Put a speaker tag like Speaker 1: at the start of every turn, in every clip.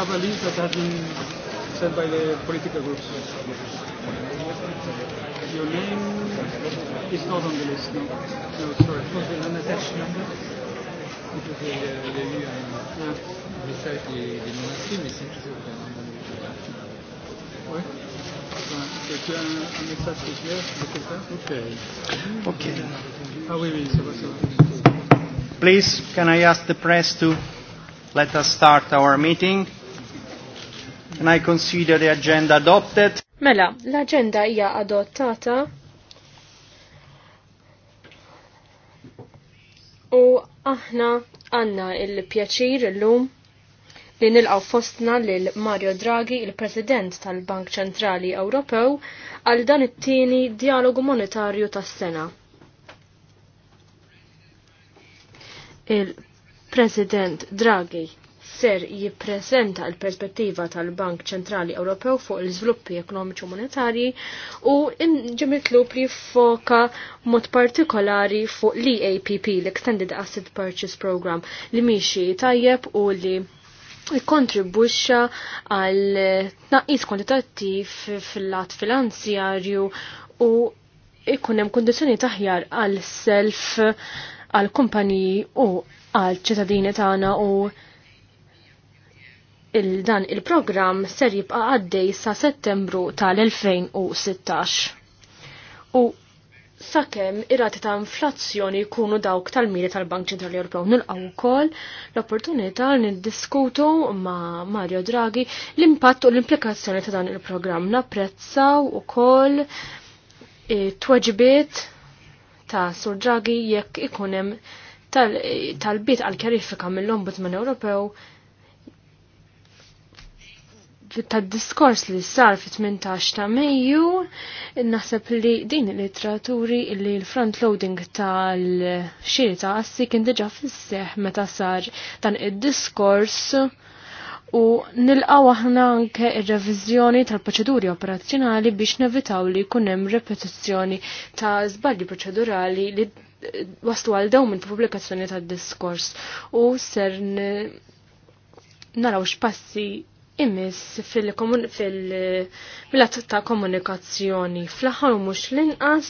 Speaker 1: have a list that has been sent by the political groups. Your name is not on the list, no? No, sorry. Was it an uh, ah. uh, attached number?
Speaker 2: Please, can I ask the press to let us start our meeting? and I consider the agenda adopted.
Speaker 1: Mela, l-agenda hija adottata u aħna għanna il-pjaċir l-lum li nilqaw fostna lil Mario Draghi, il-President tal-Bank Ċentrali Ewropew, għal dan it-tieni dialogu monetarju tas-sena. Il-President Draghi ser jippreżenta l-perspettiva tal-Bank Ċentrali Ewropew fuq l żviluppi ekonomiċi u monetarji u ġemitlu li foka mod partikolari fuq l-EAPP, l-Extended Asset Purchase Program, li miexi tajjeb u li kontribuxa għal tnaqqis kwantitattiv fil-lat finanzjarju u ikun hemm kundizzjoni taħjar għal self għal kumpaniji u għal ċittadini tagħna u il-dan il-program ser jibqa' għaddej sa' settembru tal-2016. U sakemm irati ta' inflazzjoni jkunu dawk tal-miri tal-Bank Ċentrali Ewropew nilqgħu wkoll l-opportunità li niddiskutu ma' Mario Draghi l-impatt u l-implikazzjoni ta' dan il-programm napprezzaw ukoll tweġibiet ta' Sur Draghi jekk ikun hemm tal-bit għal-kjarifika mill-Ombudsman Ewropew ta' diskors li sar fit-18 ta' Mejju naħseb li din il-literaturi li l-front loading tal-xiri ta' assi kien diġa fisseħ meta sar dan id-diskors u nilqaw aħna anke ir-reviżjoni tal-proċeduri operazzjonali biex nevitaw li jkun hemm repetizzjoni ta' żbalji proċedurali li waslu għal dawn minn pubblikazzjoni tad-diskors u ser naraw x'passi imiss fil-milat ta' komunikazzjoni. Fl-aħħar mhux l-inqas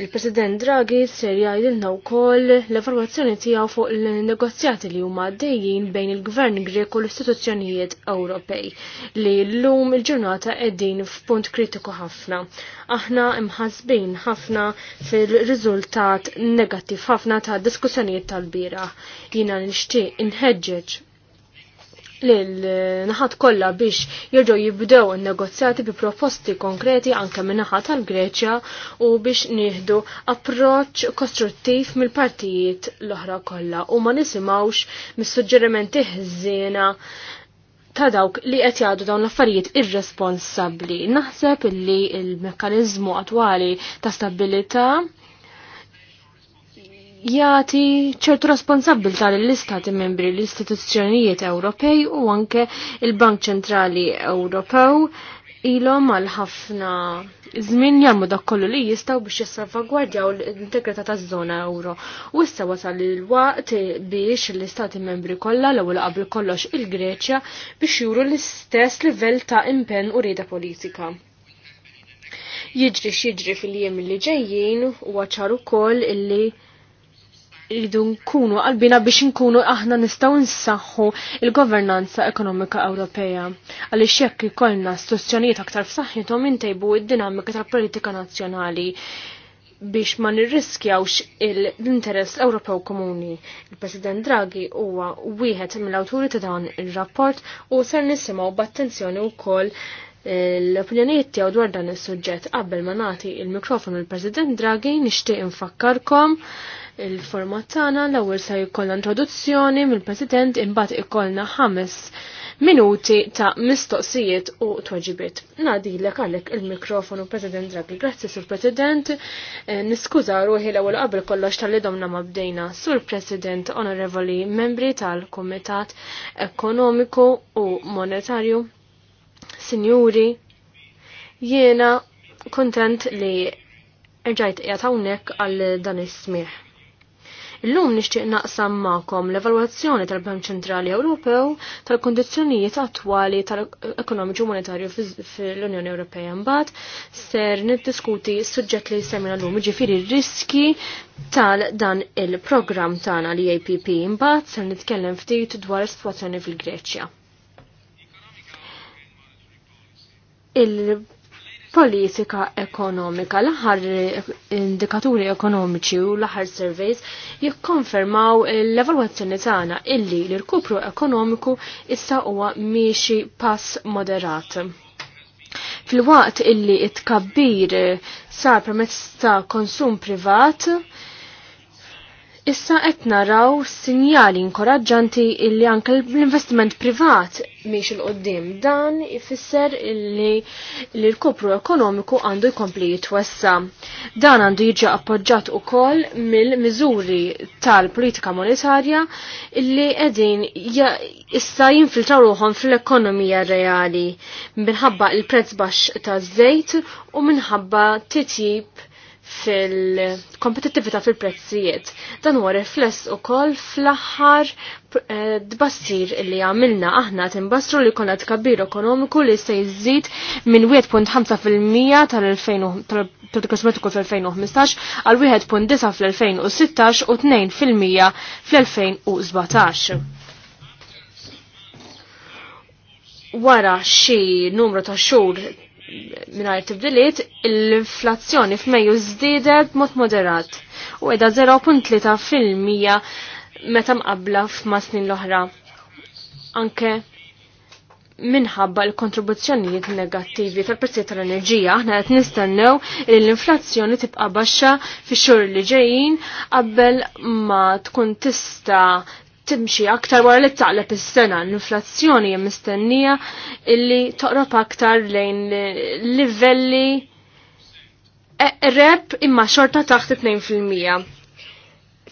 Speaker 1: il-President Draghi ser jgħidilna wkoll l-evalwazzjoni tiegħu fuq il-negozjati li huma għaddejjin bejn il-Gvern Grek u l-istituzzjonijiet Ewropej li llum il-ġurnata qegħdin f'punt kritiku ħafna. Aħna imħasbin ħafna fil-riżultat negattiv ħafna ta' diskussjonijiet tal-bira. Jiena nixtieq inħeġġeġ l-naħat kollha biex jirġu jibdew il negozjati bi proposti konkreti anke min-naħa tal-Greċja u biex nieħdu approċċ kostruttiv mill-partijiet l-oħra kollha u ma nisimgħux mis-suġġerimenti ħżiena ta' dawk li qed jgħadu dawn l-affarijiet irresponsabbli. Naħseb illi il-mekkaniżmu attwali ta' stabilità jati ċertu responsabilta l-istati membri l-istituzzjonijiet Ewropej u anke il-Bank Ċentrali Ewropew ilhom għal ħafna żmien jagħmlu dak kollu li jistgħu biex jissalvagwardjaw l-integrità taż-żona euro. U issa wasal il-waqt biex l-istati membri kollha l-ewwel qabel kollox il-Greċja biex juru l-istess livell ta' impenn u rieda politika jiġri x'jiġri fil-jiem li ġejjin huwa ċar ukoll illi rridu nkunu qalbina biex nkunu aħna nistgħu nsaħħu il-governanza ekonomika Ewropea. Għaliex jekk ikollna istituzzjonijiet aktar f'saħħithom intejbu id-dinamika tal-politika nazzjonali biex ma nirriskjawx l-interess Ewropew komuni. Il-President Draghi huwa wieħed mill-awturi ta' dan ir-rapport u ser nisimgħu b'attenzjoni wkoll l-opinjonijiet tiegħu dwar dan is-suġġett qabel ma nagħti il-mikrofonu l-President Draghi nixtieq infakkarkom il-format tagħna l-ewwel se jkollna introduzzjoni mill-President imbagħad ikollna ħames minuti ta' mistoqsijiet u tweġibiet. Nadilek għalek il-mikrofonu President Draghi. Grazzi Sur President. Eh, niskuża ruħi l-ewwel qabel kollox tal-li domna ma bdejna. Sur President Onorevoli Membri tal-Kumitat Ekonomiku u Monetarju. Sinjuri, jiena kontent li rġajt jgħat hawnhekk għal dan is-smieħ. Illum nixtieq naqsam magħkom l-evalwazzjoni tal-Bank Ċentrali Ewropew tal-kondizzjonijiet attwali tal-ekonomiċi monetarju fil-Unjoni Ewropea mbagħad ser niddiskuti s-suġġett li semina llum r jiġifieri riski tal dan il-programm tagħna li APP mbagħad ser nitkellem ftit dwar is-sitwazzjoni fil-Greċja politika ekonomika. L-aħħar indikaturi ekonomiċi u l-aħħar surveys jikkonfermaw l-evalwazzjoni tagħna illi l-irkupru ekonomiku issa huwa miexi pass moderat. Fil-waqt illi it-kabbir sar permezz ta' konsum privat, Issa qed naraw sinjali inkoraġġanti illi anke l-investiment privat miex il qoddim dan ifisser illi l-kopru ekonomiku għandu jkompli jitwessa. Dan għandu jiġi appoġġat ukoll mill-miżuri tal-politika monetarja illi qegħdin issa jinfiltraw ruħhom fil-ekonomija reali minħabba il-prezz baxx taż-żejt u minħabba titjib fil-kompetittività fil-prezzijiet. Dan huwa rifless ukoll fl-aħħar eh, bassir li għamilna aħna timbastru li konat tkabbir ekonomiku li se jizzit minn 1.5% tal-kosmetiku fl-2015 għal 1.9 fl-2016 u 2% fl-2017. Wara xi numru ta' xhur minar tibdiliet, l-inflazzjoni f'Mejju żdiedet mod moderat u edha 0.3 fil-mija meta mqabla f'ma snin l-oħra. Anke minħabba l-kontribuzzjonijiet negattivi tal prezzjiet tal-enerġija, aħna qed nistennew li l-inflazzjoni tibqa' baxxa fix-xhur li ġejjin qabel ma tkun tista' timxi aktar wara li taqleb is-sena l-inflazzjoni hija mistennija illi toqrob aktar lejn livelli e, rep imma xorta taħt 2%.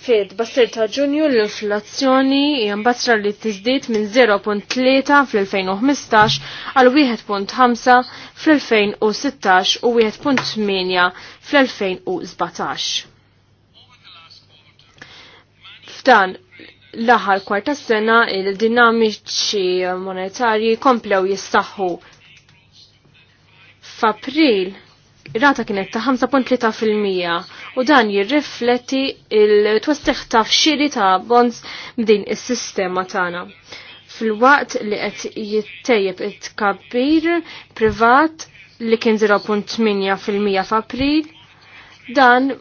Speaker 1: Fid, bassir ta' ġunju l-inflazzjoni hija mbasra li tiżdiet minn 0.3 fl-2015 għal 1.5 fl-2016 u 1.8 fl-2017. F'dan l-aħar kwarta sena il-dinamiċi monetarji komplew jistaħħu. F'April rata kienet ta' 5.3% u dan jirrifletti il twastiħ ta' fxiri ta' bonds b'din is-sistema tagħna. Fil-waqt li qed jittejjeb it-tkabbir privat li kien 0.8% f'April, dan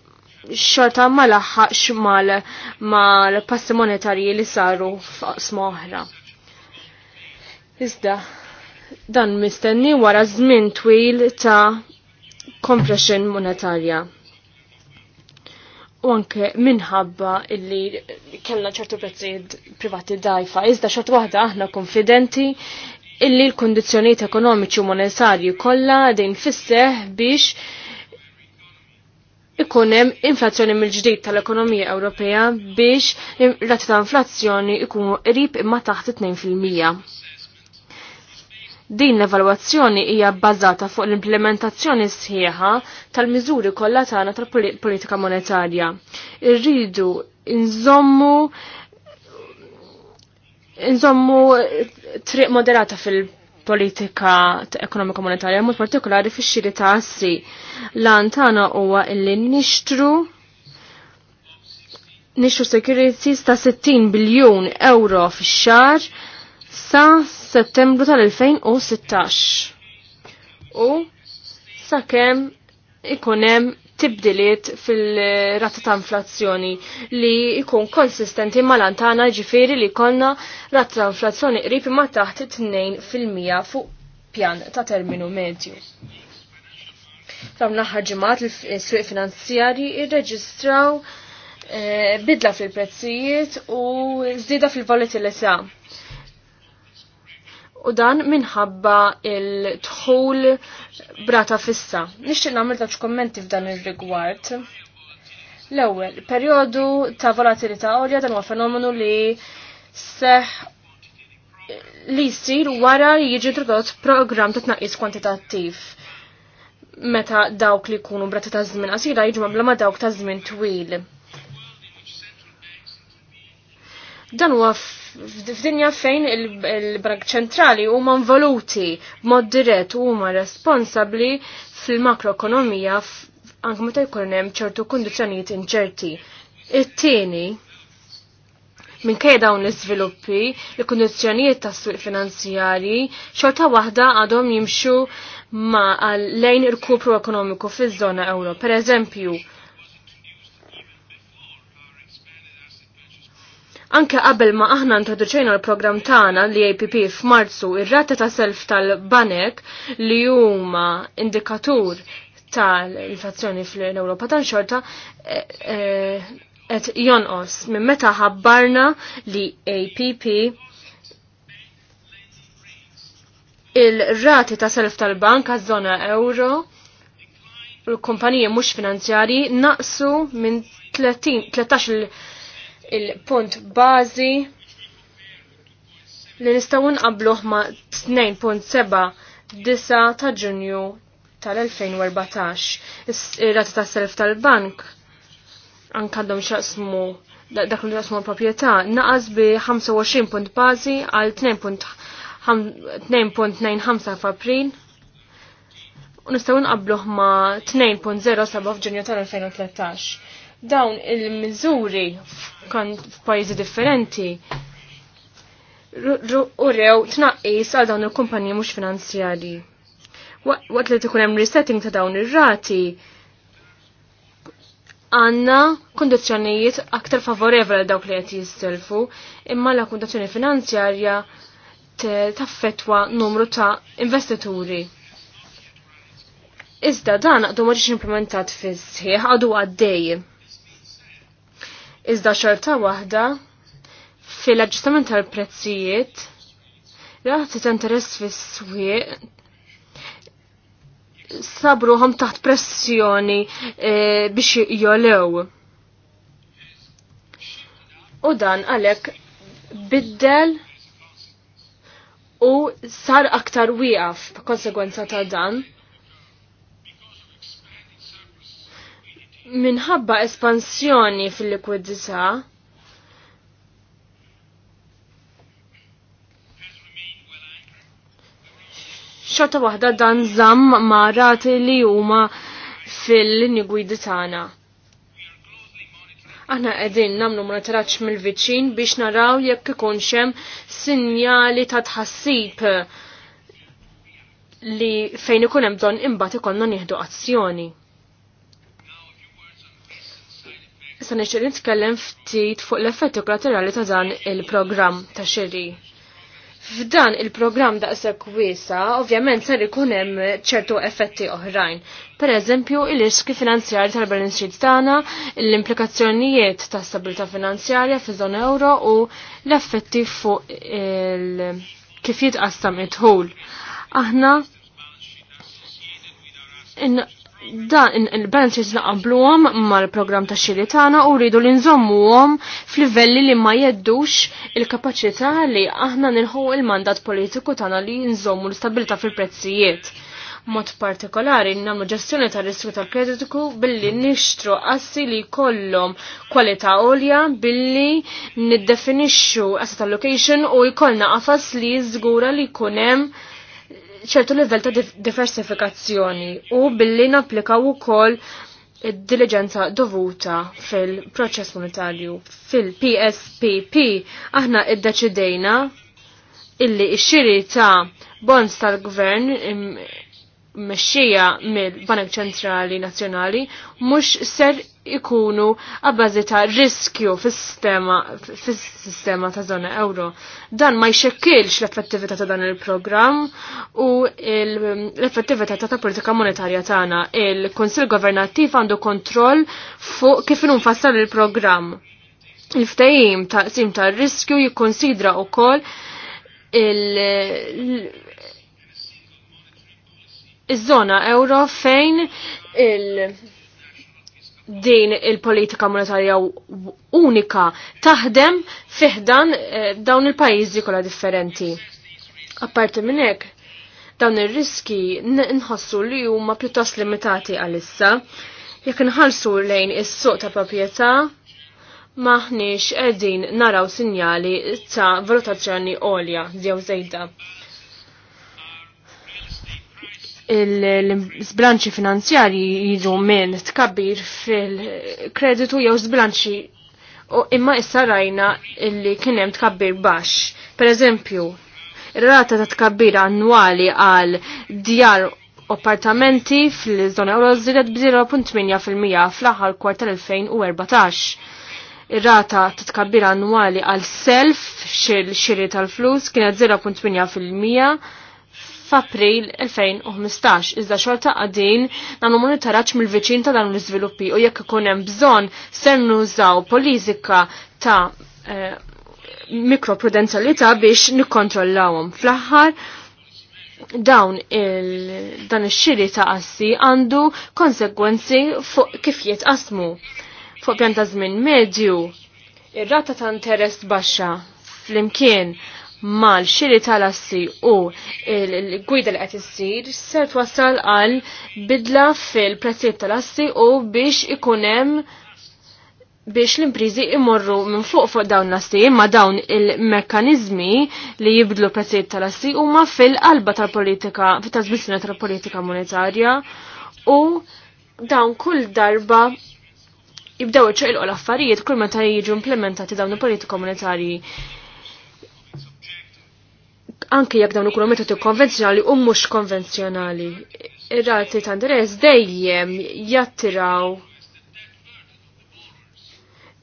Speaker 1: xorta ma laħħaqx mal-passi monetarji li saru f'qasma oħra. Iżda, dan mistenni wara żmien twil ta' compression monetarja. U anke minħabba illi kellna ċertu prezzijiet privati dajfa, iżda xorta waħda aħna konfidenti illi l-kondizjoniet ekonomiċi u monetarji kollha din fisseħ biex ikun hemm inflazzjoni mill-ġdid tal-ekonomija Ewropea biex rati ta' inflazzjoni ikunu qrib imma taħt 2%. Din l-evalwazzjoni hija bbażata fuq l-implementazzjoni sħiħa tal-miżuri kollha tagħna tal-politika monetarja. Irridu nżommu nżommu triq moderata fil- politika ekonomika monetarja, mod partikolari fi xiri ta' assi. Lan tagħna huwa illi nixtru nixtru securities ta' 60 biljun euro fi xar sa' settembru tal-2016. U sa' kem hemm tibdiliet fil-rata ta' inflazzjoni li jkun konsistenti mal-antana ġifiri li konna rata ta' inflazzjoni qrib ma taħt 2% fuq pjan ta' terminu medju. Fram ħagġimat ġimgħat l-swieq finanzjari irreġistraw eh, bidla fil-prezzijiet u żieda fil-volatilità u dan minħabba il-tħul brata fissa. Nixtieq nagħmel taċ kommenti f'dan ir-rigward. L-ewwel, perjodu ta' volatilità olja dan huwa fenomenu li seħ li jsir wara li jiġi introdott programm ta' tnaqqis kwantitattiv meta dawk li jkunu brata ta' żmien qasira jiġu mabla ma' dawk ta' żmien twil. Dan huwa f'dinja fejn il-Bank ċentrali huma involuti b'mod dirett u huma responsabbli fil-makroekonomija anke meta jkun hemm ċertu kundizzjonijiet inċerti. It-tieni minkejja dawn l-iżviluppi, il-kundizzjonijiet tas-suq finanzjarji xorta waħda għadhom jimxu ma lejn il-kupru ekonomiku fiż-żona euro. Per eżempju, Anke qabel ma aħna introduċejna l-programm tagħna li APP f'Marzu, ir-rata ta' self tal-banek li huma indikatur tal-inflazzjoni fl-Ewropa tan xorta qed e, jonqos minn meta ħabbarna li APP il-rati ta' self tal-bank għaż-żona euro l-kumpaniji mhux finanzjari naqsu minn 13 il-punt bażi li nistgħu nqabluh ma' 2.7 ta' Ġunju tal-2014. il rata ta' self tal-bank anke għandhom xaqsmu dak li jaqsmu l-proprjetà naqas bi 25 punt bażi għal 2.95 f'April u nistgħu nqabluh ma' 2.07 f'Ġunju tal-2013 dawn il-miżuri kan f'pajjiżi differenti u rew tnaqqis għal dawn il-kumpanji mhux finanzjarji. Waqt li tkun hemm resetting ta' dawn ir-rati, għanna kondizjonijiet aktar favorevoli dawk li qed jistelfu, imma la kondizzjoni finanzjarja taffetwa numru ta' investituri. Iżda dan għadu maġiċ implementat fizz, sħiħ għadu għaddej. Iżda xorta waħda fil-aġġustament tal-prezzijiet raħti ta' interess fis-swieq sabruhom taħt pressjoni e, biex jolew. U dan għalek biddel u sar aktar wieqaf b'konsegwenza ta' dan. minħabba espansjoni fil-likwidità xorta waħda dan zam ma' rati li huma fil nigwidi tagħna. Aħna qegħdin nagħmlu monitoraġġ mill-viċin biex naraw jekk ikun xem sinjali ta' tħassib li fejn ikun hemm bżonn imbagħad ikollna nieħdu azzjoni. Issa nixtieq nitkellem ftit fuq l-effetti kollaterali ta' dan il-programm ta' xiri. F'dan il-programm daqshekk wiesa, ovvjament ser ikun hemm ċertu effetti oħrajn. Pereżempju, il-riski finanzjari tal-balance sheet tagħna, l-implikazzjonijiet ta' stabilità finanzjarja fi żona euro u l-effetti fuq il- kif jitqassam it-ħul. Aħna dan il-branches ma mal-programm ta' xiri tagħna u rridu li nżommuhom f'livelli li ma jeddux il-kapaċità li aħna nilħu il-mandat politiku tagħna li jinżommu l stabilta fil-prezzijiet. Mod partikolari nagħmlu ġestjoni ta' riskju tal kreditku billi nixtru assi li kollom kwalità għolja billi niddefinixxu asset allocation u jkollna qafas li jiżgura li jkun hemm ċertu livell ta' diversifikazzjoni u billi u kol diligenza dovuta fil-proċess monetarju. Fil-PSPP aħna iddeċidejna illi xiri ta' bonds tal-gvern mexxija mill-Banek Ċentrali Nazzjonali mhux ser ikunu għabbażi ta' riskju fis-sistema ta' zona euro. Dan ma jxekkilx l-effettività ta' dan il-programm u l-effettività ta' ta' politika monetarja tagħna. Il-Kunsill Governattiv għandu kontroll fuq kif infassal il-programm. Il-ftehim ta' sim ta' riskju jikkonsidra wkoll il- iż-żona euro fejn il- din il-politika monetarja unika taħdem fiħdan eh, dawn il-pajjiżi kollha differenti. Apparti minn hekk, dawn ir-riski nħossu li huma pjuttost limitati għalissa. Jekk nħalsu lejn is-suq ta' proprjetà, maħniex qegħdin naraw sinjali ta' valutazzjoni għolja zjaw żejda l-sbilanċi finanzjari jiġu minn tkabbir fil-kreditu jew sbilanċi imma issa rajna illi kienem tkabbir baxx. Per eżempju, rata ta' tkabbir annwali għal djar appartamenti fil-żona euro zidet b-0.8% fl-aħħar kwartal 2014. Ir-rata ta' tkabbir annwali għal self xil xiri tal-flus kienet 0.8% f'April 2015. Iżda xorta għadin nagħmlu monitoraġġ mill-viċin ta' dan l-iżviluppi u jekk ikun hemm bżonn ser nużaw politika ta' eh, mikroprudenzjalità biex nikkontrollawhom. Fl-aħħar dawn il dan ix-xiri ta' assi għandu konsegwenzi fuq kif jitqasmu. Fuq pjanta żmien medju, ir-rata ta' interess baxxa flimkien mal-xiri tal-assi u l-gwida li qed issir ser twassal għal bidla fil-prezzijiet tal-assi u biex ikun hemm biex l-imprizi imorru minn fuq fuq dawn l-assi imma dawn il-mekkanizmi li jibdlu prezzijiet tal-assi huma fil-qalba tal-politika fil tasbissina tal-politika monetarja u dawn kull darba jibdew iċċeqilqu l-affarijiet kull meta jiġu implementati dawn il-politika monetarji anke jekk dawn ikunu metodi konvenzjonali u mhux konvenzjonali. Ir-rati ta' Andres dejjem jattiraw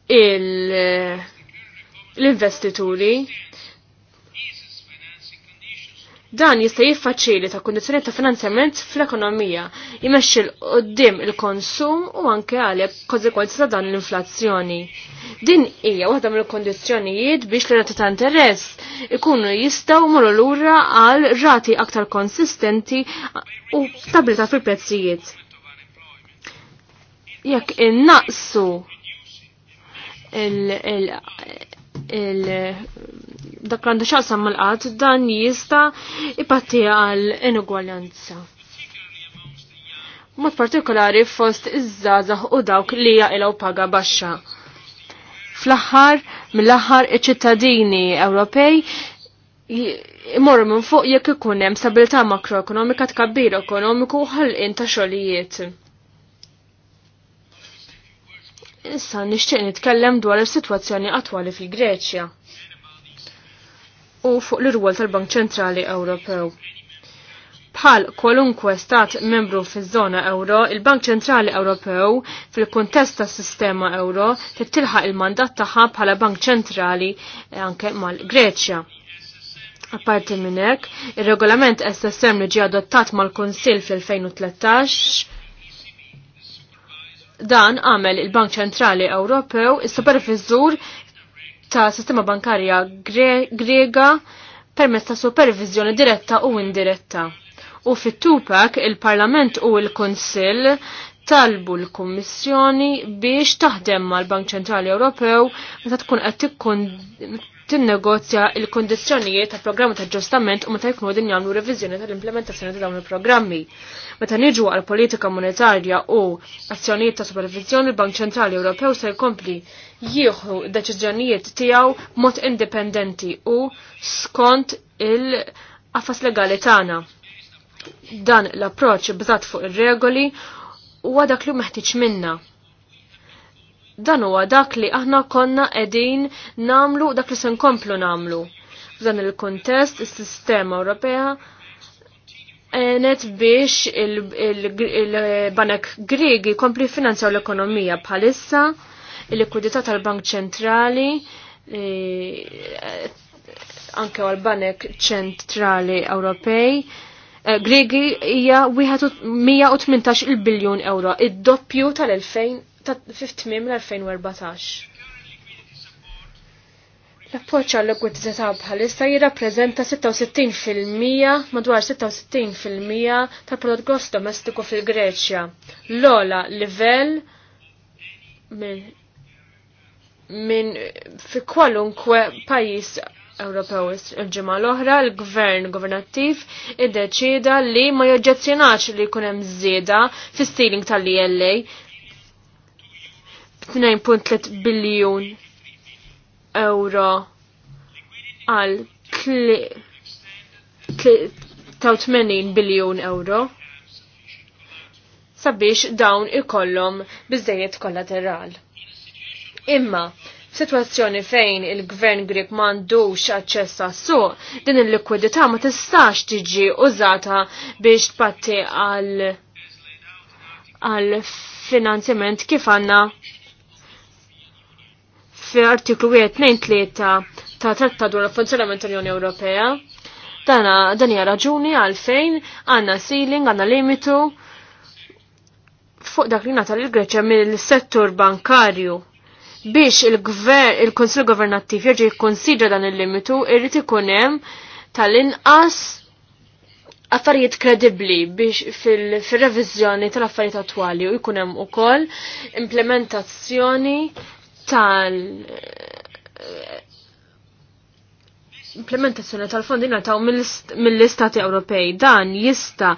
Speaker 1: il l-investituri Dan jista' jiffaċili ta' kundizzjoni ta' finanzjament fl-ekonomija, jmexxi l qoddim il-konsum u anke għalhekk konsekwenzi ta' dan l-inflazzjoni. Din hija waħda mill-kondizzjonijiet biex l-rati ta' interess ikunu jistgħu morru lura għal rati aktar konsistenti u stabilità fil-prezzijiet. Jekk innaqsu il-, il, il dak għandu xal mal qat dan jista ipatti għal inugwaljanza. Mod partikolari fost iż-żazah u dawk li jaqilaw paga baxxa. Fl-aħħar, mill-aħħar iċ-ċittadini Ewropej imorru minn fuq jekk ikun hemm stabilità makroekonomika tkabbir ekonomiku u ħolqien ta' xogħlijiet. Issa nixtieq nitkellem dwar is-sitwazzjoni attwali fil-Greċja u fuq l-irwol tal-Bank Ċentrali Ewropew. Bħal kwalunkwe stat membru fiż-żona euro, il-Bank Ċentrali Ewropew fil-kuntest tas-sistema euro tittilħaq il-mandat tagħha bħala Bank Ċentrali eh, anke mal-Greċja. Apparti minn hekk, ir-regolament SSM li ġie adottat mal-Kunsill fil-2013 dan għamel il-Bank Ċentrali Ewropew is-supervizur ta' sistema bankarja gre grega permezz ta' supervizjoni diretta u indiretta. U fit-tupak il-Parlament u il konsil talbu l-Kummissjoni biex taħdem mal-Bank Ċentrali Ewropew meta tkun qed tinnegozja il kondizjonijiet ta' programmi ta' ġustament u meta jkunu din jagħmlu reviżjoni tal-implementazzjoni ta' dawn il-programmi. Meta niġu għal politika monetarja u azzjonijiet ta' supervizjoni il-Bank Ċentrali Ewropew se jkompli jieħu deċiżjonijiet tiegħu mod indipendenti u skont il-qafas legali tagħna. Dan l-approċċ bżat fuq ir-regoli u għadak li meħtieġ minna dan huwa dak li aħna konna qegħdin namlu dak li se nkomplu namlu. F'dan il-kontest is-sistema Ewropea għenet biex il-banek Grigi kompli finanzjaw l-ekonomija bħalissa, il-likwidità tal-Bank Ċentrali, e, anke għal-Banek Ċentrali Ewropej, e, Grigi hija 118 il-biljun euro, id-doppju tal-2000 fit-tmim l-2014. L-appoċ għall likwidità bħalissa jirrappreżenta 66% madwar 66% tal-prodott gross domestiku fil-Greċja. L-ola livell minn min fi kwalunkwe pajis Ewropew il-ġimgħa l-oħra l-gvern governattiv iddeċida li ma joġġezzjonax li jkun hemm żieda fis-stealing tal ila 2.3 biljun euro għal 83 biljun euro sabiex dawn ikollhom bizzejiet kollateral. Imma, situazzjoni fejn il-gvern Grek mandux aċċess għas-suq, din il-likwidità ma tistax tiġi użata biex tpatti għal għal finanzjament kif għanna fl-artiklu 23 ta' tratta dwar il-funzjonament tal-Unjoni Ewropea. Dana dan hija raġuni għalfejn għandna ceiling, għandna limitu fuq dak li ngħata il-Greċja mill-settur bankarju biex il-gvern il-Konsil Governattiv jerġa' jikkonsidra dan il-limitu irrid ikun hemm tal-inqas affarijiet kredibbli biex fil-reviżjoni tal-affarijiet attwali u jkun hemm ukoll implementazzjoni tal implementazzjoni tal-fondi nataw mill-istati Ewropej. Dan jista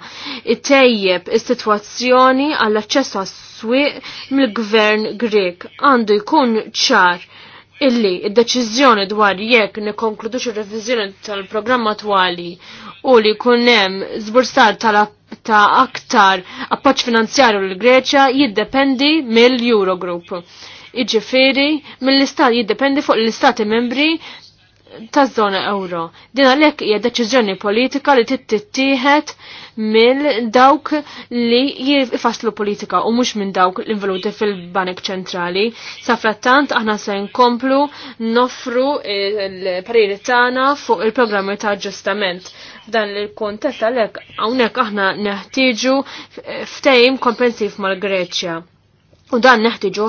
Speaker 1: tejjeb is-sitwazzjoni għall-aċċess għas-swieq mill-gvern Grek. Għandu jkun ċar illi id-deċiżjoni dwar jekk nikkonkludux ir-reviżjoni tal-programm attwali u li jkun hemm żbursar tal ta' aktar appoġġ finanzjarju l greċja jiddependi mill-Eurogroup. Iġifiri, mill-istat jiddependi fuq l-istati membri taż-żona euro. Din għalhekk hija deċiżjoni politika li tittieħed mill dawk li jifaslu politika u mhux minn dawk l-involuti fil-Banek Ċentrali. Safrattant aħna se nkomplu nofru l-pariri tagħna fuq il-programmi ta' ġustament. Dan il-kontest għalhekk hawnhekk aħna neħtieġu ftehim kompensiv mal-Greċja. U dan neħtiġu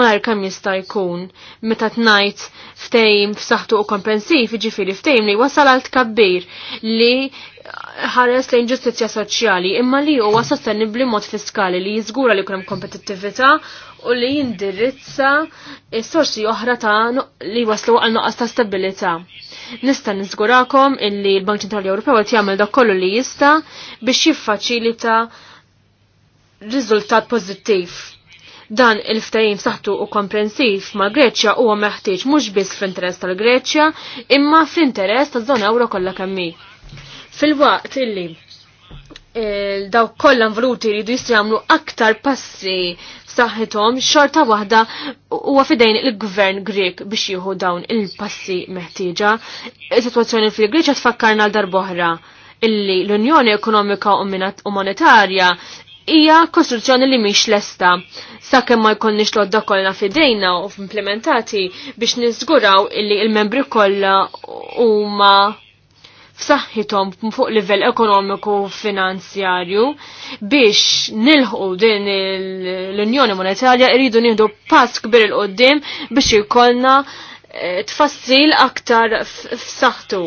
Speaker 1: mar kam jista' jkun meta tnajt ftejm f'saħtu u kompensiv, jiġifieri ftejm li wasal għal tkabbir li ħares lejn ġustizzja soċjali imma li huwa sostenibbli mod fiskali li jiżgura li jkun hemm kompetittività u li jindirizza s-sorsi oħra ta' li waslu għal noqqas ta' stabilità. Nista' niżgurakom illi l-Bank Ċentrali Ewropew qed jagħmel dak kollu li jista' biex jiffaċilita riżultat pożittiv Dan il-ftajim saħtu u komprensiv ma' Greċja huwa meħtieġ mhux biss fl-interess tal-Greċja, imma fl-interess taż-żona euro kollha kemmi. Fil-waqt illi eh, daw kollha involuti jridu jistramlu aktar passi saħħithom xorta waħda huwa fidejn il-gvern Grek biex jieħu dawn il-passi meħtieġa. Is-sitwazzjoni fil-Greċja tfakkarna l darboħra illi l-Unjoni Ekonomika u Monetarja hija kostruzzjoni li mhix lesta sakemm ma jkollniex lodda kollha f'idejna u f'implementati biex niżguraw illi l-membri kollha huma f'saħħithom fuq livell ekonomiku u finanzjarju biex nilħu din l-Unjoni Monetarja jridu nieħdu pass kbir il qoddim biex jkollna eh, tfassil aktar f'saħħtu.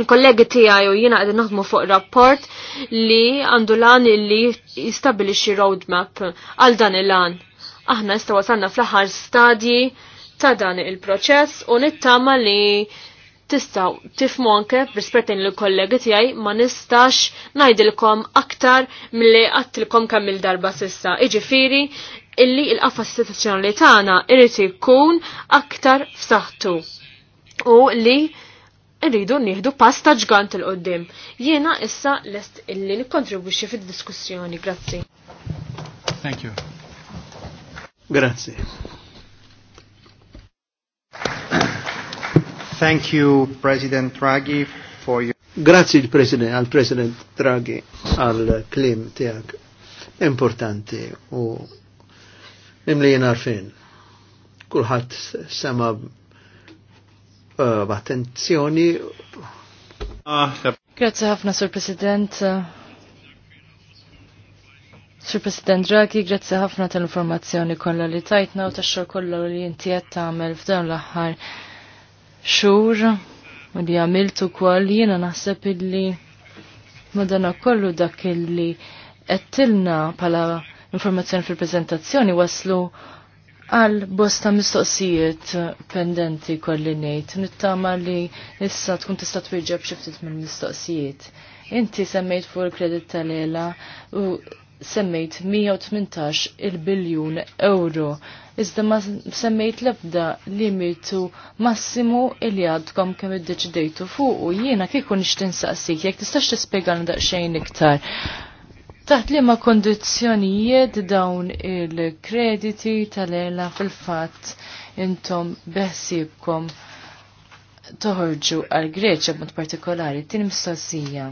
Speaker 1: Il-kollegi tiegħi u jiena qegħdin naħdmu fuq rapport li għandu lan li jistabilixi roadmap għal dan il-lan. Aħna issa wasalna fl-aħħar stadji ta' dan il-proċess u nittama li tistaw tifmu anke rispettin l-kollegi tijaj ma nistax najdilkom aktar mill-li għattilkom kamil il-darba sissa. Iġifiri, illi il-qafas istituzzjonali tagħna irid ikun aktar f'saħħtu u li irridu nieħdu pass ta' ġgant il qoddim Jiena issa lest illi nikkontribwixxi fid-diskussjoni. Grazzi.
Speaker 2: Thank you. Grazzi. Thank you, President Draghi, for your... Grazzi il-President, al president Draghi, al klim tijak importanti u nimli jenarfin. Kulħat sema Eh, b'attenzjoni. Ah,
Speaker 3: grazie ħafna, Sur President. Sur President Draghi, grazzi ħafna tal-informazzjoni kollha li tajtna u tax-xogħol kollha li inti qed tagħmel f'dawn l-aħħar xhur u li għamilt ukoll jiena naħseb illi madana kollu dak illi qed tilna bħala informazzjoni fil-preżentazzjoni waslu Għal bosta mistoqsijiet pendenti kolli nejt, nittama li issa tkun tista' twirġab xi ftit mill-mistoqsijiet. Inti semmejt fuq il-kredit tal-ela u semmejt 118 il-biljun euro. Iżda ma semmejt lebda limitu massimu il kem kemm iddeċidejtu fuq u jiena kieku nixtin saqsik, jekk tistax tispjegana daqsxejn iktar. Taħt li ma kondizjonijiet dawn il-krediti tal ela fil-fat intom beħsibkom toħorġu għal Greċja b'mod partikolari, tin mistoqsija.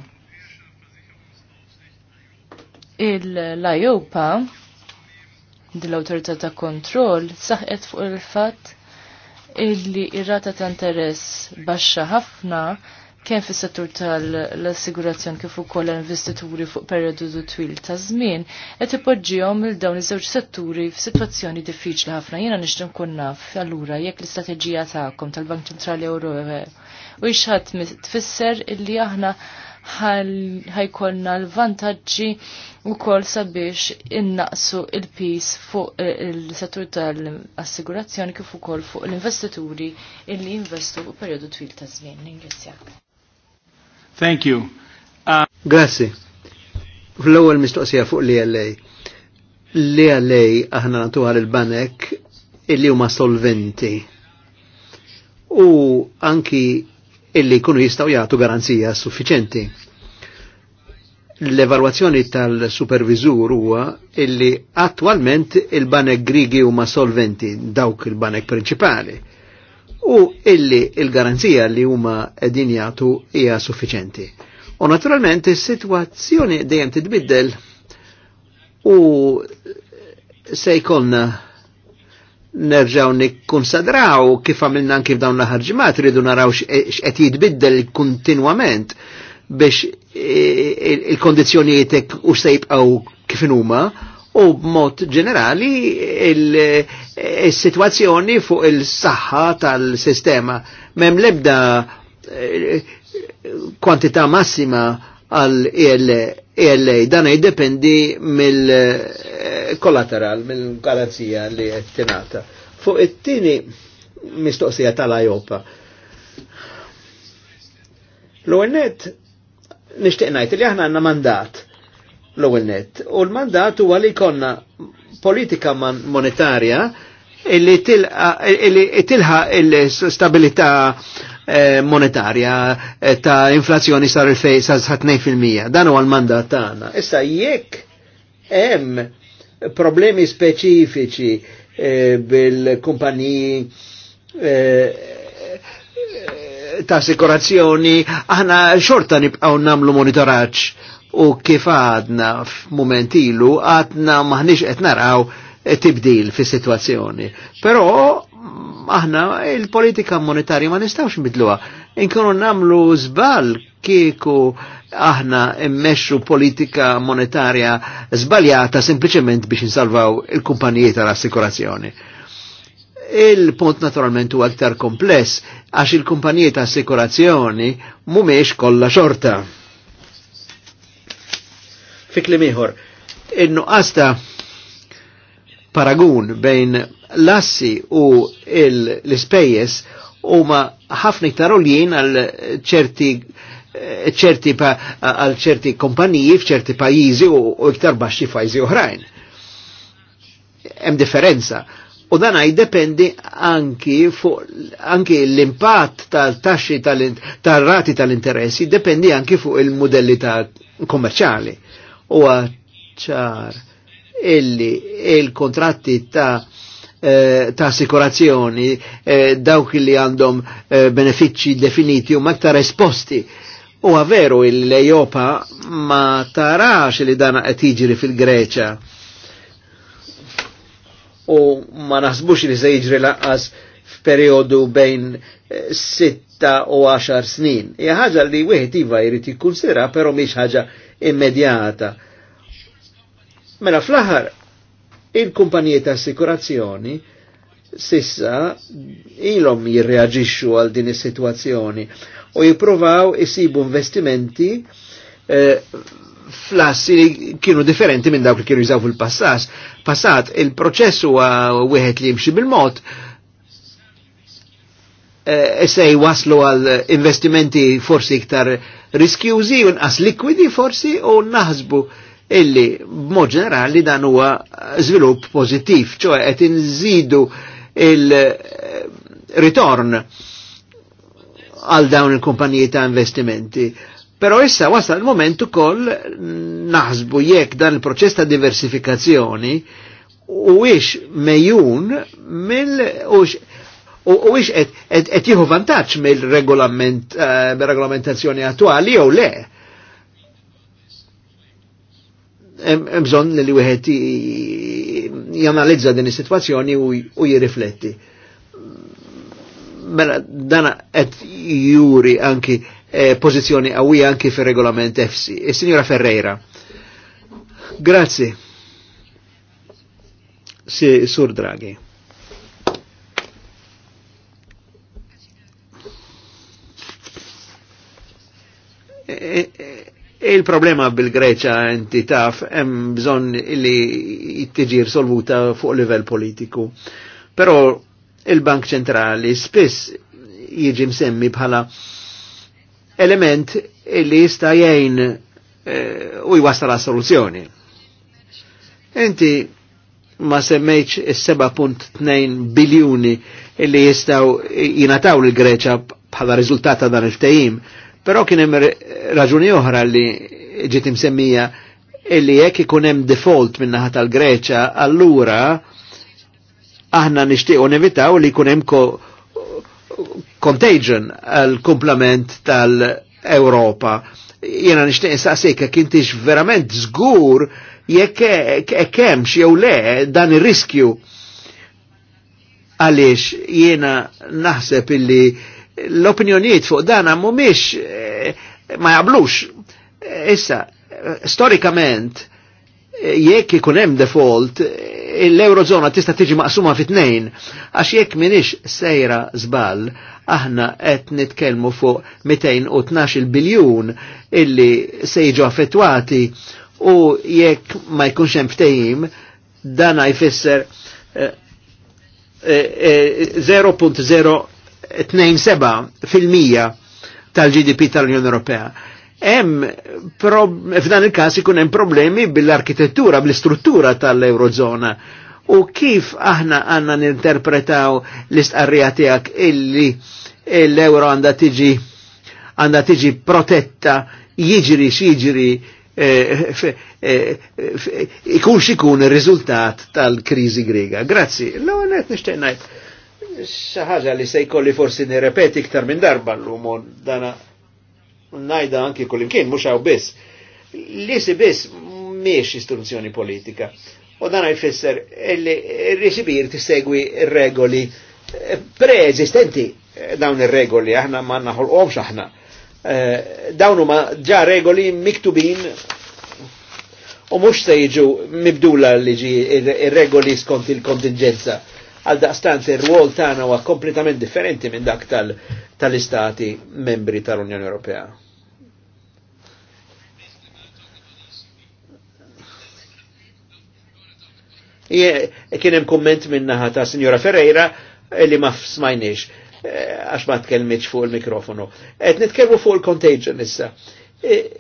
Speaker 3: Il-Lajopa, dil-autorità ta' kontroll, saħqet fuq il-fat illi ir-rata ta' interess baxxa ħafna kien fis settur tal-assigurazzjoni kif ukoll investituri fuq perjodu twil ta' żmien qed ipoġġihom il dawn iż-żewġ setturi f'sitwazzjoni diffiċli ħafna. Jiena nixtieq nkun naf allura jekk l-istrateġija tagħkom tal-Bank Ċentrali Ewropew u xħat tfisser illi aħna ħajkollna l-vantaġġi wkoll sabiex innaqsu il-pis fuq eh, il-settur tal-assigurazzjoni kif ukoll fuq l-investituri illi jinvestu fuq perjodu twil ta' żmien.
Speaker 2: Thank you. Grazie. Uh, Grazzi. Fl-ewwel mistoqsija fuq li għallej. Li għallej aħna natuħar il-banek illi huma solventi. U anki illi jkunu jistaw jagħtu garanzija suffiċenti. L-evalwazzjoni tal-supervizur huwa illi attwalment il-banek grigi huma solventi dawk il-banek prinċipali u illi il-garanzija li huma qegħdin jagħtu hija suffiċenti. U naturalment is-sitwazzjoni dejjem tidbiddel u se jkollna nerġaw nikkonsadraw kif għamilna anki f'dawn l-aħħar ġimgħat rridu naraw x'qed jitbiddel kontinwament biex il-kondizzjonijiet u se jibqgħu kif huma u b'mod ġenerali il- is-sitwazzjoni fuq il-saħħa tal-sistema. Mem lebda eh, kwantità massima għal ELA, e dan jiddependi mill-kollateral, eh, mill-galazija li jettinata. Fuq it-tini mistoqsija tal-Ajopa. L-għennet nishtiqnajt li aħna għanna mandat l-għennet. U l-mandat huwa li konna politika monetarja illi tilħa il-stabilità eh, monetarja eh, ta' inflazzjoni sar il-fej sa' fil-mija. Dan huwa l-mandat tagħna. Issa jekk hemm problemi speċifiċi eh, bil-kumpaniji ta' assikurazzjoni, aħna xorta nibqgħu namlu monitoraġġ u kif għadna f'mument ilu għadna maħniex qed naraw eh, tibdil fis situazzjoni Però mm, aħna il-politika monetarja ma nistawx nbidluha. Inkunu namlu żball kieku aħna immexxu politika monetarja żbaljata sempliċement biex insalvaw il-kumpaniji tal-assikurazzjoni. Il-punt naturalment huwa aktar kompless għax il-kumpaniji ta' assikurazzjoni mhumiex kollha xorta Fi klim innu in paragun bejn l-assi u l-ispejjeż huma ħafna iktar għal ċerti eh, ċerti għal ċerti kompaniji f'ċerti pajjiżi u iktar baxxi fajzi oħrajn. Hemm differenza. U dan jiddependi anki fuq anki l-impatt tal-taxxi tal-rati tal-interessi dependi anki fuq il-modelli ta' kommerċali u ċar illi il-kontratti ta' eh, ta' assikurazzjoni eh, dawk li għandhom eh, benefiċċji definiti u ktar esposti. U għaveru il-Ejopa ma tarax li dana qed fil-Greċa u ma naħsbux li se jiġri laqqas f'periodu bejn 6 eh, u 10 snin. Ja ħaġa li wieħed iva jrid jikkunsidra, però miex ħaġa immedjata. Mela fl-aħħar il kumpanija ta' assikurazzjoni sissa ilhom jirreaġixxu għal din is-sitwazzjoni u jippruvaw isibu investimenti eh, flassi li kienu differenti minn dawk li kienu jżaw fil-passat. Passat, il-proċess huwa wieħed li jimxi bil-mod e se waslu għal investimenti forsi iktar eh, riskjużi u nqas likwidi forsi u naħsbu illi b'mod ġenerali dan huwa żvilupp pożittiv, ċoe qed inżidu il-ritorn għal dawn il-kumpaniji ta' investimenti. Però issa wasal il-moment ukoll naħsbu jekk dan il-proċess ta' diversifikazzjoni u ix mill u u ix qed jieħu vantaġġ mill-regolamentazzjoni attuali jew le. Bżonn li wieħed janalizza din is-sitwazzjoni u jirrifletti. Mela dana qed juri anki eh, pożizzjoni qawwija anki fir-regolament EFSI. Is-Sinjora Ferreira. Grazzi. Sur Draghi. Il-problema bil-Greċa inti taf hemm bżonn li jittiġir solvuta fuq livell politiku. Però il-Bank Ċentrali spiss jiġi msemmi bħala element li jista' jgħin eh, u jwasal la soluzzjoni. Inti ma semmejċ is-7.2 biljuni li jistaw jinataw l-Greċa bħala riżultat ta' dan il ftehim Però kien hemm raġuni oħra li ġiet imsemmija illi jekk ikun hemm default min-naħa tal-Greċa, allura aħna nixtiequ nevitaw li jkun hemm ko contagion għal komplement tal-Europa. Jena nishtiq saqsik jekk intix verament żgur jekk x jew le dan ir-riskju. Għaliex jiena naħseb illi l-opinjonijiet fuq dan mhumiex miex eh, ma jablux. Eh, issa, eh, storikament, jekk ikun hemm default, l-Eurozona tista' tiġi maqsuma fit tnejn għax jekk minix sejra żball, aħna qed nitkellmu fuq 212 biljun illi se jiġu affettwati u jekk ma jkunx hemm ftehim dan jfisser 2.7% tal-GDP tal-Unjoni Ewropea. Hemm f'dan il-każ ikun hemm problemi bil-arkitettura, bl-istruttura tal-Eurozona. U kif aħna għanna ninterpretaw l-istqarrija tiegħek illi l-euro għandha tiġi għandha tiġi protetta jiġri x'jiġri eh, eh, ikun xikun il-rizultat tal kriżi grega. Grazzi, l-għonet nishtiq najt xaħġa li se jkolli forsi nirrepeti iktar minn darba l-lum dana najda anki kullimkien, mux għaw Li si bis miex istruzzjoni politika. U dana jfisser illi r-risibir segwi regoli eh, preesistenti eh, dawn il regoli aħna ma naħol naħolqomx aħna. Eh, dawn ma ġa regoli miktubin u mux sejġu mibdula li ġi il-regoli skont il-kontingenza. il regoli skont il-kontingenza. il kontingenza Għal daqstant ir-rwol tagħna huwa kompletament differenti minn dak tal-istati membri tal-Unjoni Ewropea. Kien hemm kumment minn naħa ta' Sinjora Ferreira eh, li ma smajniex eh, għax ma tkellmitx fuq il-mikrofonu. Qed nitkellmu fuq il-contagion issa eh,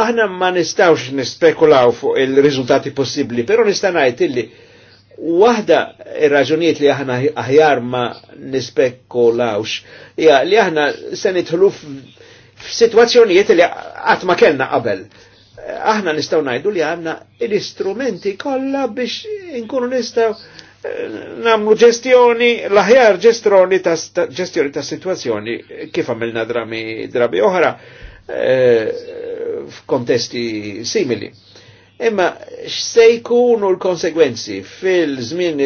Speaker 2: aħna ma nistawx nispekulaw fuq il-riżultati possibbli, però nista' ngħid illi Waħda ir-raġunijiet li aħna aħjar ma nispekkolawx hija li aħna se nidħlu f'sitwazzjonijiet li qatt ma kellna qabel. Aħna nistgħu ngħidu li għandna l-istrumenti kollha biex inkunu nistgħu eh, namlu ġestjoni, l-aħjar ġestjoni ta' ġestjoni ta' situazzjoni kif għamilna drami drabi oħra eh, f'kontesti simili. Imma x'se jkunu l-konsegwenzi fil-żmien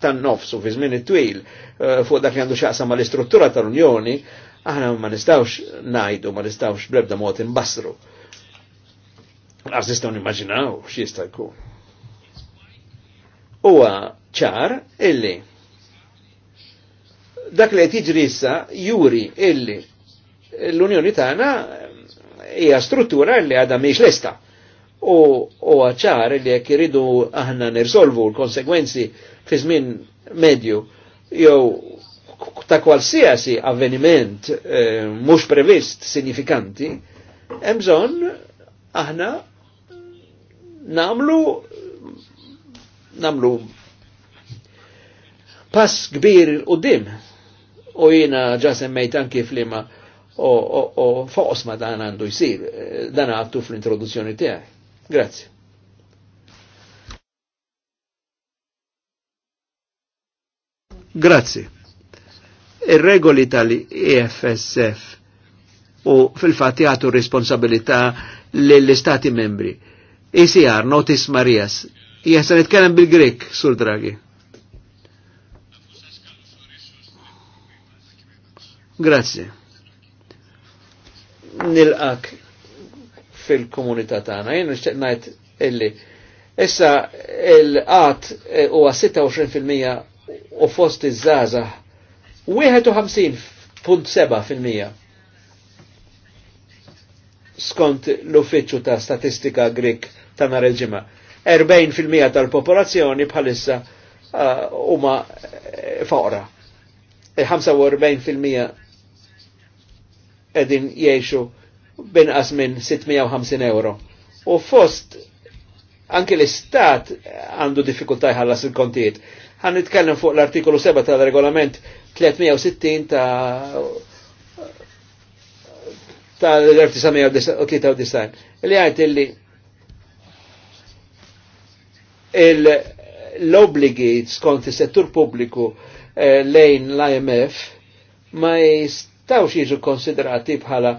Speaker 2: tan-nofs u fil-żmien it-twil eh, fuq dak li għandu ma mal-istruttura tal-Unjoni, aħna ma nistawx najdu, ma nistawx brebda mod imbassru. Għaz nistaw nimmaġinaw jista' jkun. Huwa ċar illi dak li qed jiġri issa juri illi l-Unjoni tagħna hija struttura li għadha l lesta u huwa ċar li jekk iridu aħna nirsolvu l-konsegwenzi fi żmien medju jew ta' kwalsiasi avveniment eh, mhux previst sinifikanti, hemm bżonn aħna namlu namlu pass kbir u dim u jina ġa semmejt anki flima u fuq ma dan għandu jisir, eh, dan għattu fl-introduzzjoni tiegħi. Grazie. Grazie. il regoli tal-EFSF u fil-fat jgħatu responsabilità l-istati membri. ECR, Notis Marias. Jessa nitkellem bil-Grek, sur Draghi. Grazie. Nil-ak fil-komunità tagħna. Jien nixtieq ngħid illi issa l-qat eh, huwa 26% u fost iż-żgħażagħ 51.7% skont l-uffiċċju ta' statistika Grik ta' nhar il-ġimgħa. 40% tal-popolazzjoni bħalissa eh, huma uh, foqra. 45% qegħdin jgħixu binqas minn 650 euro. U fost anke l-istat għandu diffikultaj jħallas il-kontijiet. Għan nitkellem fuq l-artikolu 7 tal-regolament 360 ta' tal-1993 li għajt illi l-obligi skont is-settur pubbliku eh, lejn l-IMF ma jistawx jiġu konsiderati bħala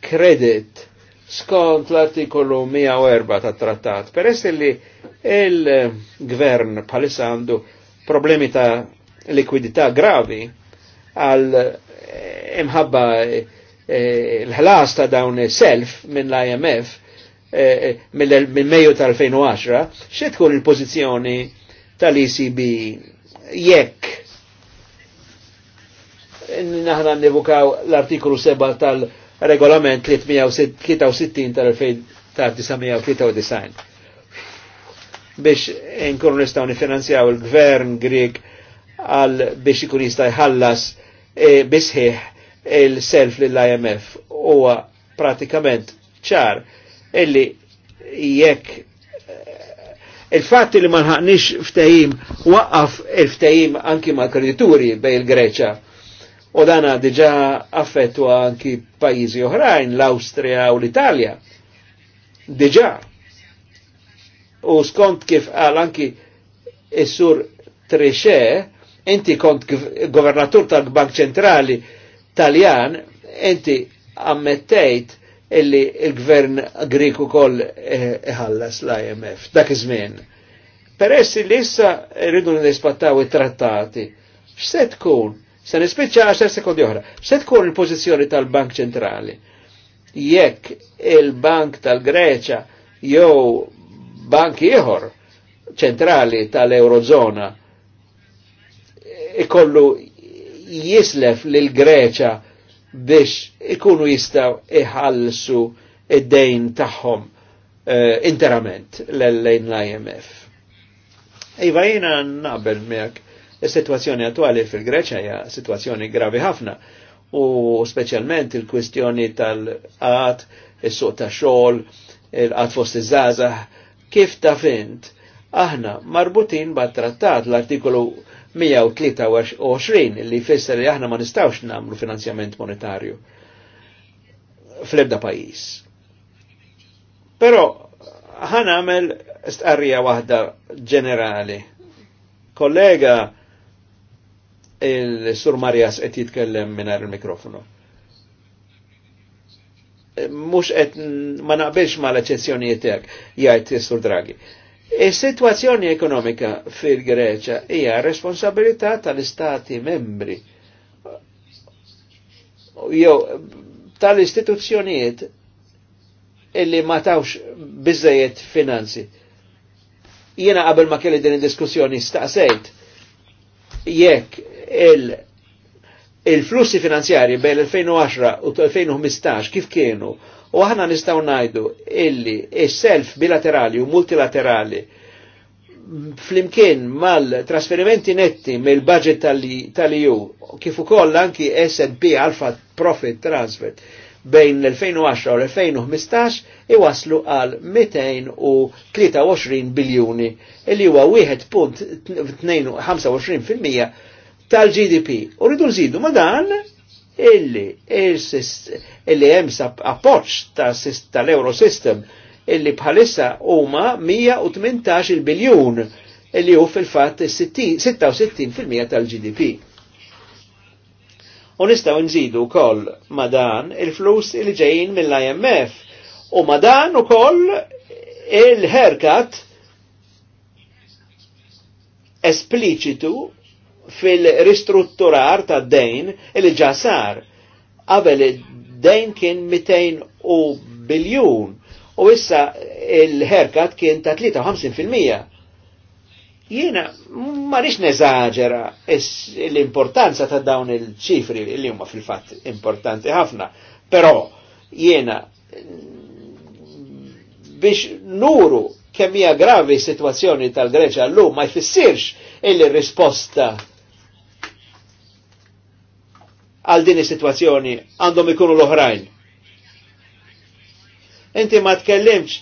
Speaker 2: kredit eh, skont l-artikolu 104 ta' trattat. Peress li il-gvern bħalissa għandu problemi ta' likwidità gravi għal eh, imħabba eh, l-ħlas ta' dawn self minn l-IMF minn Mejju tal-2010, xe tkun il-pozizjoni tal-ECB jekk naħna nivukaw l-artikolu 7 tal-regolament 363 tal-1993 biex nkunu nistgħu nifinanzjaw il-gvern Grieg għal biex ikun jista' jħallas e, bisħiħ il-self lill-IMF huwa pratikament ċar illi jekk e, il-fatt li ma nħaqnix ftehim waqqaf il-ftehim anki mal kredituri bej il-Greċa U dana diġa affettu anki pajizi oħrajn, l-Austria u l-Italja. Diġa. U skont kif għal anki is-sur Trixe, inti kont governatur tal-Bank Ċentrali Taljan, enti ammettejt illi il-gvern Griku koll eh, iħallas l-IMF, dak iż-żmien. Peress li issa rridu nispattaw it-trattati, x'se tkun Se nispiċċa 10 sekondi oħra. Se tkun il-pożizzjoni tal-Bank Ċentrali? Jekk il-Bank tal-Greċa jew bank ieħor ċentrali tal-Eurozona ikollu jislef lil Greċa biex ikunu jistaw iħallsu id-dejn tagħhom eh, interament l-lejn l-IMF. Iva jina nabel miegħek Is-sitwazzjoni attwali fil-Greċja hija sitwazzjoni gravi ħafna u speċjalment il-kwistjoni tal-qat, is-suq tax-xogħol, il-qat fost iż-żgħażagħ, kif ta' fint aħna marbutin bat trattat l-artikolu 123 li jfisser li aħna ma nistgħux nagħmlu finanzjament monetarju fl-ebda pajjiż. Però ħanamel għamel stqarrija waħda ġenerali. Kollega il-Sur Marjas qed jitkellem minar il-mikrofonu. E, Mux qed ma naqbilx ma l-eċezzjonijiet tiegħek jgħid Sur Draghi. Is-sitwazzjoni ekonomika fil-Greċja hija responsabilità tal-istati membri jew tal-istituzzjonijiet illi ma tawx biżejjed finanzi. Jiena qabel ma kelli din id-diskussjoni staqsejt jekk il-flussi finanzjari bejn 2010 u 2015 kif kienu u aħna nistaw najdu illi il-self bilaterali u multilaterali flimkien mal-trasferimenti netti mill-budget tal-EU kif ukoll anki S&P Alpha Profit Transfer bejn l-2010 u l-2015 iwaslu għal 223 biljuni illi huwa 1.25% tal-GDP. U rridu nżidu ma dan illi illi hemm appoġġ tal-Eurosystem illi bħalissa huma 118 il biljun illi hu fil-fatt 66% tal-GDP. U nistgħu nżidu wkoll ma dan il-flus li ġejjin mill-IMF u ma dan ukoll il-herkat espliċitu fil-ristrutturar ta' dejn il-ġasar qabel Qabel dejn kien 200 biljun u issa il-herkat kien ta' 53%. Jiena ma nix neżaġera l-importanza ta' dawn il-ċifri li huma fil-fatt importanti ħafna, però jiena biex nuru kemm hija gravi situazzjoni tal-Greċa llum ma jfissirx il-risposta għal din is-sitwazzjoni għandhom ikunu l-oħrajn. Inti ma tkellimx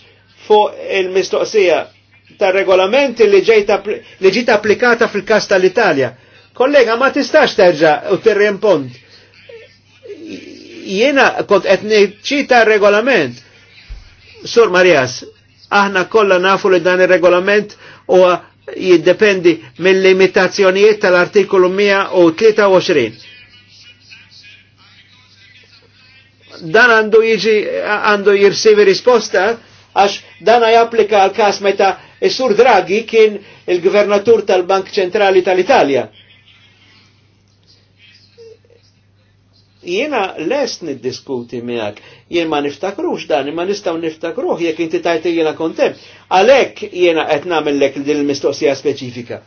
Speaker 2: fuq il-mistoqsija ta' regolamenti li ġiet applikata fil-kas tal-Italja. Kollega, ma tistax terġa u pont. Jiena kont etniċita regolament. Sur Marias, aħna kollha nafu li dan ir-regolament u jiddependi mill-limitazzjonijiet tal-artikolu 123 dan għandu jiġi għandu jirsivi risposta għax dan japplika għal kas meta is-sur Draghi kien il-gvernatur tal-Bank Ċentrali tal-Italja. Jiena lest niddiskuti miak, jien ma niftakrux dan, ma nistgħu niftakruh jekk inti tajti jena kontem. Għalhekk jiena qed nagħmellek din il-mistoqsija speċifika.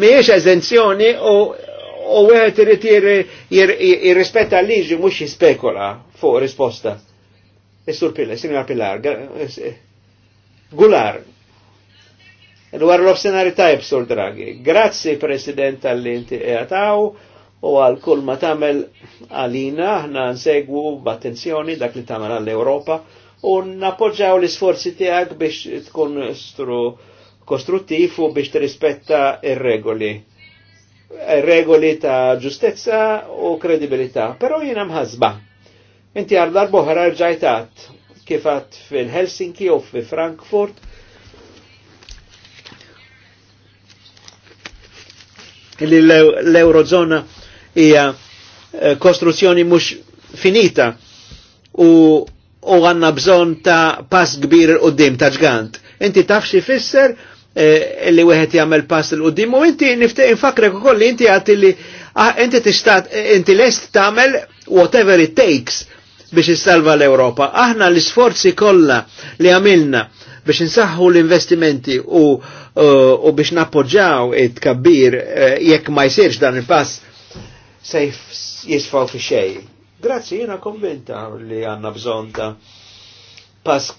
Speaker 2: miex eżenzjoni u u għet irrit jirrispetta l-liġi mux jispekola fuq risposta. Istur sur Pillar, Sinjor Pillar, eh, Gular, dwar l-obsenari tajb, sur Draghi. Grazzi, President, għall-inti għataw u għal kull ma tamel għalina, ħna nsegwu b'attenzjoni dak li tamel għall-Europa u nappoġġaw l-isforzi tijak biex tkun stru kostruttiv u biex tirrispetta ir-regoli. Regoli ta' ġustezza u kredibilità. Però jiena mħazba. Inti għal darbohra rġajtat kifat fil-Helsinki u fi Frankfurt. Li l-Eurozona hija eh, kostruzzjoni mhux finita u għanna bżon ta' pass kbir u ta' ġgant inti tafxi fisser Eh, li wieħed jagħmel pass il qudiem u inti niftej infakrek ukoll li inti għad li ah, inti tista' inti lest tagħmel whatever it takes biex issalva l-Ewropa. Aħna l-isforzi kollha li għamilna biex insaħħu l-investimenti u, eh, u biex nappoġġaw it-kabbir eh, jekk ma jsirx dan il-pass se jisfaw fi xej. Grazzi, jena konvinta li għanna bżon ta' pass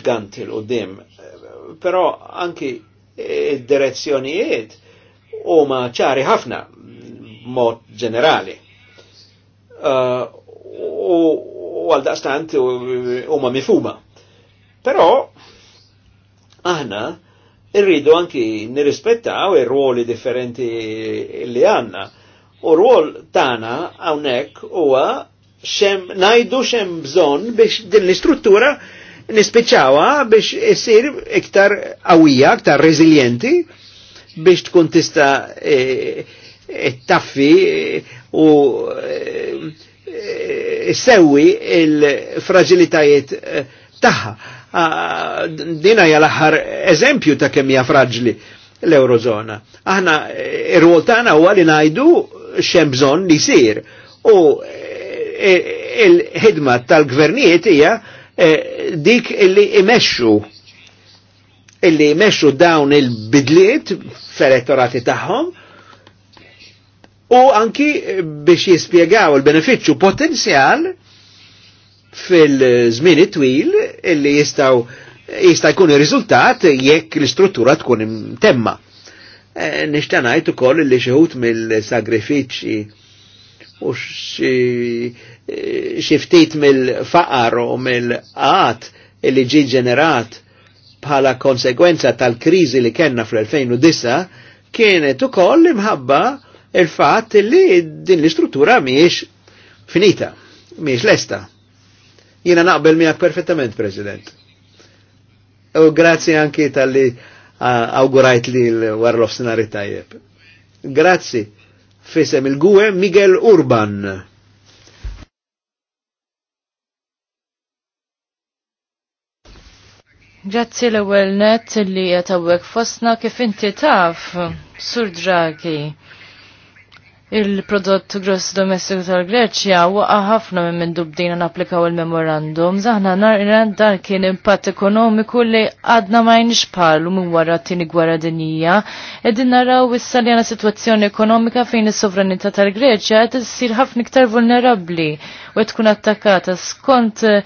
Speaker 2: ġganti l-qoddim. Però anki id-direzzjonijiet u ma ċari ħafna mod ġenerali. Uh, u għaldaqstant u ma mifuma. Però aħna irridu anki nirrispettaw ir-ruoli differenti li għanna. U ruol tana hawnhekk huwa xem najdu xem bżon biex din l-istruttura nispiċawa biex issir iktar għawija, iktar rezilienti biex tkun tista e, e, taffi e, u sewwi il-fragilitajiet e, tagħha. Dina hija l-aħħar eżempju ta' kemm hija fraġli l-Eurozona. Aħna e, ir-rwol tagħna huwa li ngħidu x'hemm bżonn li jsir. U e, il-ħidma tal-gvernijiet hija Eh, dik illi imexxu illi imesxu dawn il-bidliet fl-elettorati tagħhom u anki biex jispjegaw il-benefiċċju potenzjal fil-żmien twil illi jistaw jista' jkun ir-riżultat jekk l-istruttura tkun temma. E, eh, Nixta ngħid ukoll li xi mill-sagrifiċċji u xi xiftit mill-faqar u mill-qat li ġi ġenerat bħala konsekwenza tal-krizi li kellna fl-2009 kienet ukoll imħabba il-fatt li din l-istruttura miex finita, miex lesta. Jina naqbel miegħek perfettament, President. U grazzi anki tal-li awgurajt li l-warlof sinari tajjeb. Grazzi. Fisem il-gwe Miguel Urban.
Speaker 3: Grazzi l-ewel net li jatawek fosna kif inti taf, sur Draghi. Il-prodott gross domestiku tal-Greċja waqa ħafna minn minn dubdina naplikaw il-memorandum. Zaħna iran dan kien impatt ekonomiku li għadna ma jnix palu minn wara t-tini gwara dinija. Edin naraw issa li għana situazzjoni ekonomika fejn is-sovranità tal-Greċja għed issir ħafna iktar vulnerabli u tkun attakkata skont eh,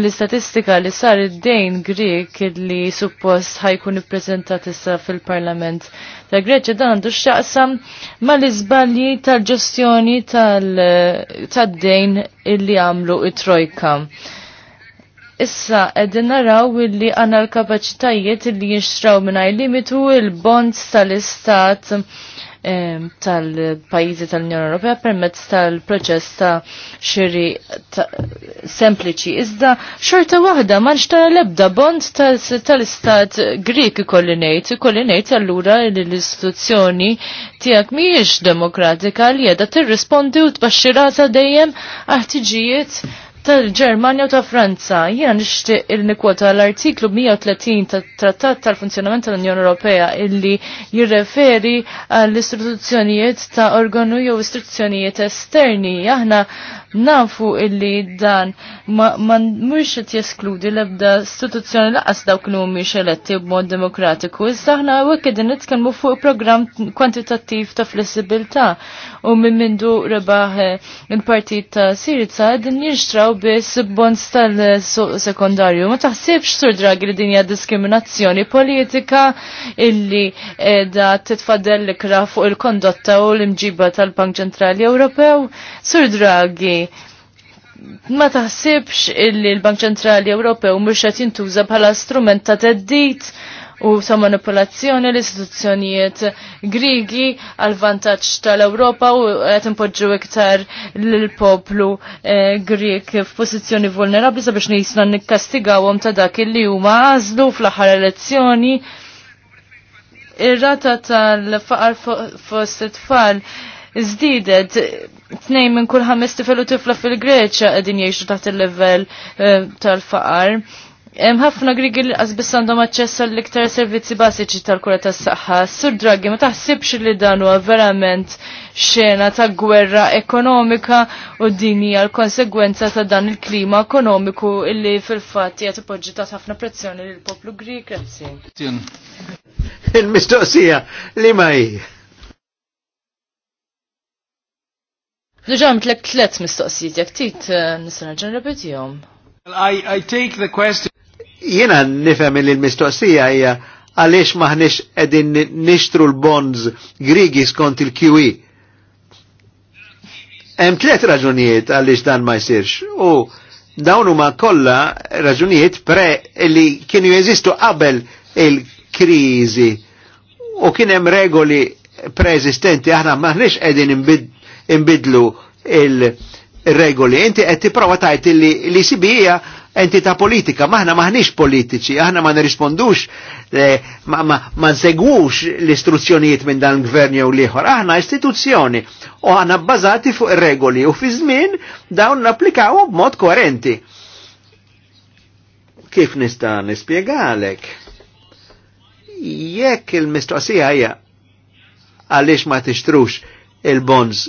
Speaker 3: l-istatistika li sar id-dejn Grek li suppost ħajkun ippreżentat issa fil-Parlament ta' Greċja dan għandu x'jaqsam mal-iżbalji tal-ġestjoni eh, tad-dejn illi għamlu it-trojka. Issa, qegħdin naraw illi għanna l-kapacitajiet illi jinxtraw minna il-limitu il-bonds tal-istat tal-pajizi tal-Unjoni Ewropea permezz tal-proċess ta' xiri sempliċi. Iżda xorta waħda ma nxtara lebda bond tal-istat Grik kollinejt, ngħid, ikolli ngħid allura li l-istituzzjoni tiegħek mhijiex demokratika li qiegħda tirrispondi u t-baxxirata dejjem aħtiġijiet tal-Ġermanja u ta' Franza. Jiena nixtieq il-nikwota l-artiklu 130 tat-Trattat tal-Funzjonament tal-Unjoni Ewropea illi jirreferi għall istituzzjonijiet ta' organu jew istituzzjonijiet esterni. Aħna nafu illi dan man mux qed jeskludi l-ebda istituzzjoni laqas dawk li mhumiex eletti b'mod demokratiku. Issa u hawnhekk qegħdin nitkellmu fuq programm kwantitattiv ta' flessibilità u minn mindu rebaħ eh, il-partit ta' Siriza qegħdin jinxtraw biss bons tal-sekondarju. Ma taħsibx sur dragi li dinja diskriminazzjoni politika illi da titfadell l fuq il-kondotta u l-imġiba tal-Bank Ċentrali Ewropew. Sur dragi, ma taħsibx illi l-Bank Ċentrali Ewropew mhux qed jintuża bħala strument ta' teddit u ta' manipolazzjoni l-istituzzjonijiet Grigi għal vantaġġ tal-Ewropa u qed impoġġu iktar lill-poplu eh, Grieg f'pożizzjoni vulnerabbli sabiex nisna nikkastigawhom ta' dak illi huma għażlu fl-aħħar elezzjoni ir-rata tal-faqar fost it-tfal zdidet tnejn minn kull ħames tifla fil-Greċja qegħdin jgħixu taħt il-livell eh, tal-faqar. Hemm ħafna Grigi li qasbis għandhom aċċess għall iktar servizzi bażiċi tal-kura tas-saħħa. Sur dragi ma taħsibx li dan huwa verament xena ta' gwerra ekonomika u din hija l-konsegwenza ta' dan il-klima ekonomiku illi fil-fatt hija poġġi ta' ħafna prezzjoni lill poplu Grik.
Speaker 2: Il-mistoqsija li ma
Speaker 3: Diġa mitlek tlet mistoqsijiet, jek tit eh, nisraġan repetijom.
Speaker 2: I take the question. Jena nifem li l-mistoqsija hija għaliex maħniex edin nixtru l-bonds grigi skont il-QE. Hemm tliet raġunijiet għaliex dan ma jsirx. U dawn huma kollha raġunijiet pre li kienu jeżistu qabel il-kriżi u kien hemm regoli preeżistenti aħna maħniex qegħdin inbiddu imbidlu il-regoli. Inti qed tipprova tajt li l-ECB entita' entità politika, maħna maħniex politiċi, aħna ma nirrispondux, eh, ma, ma nsegwux l-istruzzjonijiet minn dan gvern jew liħor, aħna istituzzjoni u aħna bbażati fuq regoli u fi żmien dawn napplikaw b'mod koerenti. Kif nista' nispjegalek? Jekk il-mistoqsija hija għaliex ma tixtrux il-bonds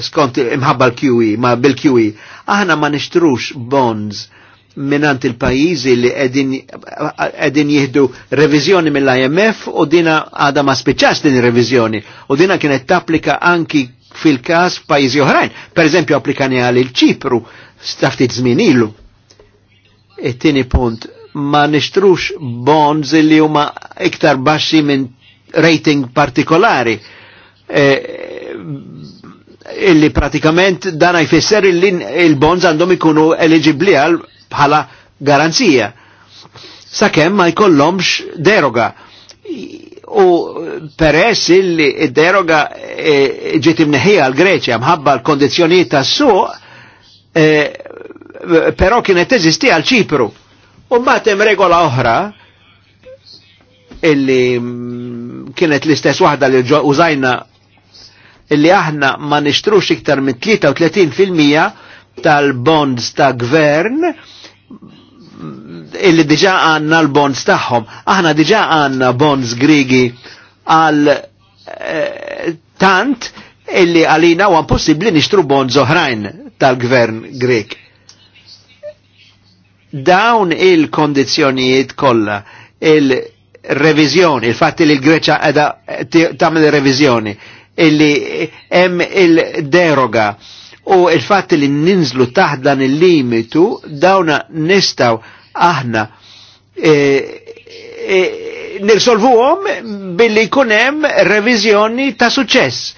Speaker 2: skont imħabba l-QE, ma bil-QE, aħna ma nishtrux bonds minant il-pajizi li edin jihdu revizjoni mill-IMF u dina għada ma spiċax din revizjoni u dina kienet tapplika anki fil-kas pajizi oħrajn. Per eżempju, applikani għal il-ċipru, staftit zminilu. ilu. tini punt, ma nishtrux bonds li huma iktar baxxi minn rating partikolari. E, illi pratikament dan jfisser illi il-bonds għandhom ikunu eligibli għal bħala garanzija. Sakemm ma jkollhomx deroga. U peress illi deroga e, ġiet imneħija għal Greċja mħabba l kondizjoni tas-suq, pero però kienet eżisti għal Ċipru. U mbagħad hemm regola oħra illi mm, kienet l-istess waħda li użajna illi aħna ma nixtrux iktar minn 33% tal-bonds ta' gvern illi diġa għanna l-bonds tagħhom. Aħna diġa għanna bonds grigi għal eh, tant illi għalina u possibli nixtru bonds oħrajn tal-gvern grek. Dawn il-kondizjonijiet kollha il-revizjoni, il fatti li l-Greċa għedha tagħmel revizjoni, illi hemm il-deroga u il-fatt li ninżlu taħt dan il-limitu dawna nistaw aħna e, e, nirsolvuhom billi jkun hemm reviżjoni ta' suċċess.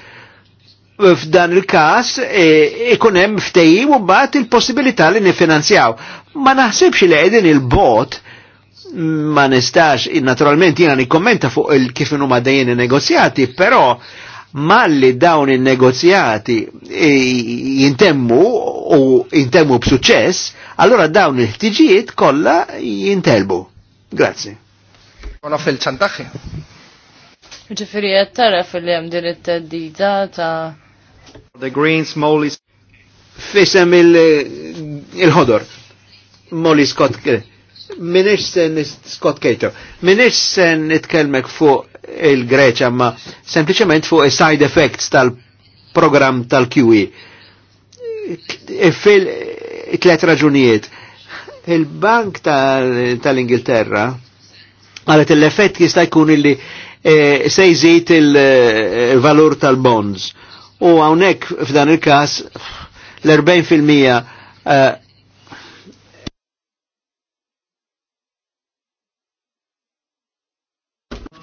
Speaker 2: F'dan il-każ e, ikun e, hemm ftehim u mbagħad il-possibilità li nifinanzjaw. Ma naħsibx li qegħdin il-bot ma nistax, naturalment jina nikkommenta fuq il kif huma dejjen negozjati, però malli dawn il-negozjati e, jintemmu u jintemmu b'suċċess, allora dawn il-ħtiġijiet kollha jintelbu. Grazie. Għana fil-ċantaxi.
Speaker 3: Ġifiri, jattara fil jem din it-teddida ta'
Speaker 2: The green Molly Fisem il-ħodor. Molly Scott eh, Minix sen Scott Cato. Minix sen nitkelmek fuq il-Greċa, ma sempliciment fuq side effects tal-program tal-QE. E fil e tlet raġunijiet. Il-Bank tal-Ingilterra għalet l-effett jista' jkun illi e, se jżid il-valur tal-bonds. U hawnhekk f'dan il-każ l-40%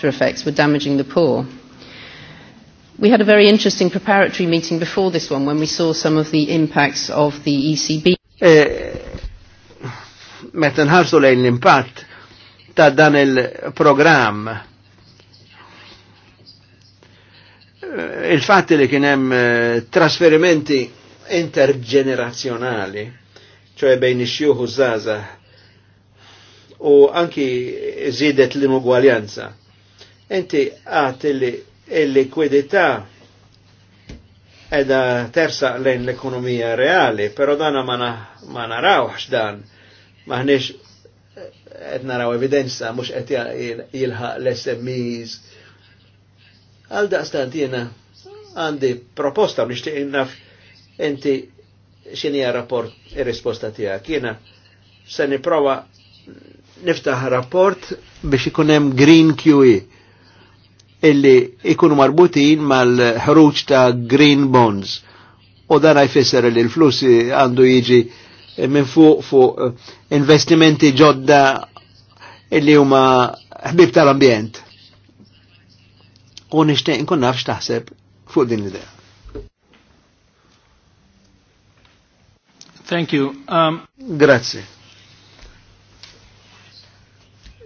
Speaker 2: after effects were damaging the poor. We had a very interesting preparatory meeting before this one when we saw some of the impacts of the ECB. Eh, Metten nħarsu lejn l-impatt ta' dan il-programm eh, il-fatt li kien hemm eh, trasferimenti intergenerazzjonali, ċoħe bejn ix-xjuħu żgħażagħ u anki żiedet l-inugwaljanza Inti għat il-likwidità edha tersa lejn l-ekonomija reali, pero dana ma narawx dan, maħniex qed eh, naraw evidenza mhux qed jilħaq l-SMEs. Għal daqstant jena għandi proposta u nixtieq innaf inti x'inhi rapport ir-risposta e tiegħek. Jiena se niprova niftaħ rapport biex ikun hemm green QE illi ikunu marbutin mal ħruċ ta' green bonds. U dan jfisser li l-flus għandu jiġi minn fuq fuq eh, investimenti ġodda illi huma ħbib tal-ambjent. U nishtiq nkun nafx taħseb fuq din l-idea. Thank you. Um... Grazie.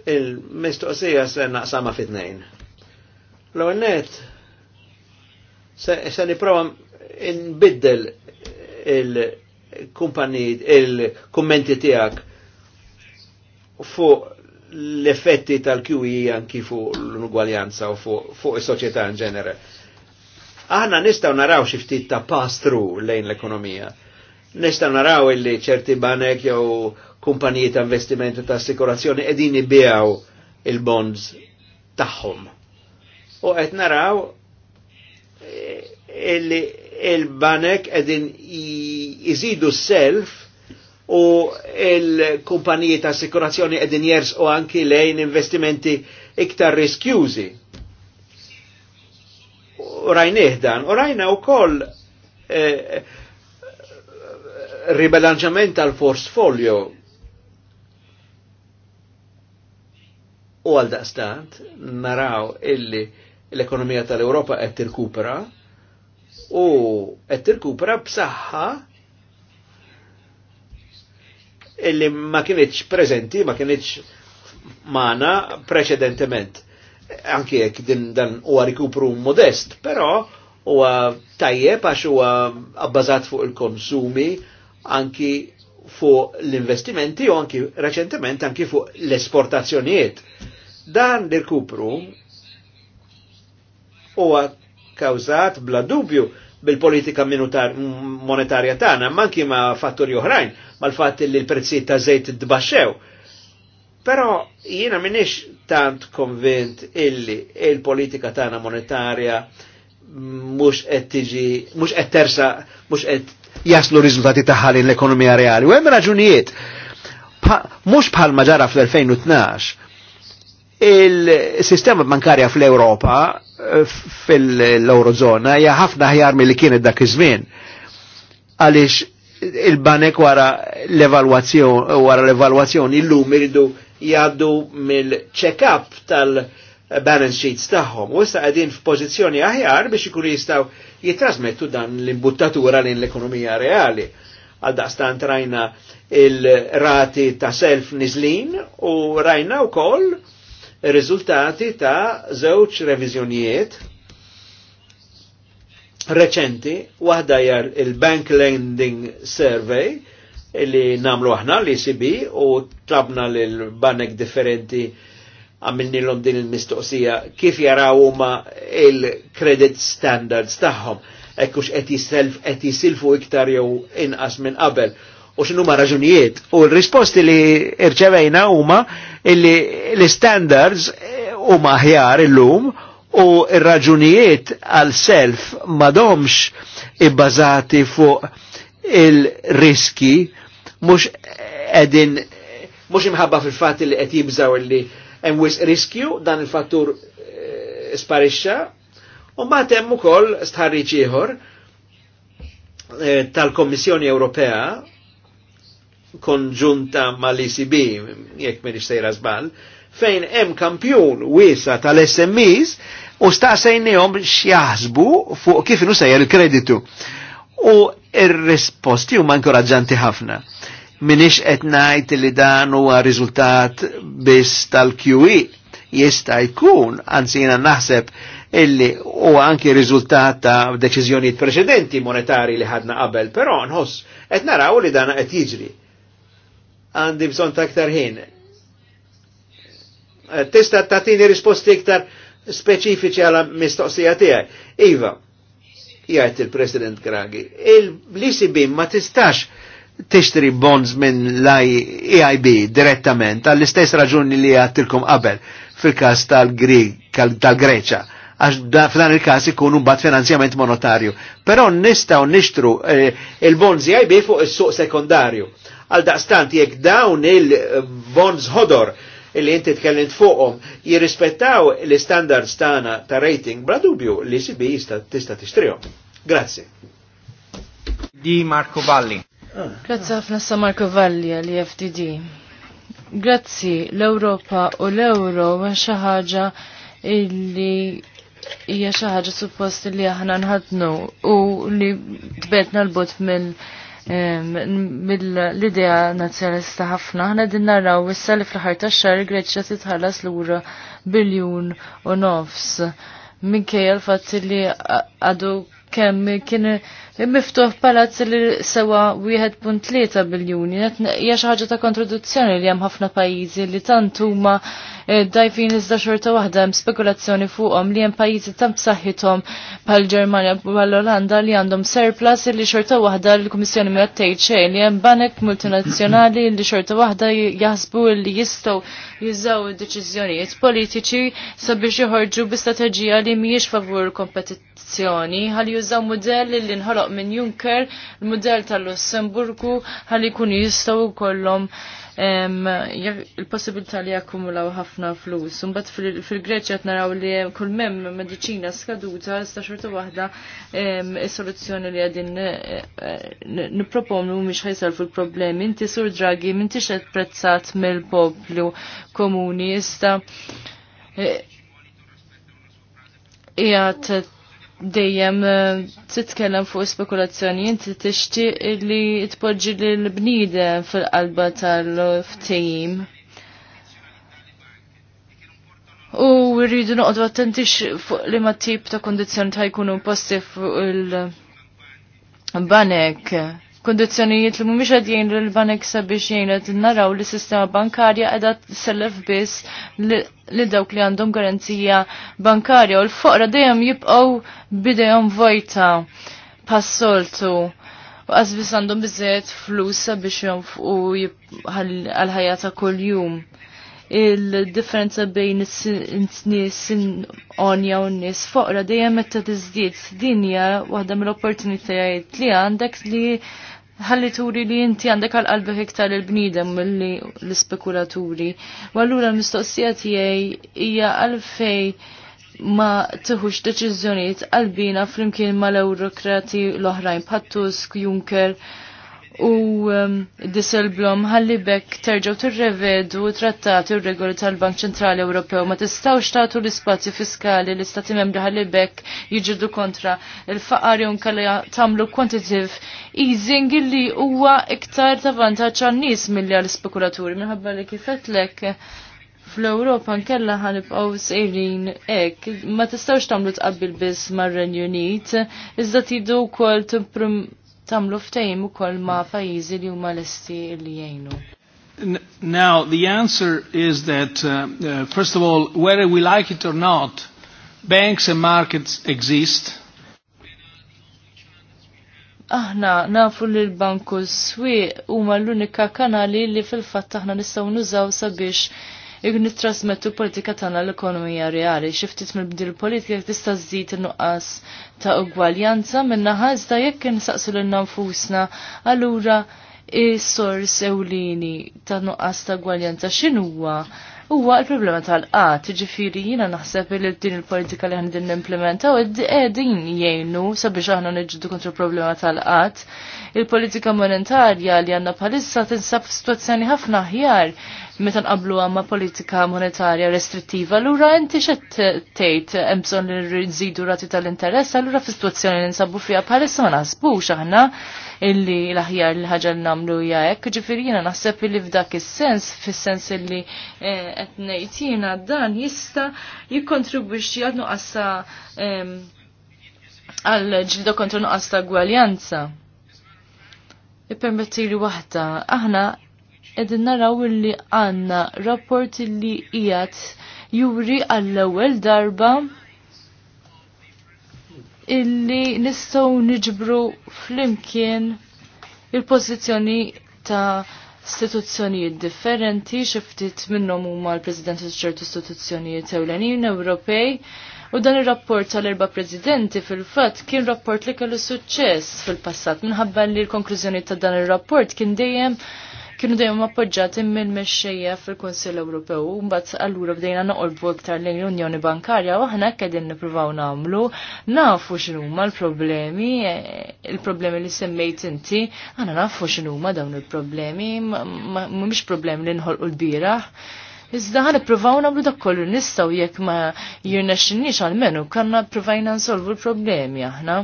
Speaker 2: Il-mistoqsija se naqsama fit-nejn l għonnet se niprofa nbiddel il-kumpani, il-kommenti tijak fuq l-effetti tal-QE anki fuq l-ugwaljanza u fuq is-soċjetà in ġenere. Aħna nistgħu naraw xi ftit ta' pass-through lejn l-ekonomija. Nistgħu naraw illi ċerti banek jew kumpaniji ta' investimenti ta' assikurazzjoni qegħdin bijaw il-bonds tagħhom u qed naraw eh, illi il-banek edin jizidu self u il-kumpaniji ta' assikurazzjoni edin jers u anki lejn investimenti iktar riskjużi. U rajnih dan, u rajna u koll eh, tal u għal daqstant naraw illi l-ekonomija tal-Europa qed tirkupra u qed tirkupra b'saħħa illi ma kienieċ prezenti, ma kienieċ mana preċedentement. Anki jekk din dan huwa rikupru modest, però huwa tajjeb għax huwa abbażat fuq il-konsumi, anki fuq l-investimenti u anki reċentement anki fuq l-esportazzjonijiet. Dan l-rikupru huwa kawżat bla dubju bil-politika monetarja tagħna, manki ma' fatturi oħrajn, mal-fatt li l-prezzijiet ta' żejt tbaxxew. Però jiena minix tant konvint illi il-politika tagħna monetarja mhux qed tiġi, mhux qed tersa, mhux qed jaslu riżultati tagħha l-ekonomija reali. U hemm raġunijiet. Mhux bħal ma ġara fl-2012 il-sistema bankarja fl ewropa fil-Eurozona hija ħafna ħjar mill-li kienet dak iż-żmien. Għaliex il-banek wara l-evalwazzjoni wara l-evalwazzjoni illum iridu jgħaddu mill-check-up tal-balance sheets tagħhom. U issa qegħdin f'pożizzjoni aħjar biex ikunu jistgħu jitrasmettu dan l-imbuttatura lejn l-ekonomija reali. Għal daqstant rajna il-rati ta' self nizlin u rajna wkoll. koll riżultati ta' żewġ reviżjonijiet reċenti, waħda jar il-Bank Lending Survey li namlu aħna l-ECB u tlabna l-banek differenti l din il-mistoqsija kif jaraw huma il-credit standards tagħhom ekkux qed jisilfu iktar jew inqas minn qabel u x'numa raġunijiet. U l-risposti li irċevejna huma illi l-standards eh, huma aħjar illum u r-raġunijiet għal self madomx ibbażati fuq il-riski mhux qegħdin mhux imħabba fil fat li qed jibżaw li hemm riskju dan il-fattur eh, sparixxa u mbagħad hemm ukoll stħarriġ ieħor eh, tal-Kommissjoni Ewropea konġunta mal icb jekk meni sejra zbal, fejn hemm kampjun wiesa tal-SMEs u staqsejnihom x'jaħsbu fuq kif nu sejjer il-kreditu. U ir-risposti huma inkoraġġanti ħafna. Minix qed ngħid li dan huwa riżultat biss tal-QE jista' jkun, anzi jiena naħseb illi u anki riżultat ta' deċiżjonijiet preċedenti monetari li ħadna qabel, però nħoss qed naraw li dan qed jiġri għandi bżon ta' aktar ħin. Eh, tista' tatini risposti iktar speċifiċi għala mistoqsija tiegħi. Iva, jgħid il-President Kragi, il icb ma tistax tixtri bonds minn l-EIB direttament għall-istess raġuni li għattilkom qabel fil-kas tal-Greċa għax f'dan il-kas ikun bat finanzjament monetarju. Però nistaw nixtru eh, il-bonds EIB fuq is-suq sekondarju. Għal daqstant jekk dawn il-bonds ħodor illi inti tkellimt fuqhom jirrispettaw l-standards tagħna ta' rating bla dubju li sibi tista' tixtrihom. Grazzi. Di Marco Valli.
Speaker 3: Grazzi ħafna sa Marco Valli għal e FDD. Grazzi l-Ewropa u l-Euro ma xi ħaġa illi hija xi ħaġa suppost li aħna nħadnu u li tbetna l-bot mill mill-idea nazjonalista ħafna, ħana din narraw issa li fl-ħar ta' xar Greċja titħallas lura biljun u nofs. Minkejja l fat li għadu kemm kien miftuħ palazz li sewa 1.3 biljuni, hija xi ħaġa ta' kontraduzzjoni li hemm ħafna pajjiżi li tant huma Eh, dajfin iżda xorta waħda hemm spekulazzjoni fuqhom li hemm pajjiżi ta' b'saħħithom bħal Ġermanja bħal Olanda li għandhom surplus li xorta waħda l-Kummissjoni ma tgħid xejn li hemm banek multinazzjonali li xorta waħda jaħsbu li jistgħu jużaw deċiżjonijiet politiċi sabiex joħorġu bi strateġija li mhijiex favur kompetizzjoni ħalli jużaw mudell li nħoloq minn Juncker, il-mudell tal-Lussemburgu ħalli jkunu jistgħu kollhom il-possibilità li jakkumulaw ħafna flus. Umbat fil-Greċja qed naraw li kull mem medicina skaduta sta xorta waħda is-soluzzjoni li qegħdin eh, eh, nipproponu mhumiex ħajsalfu l-problemi. Inti sur dragi, m'intix qed prezzat mill-poplu komuni sta hija eh, dejjem eh, titkellem fuq spekulazzjoni inti tixtieq li tpoġġi l bniedem fil-qalba tal-ftehim. U rridu noqogħdu attenti fuq li ma tip ta' kondizjoni ta' jkunu posti fuq il-banek kondizjonijiet li mhumiex qed jgħin lill-banek sabiex jgħinet naraw li sistema bankarja qiegħda tsellef biss li dawk li għandhom garanzija bankarja u l-foqra dejjem jibqgħu bidejhom vojta passoltu u biss għandhom biżejjed flus sabiex jonfqu għal-ħajja ta' kuljum il-differenza bejn nis onja u nis foqra dejjem meta tiżdied dinja waħda mill-opportunitajiet li għandek li ħalli turi li inti għandek għal qalbi iktar il-bnidem milli l-spekulaturi. U allura l-mistoqsija tiegħi hija għalfej ma tħux deċiżjonijiet qalbina flimkien mal-eurokrati l-oħrajn Pattusk, Juncker, u um, diselblom ħalli bekk terġaw tirrevedu trattati u regoli tal-Bank Ċentrali Ewropew ma tistaw tagħtu l-ispazji fiskali l-istati membri ħalli bekk jġirdu kontra il-faqar jew nkella tagħmlu quantitative easing illi huwa iktar ta' vantaġġ għan-nies milli għall-ispekulaturi minħabba li kifetlek fl-Ewropa nkella ħanibqgħu sejrin hekk, ma tistgħux tagħmlu tqabbil biss mar-Renju Unit, iżda tidu wkoll tamlu ftehim ukoll ma' pajjiżi li huma lesti li jgħinu.
Speaker 2: Now, the answer is that, uh, uh, first of all, whether we like it or not, banks and markets exist.
Speaker 3: Aħna nafu li l-banku s-swi huma l-unika kanali li fil-fatt aħna nistgħu nużaw sabiex Jgħu nittrasmettu l-politika tagħna l-ekonomija reali. Xi ftit mill-bdil politika tista' żżid in-nuqqas ta' ugwaljanza minnaħa iżda jekk insaqsu lil nfusna allura il sors ewlini ta' nuqqas ta' ugwaljanza xinuwa. huwa il-problema tal-qat, ġifiri jina naħseb li din il-politika li għandin n-implementaw id-din jgħinu sabiex aħna nġiddu kontra il-problema tal-qat. Il-politika monetarja li għanna palissa tinsab situazzjoni ħafna ħjar meta nqablu għamma politika monetarja restrittiva, allura inti xed tgħid hemm bżonn li nżidu rati tal-interess, allura f-situazzjoni li nsabu fiha bħalissa ma naħsbux aħna illi l-aħjar li ħaġa li nagħmlu hija hekk, ġifieri jiena naħseb li f'dak is-sens, fis-sens illi eh, qed ngħid jiena dan jista' jikkontribwixxi għal nuqassa għal ġilda kontra nuqqas ta' gwaljanza. Ippermetti li waħda, aħna edin naraw illi għanna rapport illi ijat juri għall-ewel darba illi nistaw niġbru flimkien il-pozizjoni ta' istituzzjonijiet differenti, xiftit minnom huma l-President ċertu istituzzjonijiet ewlenin Ewropej, u dan ir-rapport tal-erba presidenti fil-fatt kien rapport li kellu suċċess fil-passat minħabba li l-konklużjoni ta' dan ir-rapport kien dejjem kienu dajem appoġġjati mill-mexxejja fil-Kunsill Ewropew mbagħad allura bdejna noqolbu aktar lejn l-Unjoni Bankarja u aħna hekk qegħdin nippruvaw nagħmlu nafu x'inhuma l-problemi, il-problemi li semmejt inti, aħna nafu x'inhuma dawn il-problemi, mhumiex problemi li nħolqu l-bieraħ. Iżda ħan ippruvaw nagħmlu dak kollu nistgħu jekk ma jirnexxinniex għalmenu kanna ppruvajna nsolvu l-problemi aħna.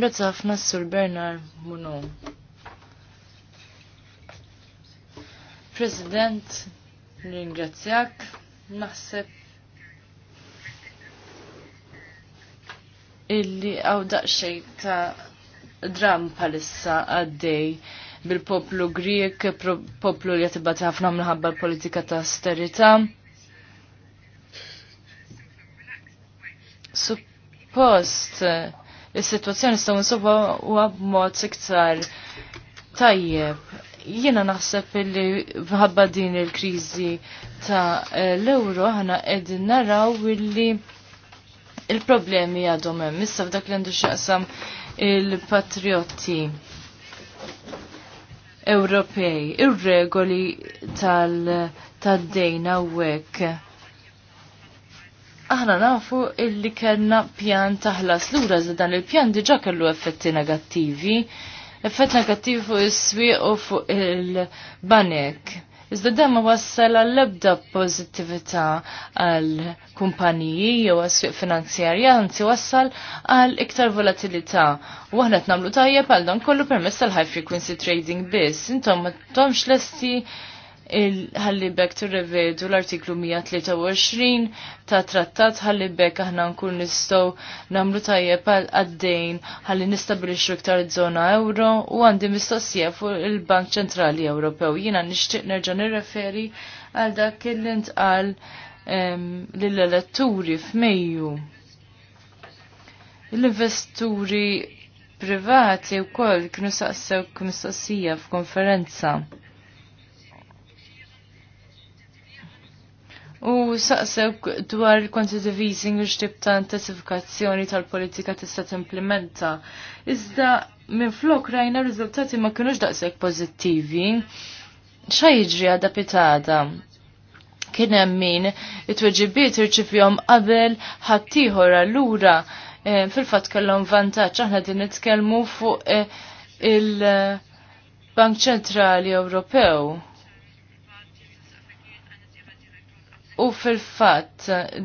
Speaker 3: Grazie ħafna Sur Bernard Munon. President, ringrazzjak, naħseb illi għaw daqxej ta' dram palissa għaddej bil-poplu Grieg, poplu li għatibba ħafna minħabba l-politika ta' sterita. Suppost, il-situazzjoni staw nsobba u għab mod iktar tajjeb jiena naħseb li bħabba din il-kriżi ta' l-euro ħana qegħdin naraw illi il-problemi għadhom hemm. Issa f'dak li għandu x'jaqsam il-patriotti Ewropej, ir-regoli tal dejn hawnhekk aħna nafu illi kellna pjan taħlas lura za dan il-pjan diġa kellu effetti negattivi effett negattiv fuq is-swieq u fuq il-banek. Iżda demma wassal għall-ebda pożittività għal kumpaniji jew għas-swieq finanzjarja, għanzi wassal għal iktar volatilità. U aħna qed nagħmlu tajjeb għal dan kollu permess tal-high frequency trading biss. Intom ma l lesti ħallibek tirrevedu l-artiklu 123 ta' trattat ħallibek aħna nkun nistgħu nagħmlu tajjeb għaddejn ħalli nistabilixxu iktar żona euro u għandi mistoqsija fuq il-Bank Ċentrali Ewropew. Jiena nixtieq nerġa' nirreferi għal dak li ntqal lill-eletturi f'Mejju. L-investuri privati wkoll kienu saqsew mistoqsija f'konferenza. U saqsew dwar quantitative easing u xtib ta' intensifikazzjoni tal-politika tista' timplementa. Iżda minn flok rajna riżultati ma kienux daqshekk pożittivi. Xa jiġri għada pitada? Kien hemm min it-tweġibiet irċifjhom qabel ħaddieħor allura eh, fil-fatt kellhom vantaġġ aħna din nitkellmu fuq eh, il-Bank Ċentrali Ewropew U fil-fatt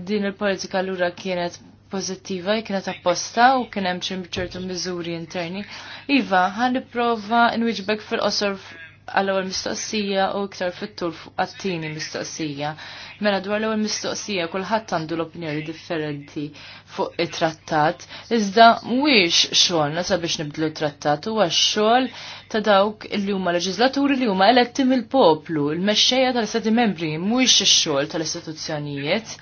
Speaker 3: din il-politika lura kienet pozittiva, kienet apposta u kien hemm ċertu miżuri interni. Iva, ħan prova nwiġbek fil-qosor għall-ewwel mistoqsija u iktar fit-tul għat mistoqsija. Mela dwar l-ewwel mistoqsija kulħadd għandu l-opinjoni differenti fuq it-trattat, iżda mhuwiex xogħolna sabiex nibdlu t-trattat huwa x-xogħol ta' dawk li huma leġislaturi li huma eletti mill-poplu, il-mexxejja tal-Istati Membri mhuwiex ix-xogħol tal-istituzzjonijiet.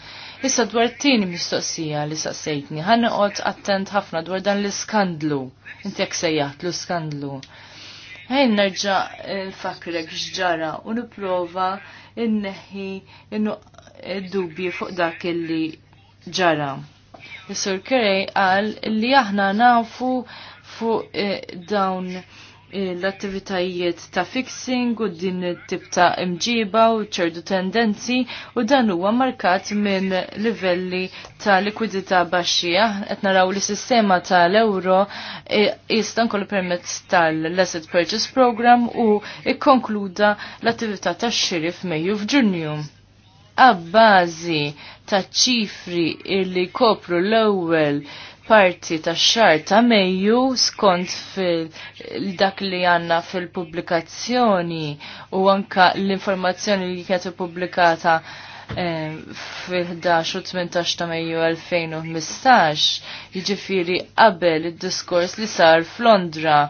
Speaker 3: Issa dwar t-tieni mistoqsija li saqsejtni, ħan noqgħod attent ħafna dwar dan l-iskandlu. Inti jekk sejjaħt l-iskandlu. Ħejn nerġa' l-fakrek x'ġara u nipprova inneħi id-dubji fuq dak illi ġara. Is-Sur Kerry qal li aħna nafu fuq eh, dawn l-attivitajiet ta' fixing u din tip ta' imġiba u ċertu tendenzi u dan huwa markat minn livelli ta' likwidità baxxija. Qed naraw li sistema tal-euro e, jista' nkollu permezz tal-asset purchase program u ikkonkluda l-attività tax-xiri f'Mejju f'Ġunju. Abbażi ta' ċifri illi kopru l-ewwel parti ta' xar ta' Mejju skont fil-dak li għanna fil-publikazzjoni u anka l-informazzjoni li kienet publikata eh, fil-11 u 18 ta' Mejju 2015, jiġifieri qabel id-diskors li sar f'Londra.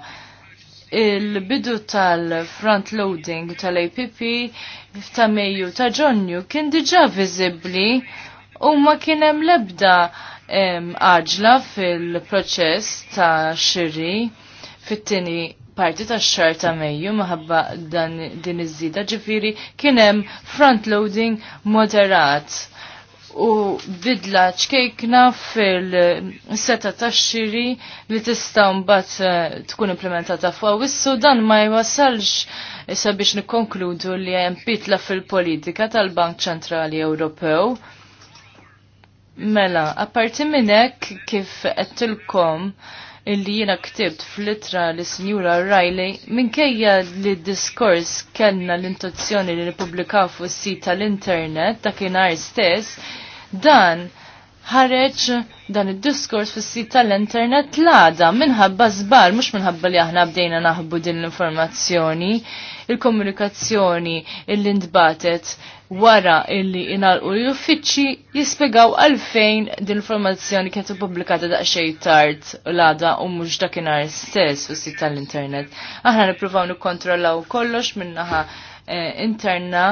Speaker 3: Il-bidu tal-front loading tal-APP ta' Mejju ta' Ġonju kien diġà viżibbli u ma kien hemm l-ebda għaġla fil-proċess ta' xiri fit-tini parti ta' xar ta' Mejju maħabba din iż-żida ġifiri kienem front loading moderat u bidla ċkejkna fil-seta ta' xiri li tista' mbagħad eh, tkun implementata fuq għawissu dan ma jwasalx sabiex nikonkludu nikkonkludu li hemm fil-politika tal-Bank Ċentrali Ewropew Mela, apparti minnek kif għettilkom illi jina ktibt fl-itra li Sinjura Riley, minkejja li diskors kellna l-intuzzjoni li nipublikaw fuq sit tal-internet dakinhar stess, dan ħareġ dan id-diskors fis-sit tal-internet l-għada minħabba zbar, mhux minħabba li aħna bdejna naħbu din l-informazzjoni. Il-komunikazzjoni il indbatet wara illi inalqu l-uffiċċji jispjegaw għalfejn din l-informazzjoni kienet ippubblikata daqsxejn tard l-għada u mhux dakinhar stess fis-sit tal-internet. Aħna nippruvaw nikkontrollaw kollox minnaħa eh, interna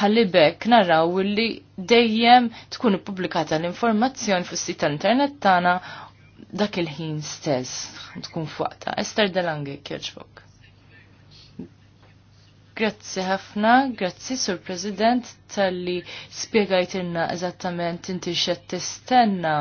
Speaker 3: ħallibek naraw li dejjem tkun ippubblikata l-informazzjoni fis sit tal-internet tagħna dak il-ħin stess tkun fuqta. Ester Delange kieġbok. Grazzi ħafna, grazzi sur President tal-li spiegajt eżattament inti xed tistenna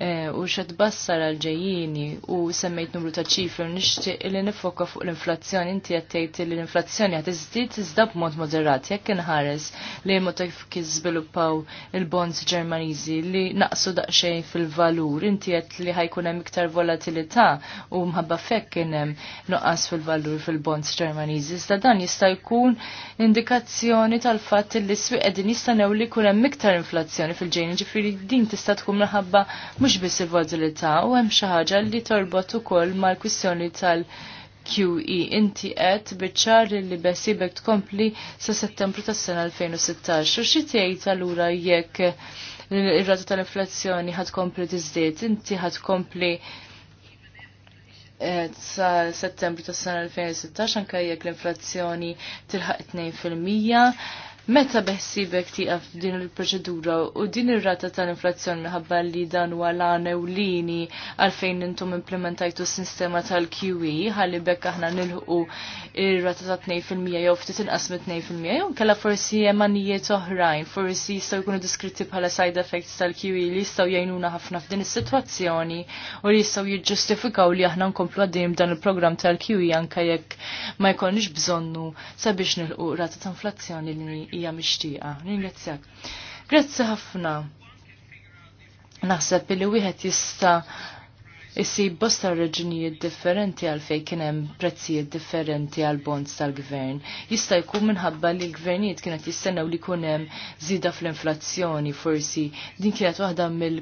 Speaker 3: Eh, u xed bassar għalġejjini ġejjini u semmejt numru ta' ċifru nixtieq li nifoka fuq l-inflazzjoni inti qed li l-inflazzjoni qed iżdied iżda b'mod moderat jekk inħares li mod kif il-bonds Ġermaniżi li naqsu daqsxejn fil-valur inti qed li ħajkun hemm iktar volatilità u mħabba fekk kien hemm nuqqas fil-valur fil-bonds Ġermaniżi iżda dan jista' jkun indikazzjoni tal-fatt li s-swieq għedin jistennew li jkun hemm iktar inflazzjoni fil-ġejjin ġifiri din tista' tkun mħabba mhux biss il-volatilità u hemm xi ħaġa li torbot ukoll mal-kwistjoni tal- QE inti qed biċċar li besibek tkompli sa settembru tas-sena 2016. U xi tgħid allura jekk ir-rata tal-inflazzjoni ħad kompli tiżdied, inti ħad kompli eh, sa settembru tas-sena 2016 anke jekk l-inflazzjoni tilħaq 2 fil-mija Meta beħsibek tiqaf din il-proċedura u din ir-rata tal-inflazzjoni minħabba li dan għalane u lini għalfejn intom implementajtu s-sistema tal-QE għalli bekk aħna nilħu ir-rata ta' 2% jew ftit inqas mit 2% jew kella forsi emanijiet oħrajn, forsi jistgħu jkunu diskritti bħala side effects tal-QE li jistgħu jgħinuna ħafna f'din is-sitwazzjoni u li jistgħu jiġġustifikaw li aħna nkomplu għaddim dan il-programm tal-QE anke jekk ma jkollniex bżonnu sabiex nilħu rata ta' inflazzjoni li hija mixtieqa. Ringrazzjak. Grazzi ħafna. Naħseb li wieħed jista' Issi bosta reġunijiet differenti għal fej kienem prezzijiet differenti għal bonds tal-gvern. Jista' jkun minħabba li l-gvernijiet kienet jistennew li kunem zida fl-inflazzjoni forsi. Din kienet waħda mill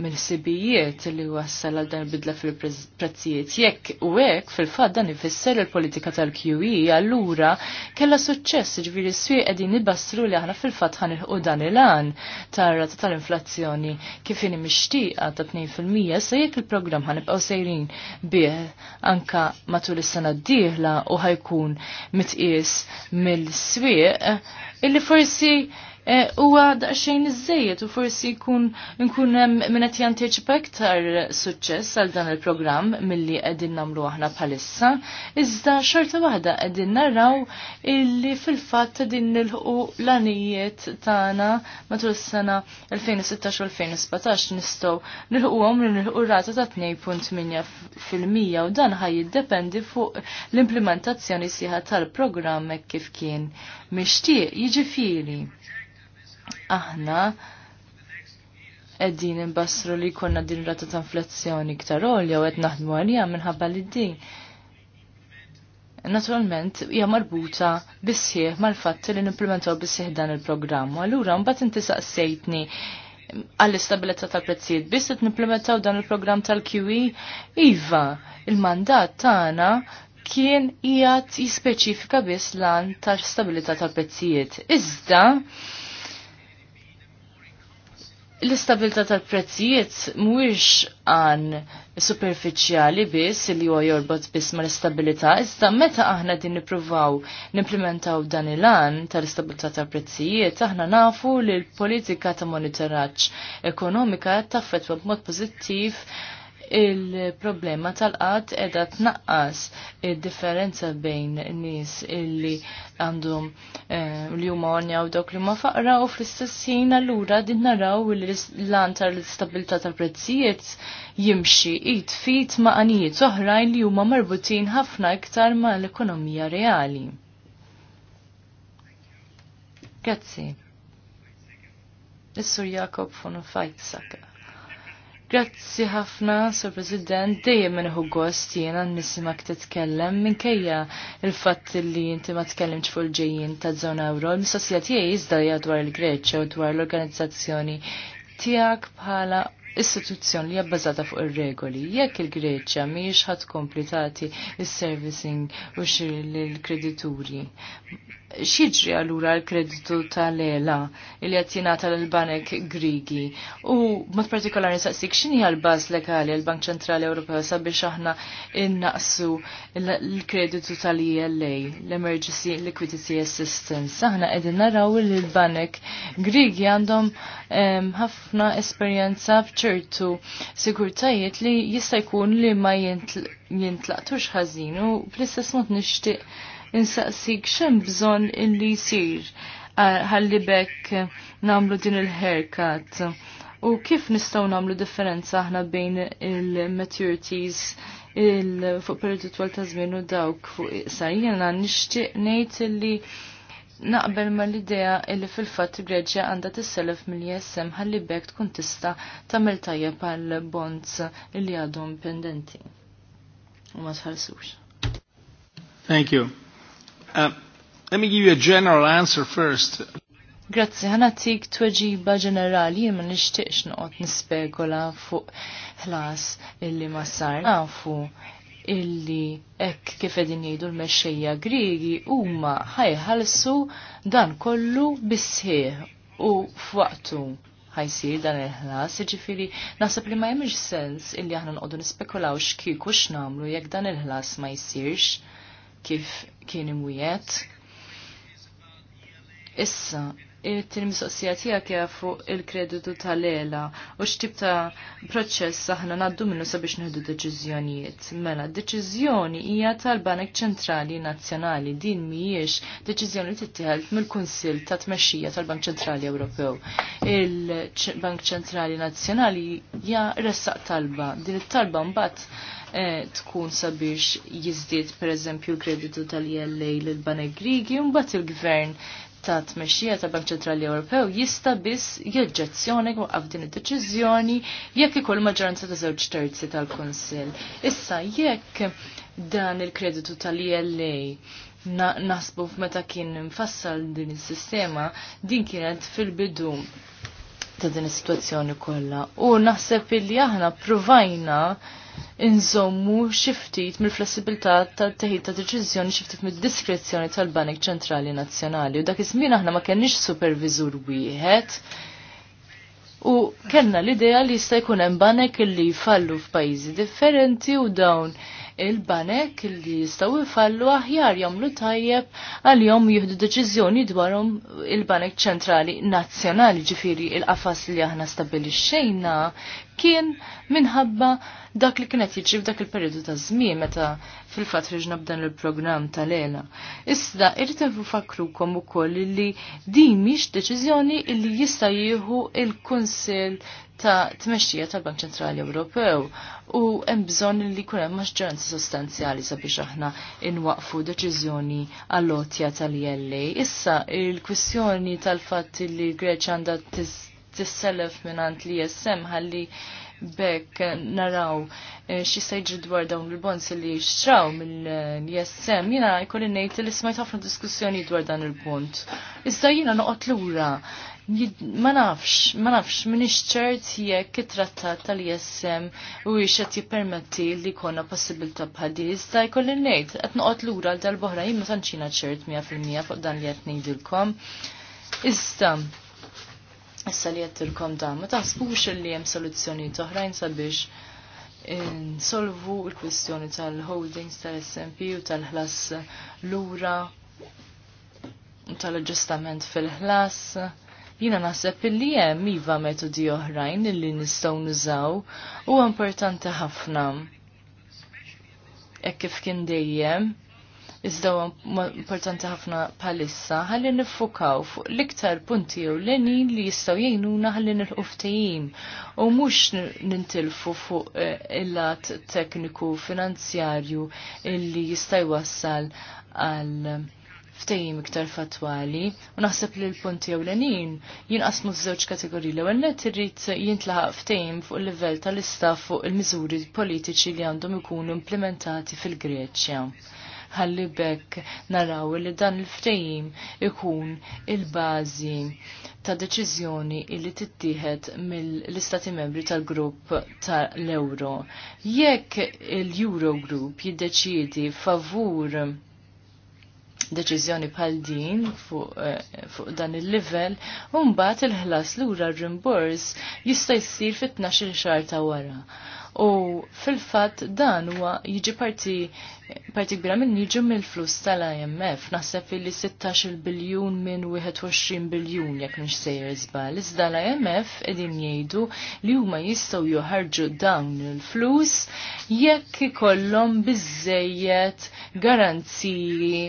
Speaker 3: mill-sibijiet li wassal għal dan bidla fil-prezzijiet. Jekk u hekk fil-fatt dan ifisser il-politika tal-QE allura kella suċċess ġviri s-swieq qegħdin nibastru li aħna fil-fatt ħanilħu dan il-għan tar-rata tal-inflazzjoni kif ini mixtieqa ta' 2% sa jekk il-programm ħanibqgħu sejrin bih anka matul is-sena d-dieħla u ħajkun mitqies mill-swieq illi forsi Eh, huwa daqsxejn żejiet u forsi jkun nkun hemm min qed janteċipa iktar suċċess għal dan il-programm milli qegħdin nagħmlu aħna bħalissa, iżda xorta waħda qegħdin narraw illi fil-fatt qegħdin nilħu l-anijiet tagħna matul is-sena 2016-2017 nistgħu nilħuhom li nilħu rata ta' 2.8 fil-mija u dan ħaj jiddependi fuq l-implementazzjoni sieħa tal-programm kif kien mixtieq jiġifieri aħna qegħdin imbasru li jkollna din rata ta' inflazzjoni iktar għolja u qed naħdmu għalija minħabba li din naturalment hija marbuta bisħieħ mal-fatt li nimplementaw bisħieħ dan il-programm. Allura mbagħad inti saqsejtni għall-istabilità tal-prezzijiet biss qed nimplementaw dan il-programm tal-QE iva il-mandat tagħna kien qiegħed jispeċifika biss lan tal-stabilità tal-prezzijiet. Iżda l-istabilta tal-prezzijiet mhuwiex għan superfiċjali biss li huwa jorbot biss ma l-istabilità, iżda meta aħna din nippruvaw nimplementaw dan il-għan tal-istabilità tal-prezzijiet, aħna nafu li l-politika ta' monitoraġġ ekonomika taffetwa b'mod pożittiv il-problema tal qad edha tnaqqas il-differenza bejn nis illi għandhom eh, li huma għonja u dawk li huma faqra u fl-istess ħin allura din naraw l-lan tal-istabilità tal-prezzijiet jimxi it fit ma' għanijiet oħrajn li huma marbutin ħafna iktar ma' l-ekonomija reali. Grazzi. Is-Sur Jakob von Fajtsaka. Grazzi ħafna, Sir President, dejjem hu gost jiena nisima kif titkellem minkejja il-fatt li inti ma tkellimx fuq il-ġejjin ta' żona ewro, mistoqsija tiegħi iżda dwar il-Greċja u dwar l-organizzazzjoni tiegħek bħala istituzzjoni li jabbażata fuq ir-regoli. Jekk il-Greċja mhijiex ħadd kompletati is-servicing u xi lill-kredituri xieġri għallura l-kreditu tal-ela il jattina tal-Banek Grigi. U mod partikolari saqsik xini għal-bas legali għal-Bank Ċentrali Ewropew sabiex aħna innaqsu l-kreditu tal-ELA, l-Emergency Liquidity Assistance. Aħna edin naraw li l-Banek Grigi għandhom ħafna esperjenza bċertu sigurtajiet li jista' jkun li ma jintlaqtux ħażin u fl-istess mod nixtieq insaqsik xem bżon illi jisir ħalli bekk namlu din il-haircut. U kif nistaw namlu differenza aħna bejn il-maturities il fuq periodu twal ta' żmien u dawk fuq iqsa jiena nixtieq ngħid illi naqbel ma l-idea illi fil-fatt Greċja għandha tisselef mill-ISM ħalli bekk tkun tista' tagħmel tajjeb għal bonds li għadhom pendenti. U ma tħallsux.
Speaker 2: Thank you. Uh, let me give you a general answer first.
Speaker 3: Grazzi, ħana tik tweġiba ġenerali, jimman nishtiqx noqot nispegola fuq ħlas illi ma sar. Nafu illi ek kif edin jgħidu l-mexxejja Griegi huma ħajħalsu dan kollu bisħieħ u f'waqtu ħajsir dan il-ħlas, ġifiri, nasab li ma jemmiġ sens illi aħna nqodu nispekulaw x'kieku x'namlu jekk dan il-ħlas ma jsirx kif kien imwiet. Issa, il-mistoqsija tiegħek hija fuq il-kreditu tal lela u x'tib ta' proċess aħna ngħaddu minnu sabiex nieħdu deċiżjonijiet. Mela, deċiżjoni hija tal-Banek Ċentrali Nazzjonali din mhijiex deċiżjoni li tittieħed mill-Kunsill ta' Tmexxija tal-Bank Ċentrali Ewropew. Il-Bank Ċentrali Nazzjonali hija ressaq talba. Din it-talba mbagħad eh, tkun sabiex jizdiet per eżempju l-kreditu tal-ILA l-Banegrigi, un bat il-gvern ta' tmexxija ta' Bank Ċentrali Ewropew jista' biss jeġġezzjoni waqaf din id-deċiżjoni jekk ikoll maġġoranza ta' żewġ terzi tal-Kunsill. Issa jekk dan il-kreditu tal-ILA nasbu f'meta kien mfassal din is-sistema, din kienet fil-bidu ta' din is-sitwazzjoni kollha. U naħseb illi aħna provajna inżommu xiftit mill-flessibilità tal-teħid ta' deċiżjoni xiftit mid-diskrezzjoni tal-Banek Ċentrali Nazzjonali. U dak iż-żmien aħna ma kenniex supervizur wieħed. U kellna l-idea li jista' jkun hemm banek li jfallu f'pajjiżi differenti u dawn il-banek li jistaw ifallu aħjar jamlu tajjeb għal-jom jihdu deċizjoni dwarhom il-banek ċentrali nazzjonali ġifiri il-qafas li aħna stabilixxejna kien minħabba dak li kienet jiġri f'dak il-periodu ta' żmien meta fil-fatt ħriġna b'dan il-programm tal-ela. Issa irrid fakrukom ukoll li din mhix deċiżjoni li jista' jieħu il-Kunsill ta' tmexxija tal-Bank Ċentrali Ewropew u hemm bżonn li jkun hemm maġġoranza sostanzjali sabiex aħna inwaqfu deċiżjoni għall otja tal-ILA. Issa il-kwistjoni tal-fatt li l-Greċja għandha tisselef mingħand li jessem ħalli bekk naraw eh, xi sejġi dwar dawn il-bonds li xtraw mill-ISM, jina jkolli ngħid li smajt ħafna diskussjoni dwar dan il-punt. Iżda jina l lura ma nafx, ma nafx, minix ċert jekk it-trattat tal-ISM u jixet jippermetti li konna possibilta bħaddi. Iżda jkolli nejt, għet noqot l-ura dal-bohra jimma sanċina ċert 100% fuq dan li għet nejdilkom. Issa, issa li għet tilkom da, ma taħsbux li jem soluzzjoni toħrajn sabiex solvu il-kwistjoni tal-holdings tal-SMP u tal-ħlas l-ura tal-ġustament fil-ħlas Jina naħseb illi hemm iva metodi oħrajn illi nistgħu nużaw u importanti ħafna. Hekk kif kien dejjem, iżda importanti ħafna palissa ħalli nifukaw fuq l-iktar punti u l li jistaw jgħinuna ħalli nilħu ftejim u mux nintilfu fuq eh, il-lat tekniku finanzjarju illi jista' wassal għal ftejim iktar fatwali u naħseb li l-punti ewlenin jinqasmu f'żewġ kategoriji l-ewwel net irrid jintlaħaq ftejim fuq il-livell tal istaf fuq il-miżuri politiċi li għandhom ikunu implementati fil-Greċja. Ħalli bekk naraw li dan il-ftejim ikun il-bażi ta' deċiżjoni li tittieħed mill-istati membri tal-grupp tal-Euro. Jekk il-Eurogroup jiddeċiedi favur deċiżjoni bħal din fuq eh, dan il-level, mbagħad il-ħlas lura r-rimbors jista' jsir fit-12 xar ta' wara u fil-fatt dan huwa jiġi parti parti kbira minn jiġu mill-flus tal-IMF. Naħseb li 16 biljun minn 21 biljun jekk mhux sejjer żbal. Iżda l-IMF qegħdin jgħidu li huma jistgħu joħarġu dawn il-flus jekk ikollhom biżejjed garanziji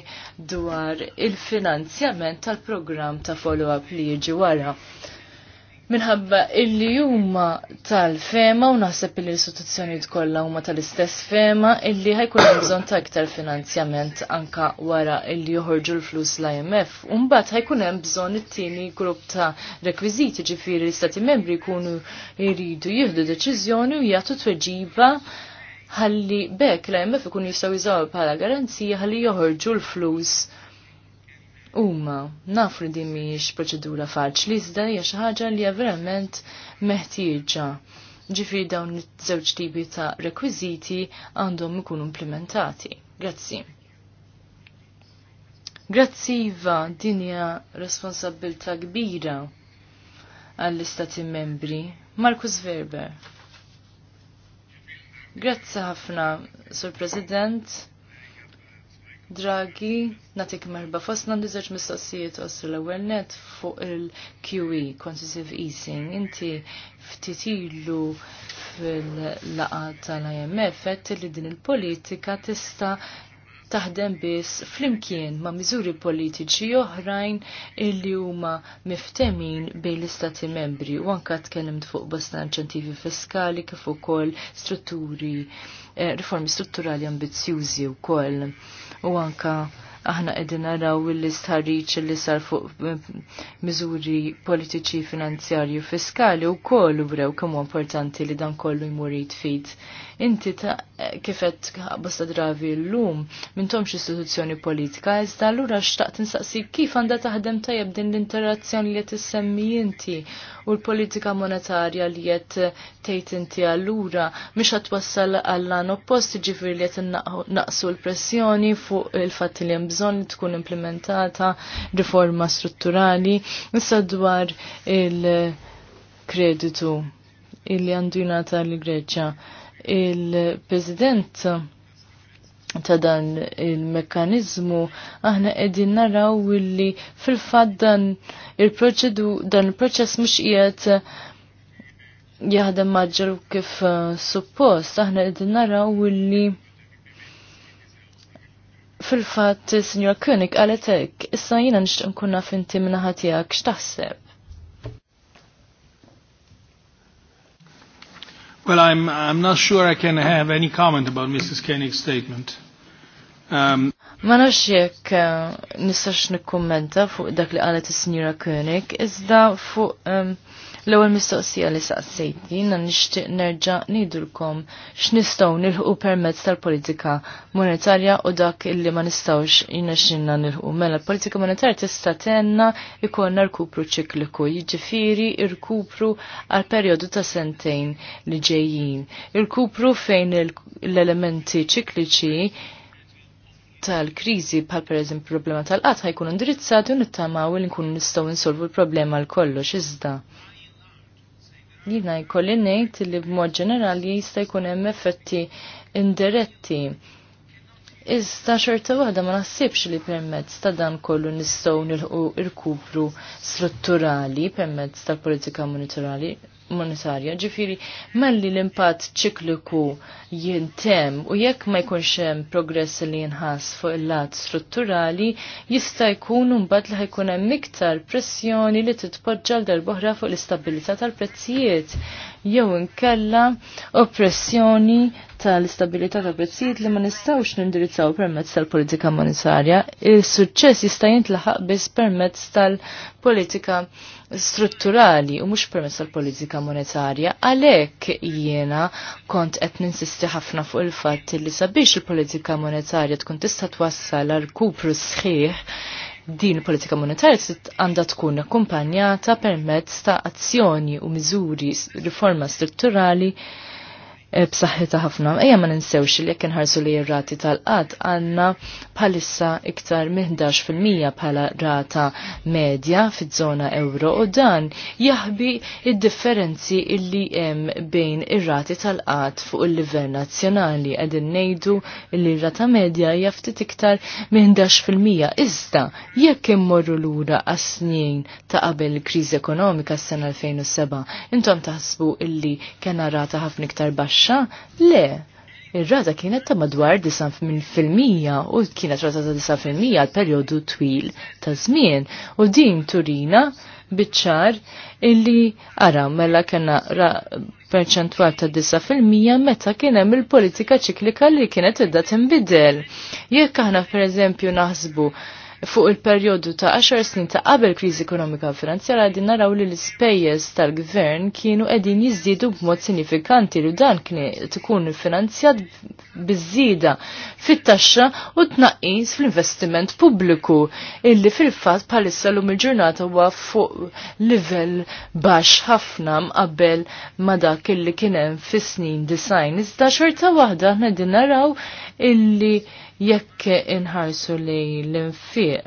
Speaker 3: dwar il-finanzjament tal-programm ta' follow-up li jiġi wara minħabba illi huma tal-fema u naħseb illi l-istituzzjonijiet kollha huma tal-istess fema illi ħajkun hemm bżonn ta' iktar finanzjament anka wara illi joħorġu l-flus l-IMF. mbagħad ħajkun hemm bżonn it-tieni grupp ta' rekwiżiti ġifieri l-istati membri jkunu jridu jieħdu deċiżjoni u jagħtu tweġiba ħalli bekk l-IMF ikun jistgħu jżaw bħala garanzija ħalli joħorġu l-flus Uma, nafru di miex proċedura faċli, iżda hija xi ħaġa li hija verament meħtieġa. Ġifieri dawn iż-żewġ tipi ta' rekwiżiti għandhom ikunu implementati. Grazzi. Grazzi Iva, din hija responsabilità kbira għall-istati membri. Markus Verber. Grazzi ħafna, Sur President. Draghi, natik merba fosna nizerġ mistoqsijiet ossu l awernet net fuq il-QE, quantitative easing. Inti ftitilu fil-laqa tal-IMF għet li din il-politika tista taħdem biss flimkien ma' miżuri politiċi oħrajn illi huma miftemin bejn l-istati membri u anka tkellimt fuq bosta inċentivi fiskali kif ukoll strutturi eh, riformi strutturali ambizzjużi wkoll u anka aħna qegħdin naraw l-istħarriċ li sar fuq eh, miżuri politiċi, finanzjarju, fiskali u u brew kemm importanti li dan kollu jmur jitfid. Inti ta' kifet bosta dravi l-lum tomx istituzzjoni politika, iżda allura xtaqt insaqsi kif għandha taħdem tajjeb din l-interazzjoni li qed issemmi inti u l-politika monetarja li qed tgħid inti allura mhix qed twassal għall-lan oppost ġifieri li qed naqsu l-pressjoni fuq il-fatt li hemm bżonn tkun implementata riforma strutturali issa dwar il-kreditu illi għandu jingħata l-Greċja. Il-President ta' dan il mekanizmu aħna qegħdin naraw illi fil-fatt dan il-proċedu dan il-proċess mhux qiegħed jaħdem maġġar kif eh, suppost aħna qegħdin naraw illi fil-fatt Sinjor Kunik għaletek, issa jina nixtieq nkun naf inti minnaħatijak x'taħseb.
Speaker 2: Well, I'm, I'm not sure I can have any comment about Mrs. Koenig's statement. Um,
Speaker 3: Ma nafx jekk eh, nistax nikkummenta fuq dak li qalet is-Sinjura Koenig, iżda fuq um, L-ewwel mistoqsija li saqsejtni jiena nixtieq nerġa' ngħidulkom x'nistgħu nilħu permezz tal-politika monetarja u dak illi ma nistgħux jinaxxinna nilħu. Mela l-politika monetarja tista' tenna jkollna rkupru ċikliku, jiġifieri rkupru għal perjodu ta' sentejn li ġejjin. Irkupru fejn l-elementi ċikliċi tal-krizi bħal per eżempju problema tal-qatt ħajkun indirizzati u nittamaw li nkunu nistgħu insolvu l-problema l kollox iżda jina jkolli ngħid li b'mod ġenerali jista' jkun hemm effetti indiretti. Iżda xorta waħda ma naħsibx li permezz ta' dan kollu nistgħu nilħu irkupru strutturali permezz tal-politika monitorali monetarja. Ġifiri, melli l-impatt ċikliku jintem u jekk ma jkunx hemm progress li jinħass fuq il-lat strutturali, jista' jkun mbagħad li ħajkun hemm iktar pressjoni li titpoġġa l darbohra fuq l-istabilità tal-prezzijiet jew inkella oppressjoni tal-istabilità tal prezzijiet li ma nistawx nindirizzaw permezz tal-politika monetarja, il-suċċess jista' jintlaħaq biss permezz tal-politika strutturali u mhux permezz tal-politika monetarja, għalhekk jiena kont qed ninsisti ħafna fuq il-fatt li sabiex il-politika monetarja tkun tista' twassal għal kupru sħiħ din il-politika monetarja għandha tkun akkumpanjata permezz ta' azzjoni u miżuri riforma strutturali Eh, b'saħħitha ħafna. Ejja ma ninsewx li jekk inħarsu li r-rati tal-qatt għandna bħalissa iktar minn 11% bħala rata medja fiż-żona euro u dan jaħbi id-differenzi illi hemm bejn ir-rati tal-qatt fuq il-livell nazzjonali qegħdin ngħidu li r-rata medja hija ftit iktar minn 11% iżda jekk immorru lura għas-snin ta' qabel kriżi ekonomika s-sena 2007 intom taħsbu illi kena rata ħafna iktar baxx taxxa? Le, Ir-rata kienet ta' madwar 9% u kienet rata ta' 9% għal periodu twil ta' żmien u din turina biċċar illi ara mela kena perċentwal ta' 9% meta kien hemm il-politika ċiklika li kienet idda tinbidel. Jekk aħna pereżempju naħsbu fuq il-perjodu ta' 10 snin ta' qabel kriżi ekonomika finanzjara din naraw li l-ispejjeż tal-gvern kienu qegħdin jiżdiedu b'mod sinifikanti li dan kien tkun finanzjat biżida fit-taxxa u tnaqqis fl-investiment pubbliku illi fil-fatt bħalissa lum il-ġurnata huwa fuq livell baxx ħafna mqabel ma' dak illi kien hemm fis-snin design. Iżda xorta waħda ħna din naraw illi jekk inħarsu li l-infiq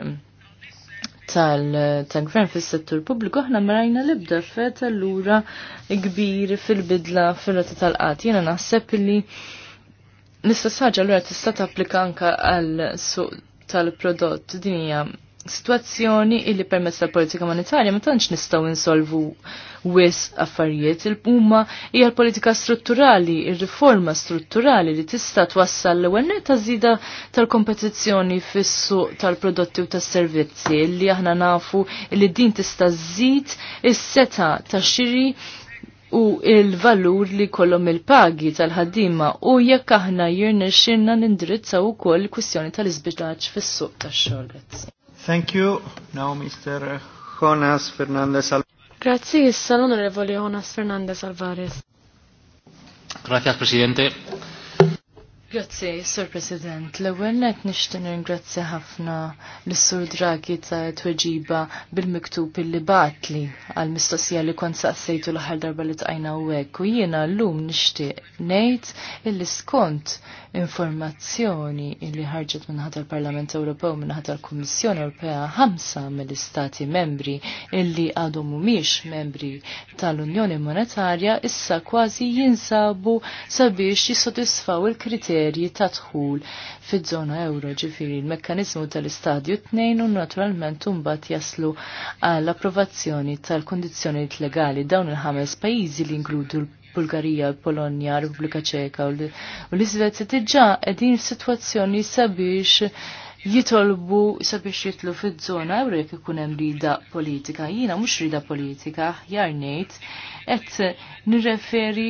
Speaker 3: tal-gvern fis settur pubbliku aħna marajna libda fet allura kbir fil-bidla fil-rata tal-qat. Jena naħseb li l-istess ħaġa allura tista' għal suq tal-prodott dinija situazzjoni illi permezz tal-politika monetarja ma tantx nistgħu insolvu wis affarijiet il huma hija l-politika strutturali, ir-riforma strutturali li tista' twassal l-ewwel ta' żida tal-kompetizzjoni fis-suq tal-prodotti u tas-servizzi li aħna nafu li din tista' żid is-seta tax-xiri u il-valur li kollom il-pagi tal-ħaddima u jekk aħna jirnexxinna nindirizzaw ukoll kwistjoni tal-iżbilaġġ fis-suq
Speaker 2: tax-xogħol. Thank you. Now Mr. Jonas Fernandez Alvarez.
Speaker 1: Grazie, issa l'onorevole Jonas Fernandez Alvarez.
Speaker 2: Grazie, Presidente.
Speaker 3: Grazzi, Sir President. L-ewwel qed nixtieq ningrazzja ħafna lis-Sur Draghi ta' tweġiba bil-miktub illi batli għal mistoqsija li kont saqsejtu l-aħħar darba li tqajna hekk u jiena llum nixtieq ngħid illi skont informazzjoni illi ħarġet minn ħadd il-Parlament Ewropew minn ħadd il-Kummissjoni Ewropea ħamsa mill-istati membri illi għadhom mhumiex membri tal-Unjoni Monetarja issa kważi jinsabu sabiex jissodisfaw il-kriterji kriterji ta' dħul fiż-żona euro ġifiri l-mekkanizmu tal-istadju 2 u naturalment mbagħad jaslu għall approvazzjoni tal-kondizzjonijiet legali dawn il-ħames pajjiżi li inkludu l-Bulgarija, l-Polonja, Repubblika Ċeka u l-Iżvezja diġà qegħdin situazzjoni sabiex jitolbu sabiex jitlu fid-żona euro jekk ikun hemm rida politika. Jiena mhux rida politika, aħjar ngħid qed nirreferi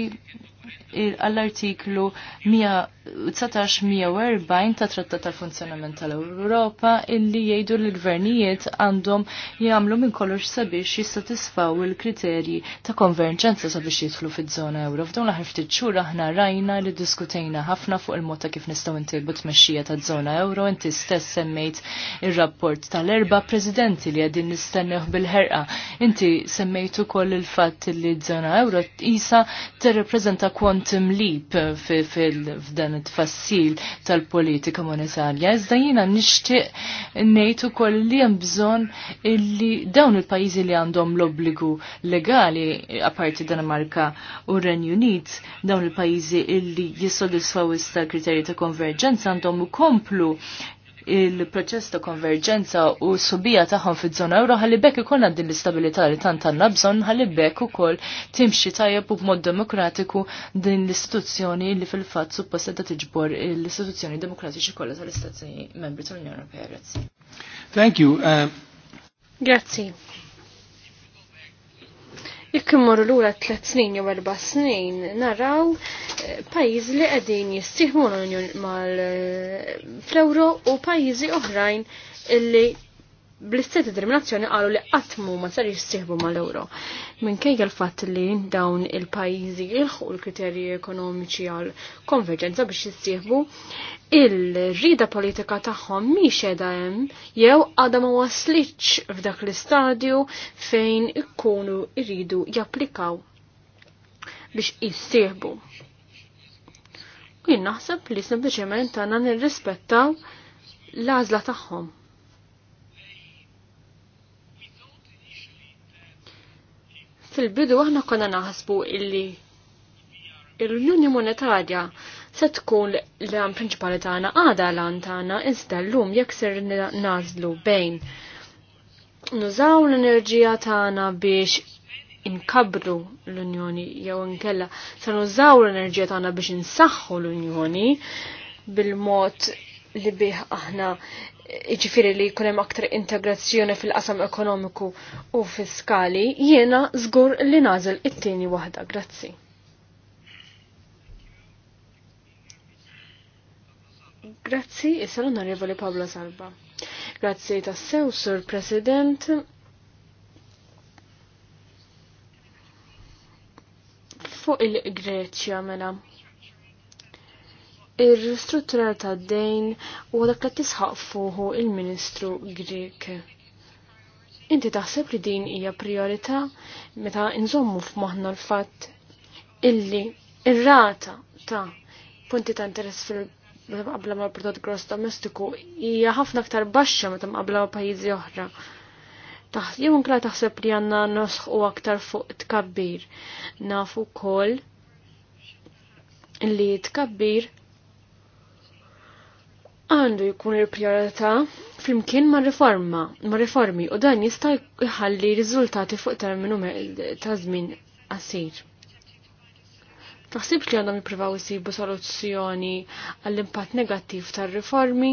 Speaker 3: għall-artiklu 19-140 ta' Trattat tal-Funzjonament tal-Europa illi jgħidu l-gvernijiet għandhom jgħamlu minn kollox sabiex jissatisfaw il-kriterji ta' konverġenza sabiex jidħlu fiż-żona euro. F'dawn l-ħar ftit xhur aħna rajna li diskutejna ħafna fuq il mota kif nistgħu ntejbu tmexxija taż-żona euro, inti stess semmejt ir-rapport tal-erba' presidenti li għadin nistennew bil-ħerqa. Inti semmejt ukoll il-fatt li ż-żona euro isa tirrepreżenta quantum leap f'dan it-tfassil tal-politika monetarja. Iżda jiena nixtieq ngħid ukoll li hemm bżonn illi dawn il-pajjiżi li għandhom l-obbligu legali apparti Danimarka u Renju Unit, dawn il-pajjiżi illi jissodisfaw issa kriterji ta' konverġenza għandhom ikomplu il-proċess ta' konverġenza u subija tagħhom fiż-żona euro ħalli bekk ikollna din l-istabilità li tant għandna bżonn ħalli bekk ukoll timxi tajjeb u b'mod demokratiku din l-istituzzjoni li fil-fatt suppost tiġbor l-istituzzjoni demokratiċi kollha tal-Istati Membri tal-Unjoni europea. Grazie.
Speaker 2: Thank you. Uh...
Speaker 3: Grazie.
Speaker 1: Jekk immorru lura tliet snin jew erba' snin naraw eh, pajjiżi li qegħdin jissieħmu mal eh, fl-Ewro u pajjiżi oħrajn illi bl-istess determinazzjoni qalu li qatmu ma sar jissieħbu mal-euro. Minkejja l-fatt li dawn il-pajjiżi jilħu l-kriterji ekonomiċi għal konverġenza biex jissieħbu, il-rida politika tagħhom mhix qiegħda hemm jew għadha ma waslitx f'dak l-istadju fejn ikunu rridu japplikaw biex jissieħbu. Jien naħseb li sempliċement għandna nirrispettaw l-għażla tagħhom. Fil-bidu aħna konna naħasbu illi l-Unjoni Monetarja se tkun l-għan prinċipali tagħna għada l-għan tagħna iżda llum jekk ser nażlu bejn nużaw l-enerġija tagħna biex inkabru l-Unjoni jew inkella se nużaw l-enerġija tagħna biex insaħħu l-Unjoni bil-mod li bih aħna iġifiri li kunem aktar integrazzjoni fil-qasam ekonomiku u fiskali, jiena zgur li nażel it-tieni waħda. Grazzi. Grazzi, issa l-onorevoli Pablo Salba. Grazzi tassew, Sur President. Fuq il-Greċja mela. Ir-ristrutturar ta' dejn u dak li tisħaq fuħu il-Ministru Grek. Inti taħseb li din hija priorità meta nżommu f'moħħna l-fatt illi ir-rata ta' punti ta' interess fil- meta ma' prodott gross domestiku hija ħafna aktar baxxa meta mqabla ma' pajjiżi oħra. Jew inkla taħseb li għandna u aktar fuq tkabbir. Nafu kol li tkabbir għandu jkun il-priorità flimkien ma' riforma, ma' riformi u dan jista' jħalli riżultati fuq terminu ta' żmien qasir. Taħsibx li għandhom jippruvaw isibu soluzzjoni għall-impatt negattiv tar-riformi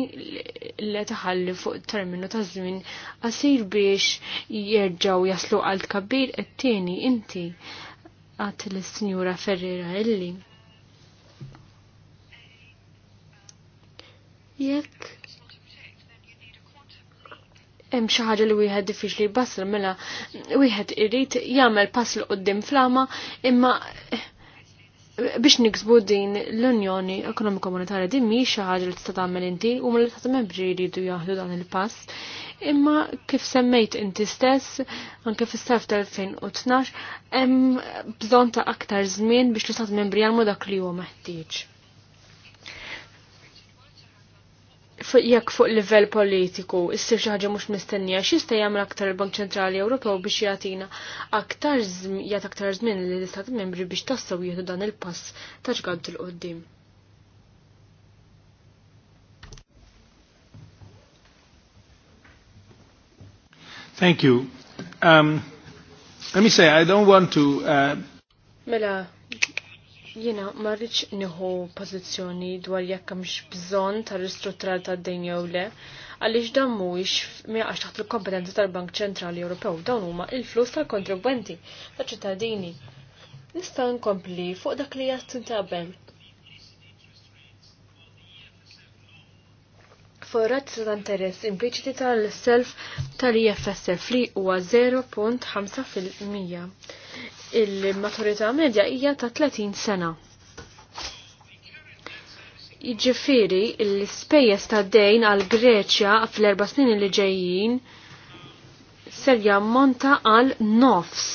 Speaker 1: li taħalli fuq terminu ta' żmien qasir biex jerġgħu jaslu għal tkabbir it tieni inti għat l-Sinjura Ferrera illi Jekk hemm xi ħaġa li wieħed diffiċli jbassel mela wieħed irid jagħmel pass l qudiem flama imma eh, biex niksbu din l-Unjoni Ekonomika Monetarja din mhix xi ħaġa li tista' tagħmel inti u mill ta' membri jridu jaħdu dan il-pass. Imma kif semmejt inti stess, anke fis-sarf tal-2012, hemm bżonn ta' aktar żmien biex l-istat membri jagħmlu dak li huwa meħtieġ. jekk fuq livell politiku issir xi ħaġa mhux mistennija x'jista' jagħmel aktar il-Bank Ċentrali Ewropew biex jagħtina aktar jagħt aktar żmien lill istati membri biex tassew jieħdu dan il-pass ta' ġgad il qoddim
Speaker 2: Thank you. Um, let me say, I don't want to... Uh...
Speaker 1: Mela, Jena, marriċ niħu pozizjoni dwar jekk mx bżon tal-istruttural ta' d-dejn jew le, għalix dan mhuwiex miqax taħt il-kompetenza tal-Bank Ċentrali Ewropew dawn huma il-flus tal-kontribwenti tal-ċittadini. Nista' nkompli fuq dak li jgħat tintabel. Fuq razza ta' interess impliċiti tal-self tal-IFSF li huwa 0.5 fil-mija il-maturità medja hija ta' 30 sena. Jiġifieri l-ispejjeż ta' dejn għal Greċja fl-erba' snin li ġejjin ser jammonta għal nofs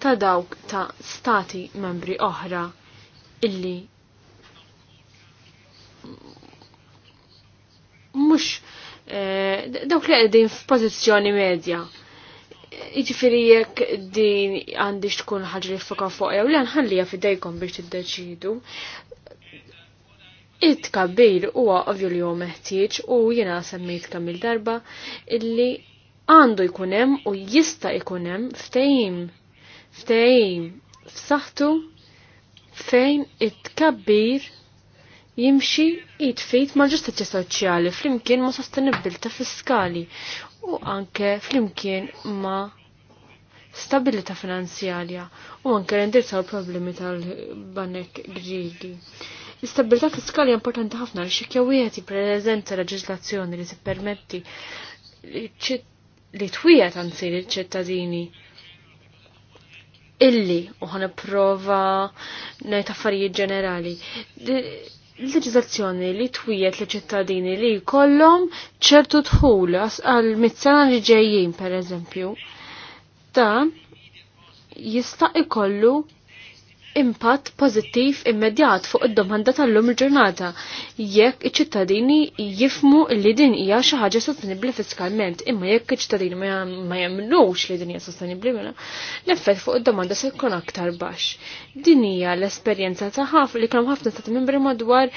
Speaker 1: ta' dawk ta' stati membri oħra illi mhux eh, dawk li qegħdin f'pożizzjoni medja. Iġifiri jekk din għandix tkun ħagġa li foka fuq jew li nħallija fidejkom biex t-deċidu. it kabir huwa għavju li huwa meħtieġ u jiena semmejt kemm il-darba illi għandu jkun hemm u jista' jkun hemm ftehim ftehim f'saħħtu fejn it kabir jimxi jitfit mal ġustizja soċjali flimkien ma' sostenibilta fiskali u anke flimkien ma' stabilita finanzjarja u anke rendirtaw problemi tal-banek grigi. l istabilita fiskali importanti ħafna li xekja wieħed jippreżenta leġislazzjoni li permetti li twiet anzi liċ ċittadini illi u ħana prova najt affarijiet ġenerali l-leġizazzjoni li twiet li ċittadini li kollom ċertu tħul għal mitzana li ġejjin per eżempju, ta' jista' ikollu impatt pożittiv immedjat fuq id-domanda tal-lum il-ġurnata jekk iċ-ċittadini jifmu li din hija xi ħaġa sostenibbli fiskalment, imma jekk iċ-ċittadini ma jagħmlux li din hija sostenibbli mela, l-effett fuq id-domanda se jkun aktar baxx. Din hija l-esperjenza ta' ħafna li kellhom ħafna stati membri madwar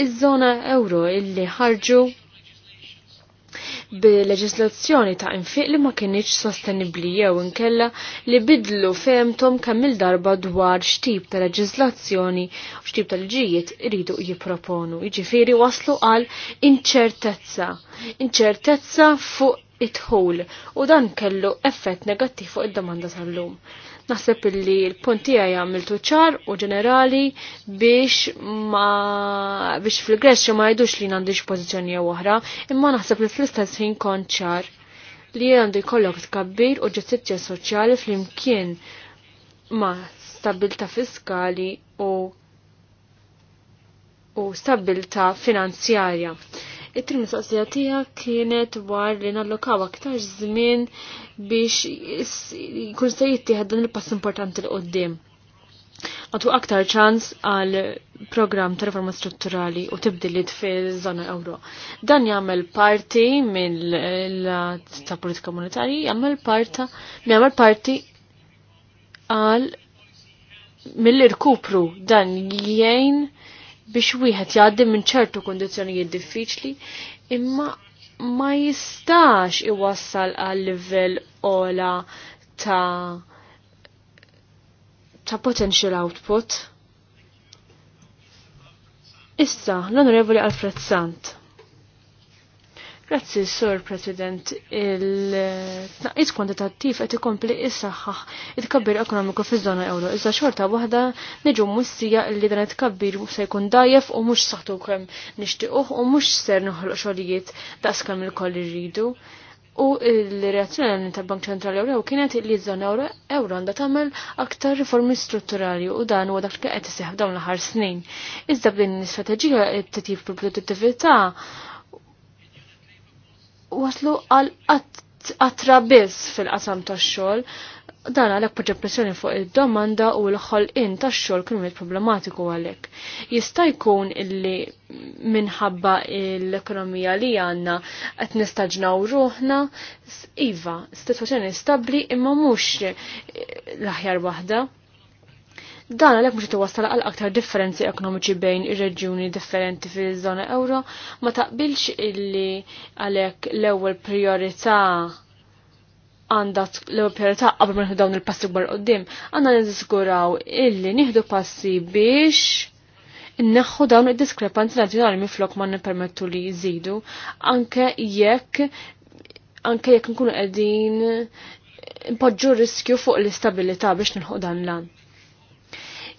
Speaker 1: iż-żona euro illi ħarġu Bil-leġislazzjoni ta' infiq li ma kienieċ sostenibli jew inkella li bidlu femtom kemm il-darba dwar xtib ta' leġislazzjoni u xtib ta' liġijiet iridu jipproponu. Jiġifieri waslu għal inċertezza, inċertezza fuq it-ħul u dan kellu effett negattiv fuq id-domanda tal-lum. Naħseb illi l-punti għaj għamiltu ċar u ġenerali biex ma biex fil-Greċja ma jidux li għandix pozizjoni jew oħra, imma naħseb li fl-istess ħin kon ċar li għandu jkollok tkabbir u ġustizzja soċjali fl-imkien ma stabilta fiskali u u stabilta finanzjarja. It-trim mistoqsija tiegħek kienet dwar li nallokaw aktar żmien biex jkun se jittieħed dan il-pass importanti l qoddim Għatu aktar ċans għal program ta' reforma strutturali u tibdilit fil-żona euro. Dan jagħmel parti mill ta' politika monetari, jagħmel parta, jagħmel parti għal mill-irkupru dan jgħin biex wieħed jgħaddi minn ċertu kundizzjonijiet diffiċli, imma ma jistax iwassal għal livell ola ta' ta' potential output. Issa, l-onorevoli Alfred Sant. Grazzi, Sur President. Il-tnaqqis kwantitattiv qed ikompli issaħħaħ it-kabbir ekonomiku fiż-żona euro. Iżda xorta waħda niġu mussija li dan it-kabbir se jkun dajjef u mhux saħtu kemm nixtiequh u mhux ser noħloq xogħlijiet daqskam il-koll irridu. U l-reazzjoni ta' bank Ċentrali Ewrew kienet li ż-żona euro euro għandha tagħmel aktar riformi strutturali u dan huwa dak li qed iseħħ dawn l-aħħar snin. Iżda b'din l-istrateġija t-titjib produttività waslu għal qatra fil-qasam tax-xogħol. Dan għalhekk poġġa pressjoni fuq id-domanda u l-ħolqien tax-xogħol kienu problematiku għalhekk. Jista' jkun illi minħabba l-ekonomija li għandna qed nistaġnaw ruħna iva, sitwazzjoni stabbli imma mhux l-aħjar waħda. Dan għalhekk mhux iwassal għal aktar differenzi ekonomiċi bejn ir-reġjuni differenti fiż-żona euro ma taqbilx illi għalhekk l-ewwel priorità għandha l-ewwel priorità qabel ma dawn il-passi kbar qudiem, għandna niżguraw illi nieħdu passi biex Inneħħu dawn id-diskrepanzi nazjonali miflok ma nippermettu li jżidu, anke jekk anke jekk nkunu qegħdin impoġġu riskju fuq l-istabilità biex nilħu dan l-an.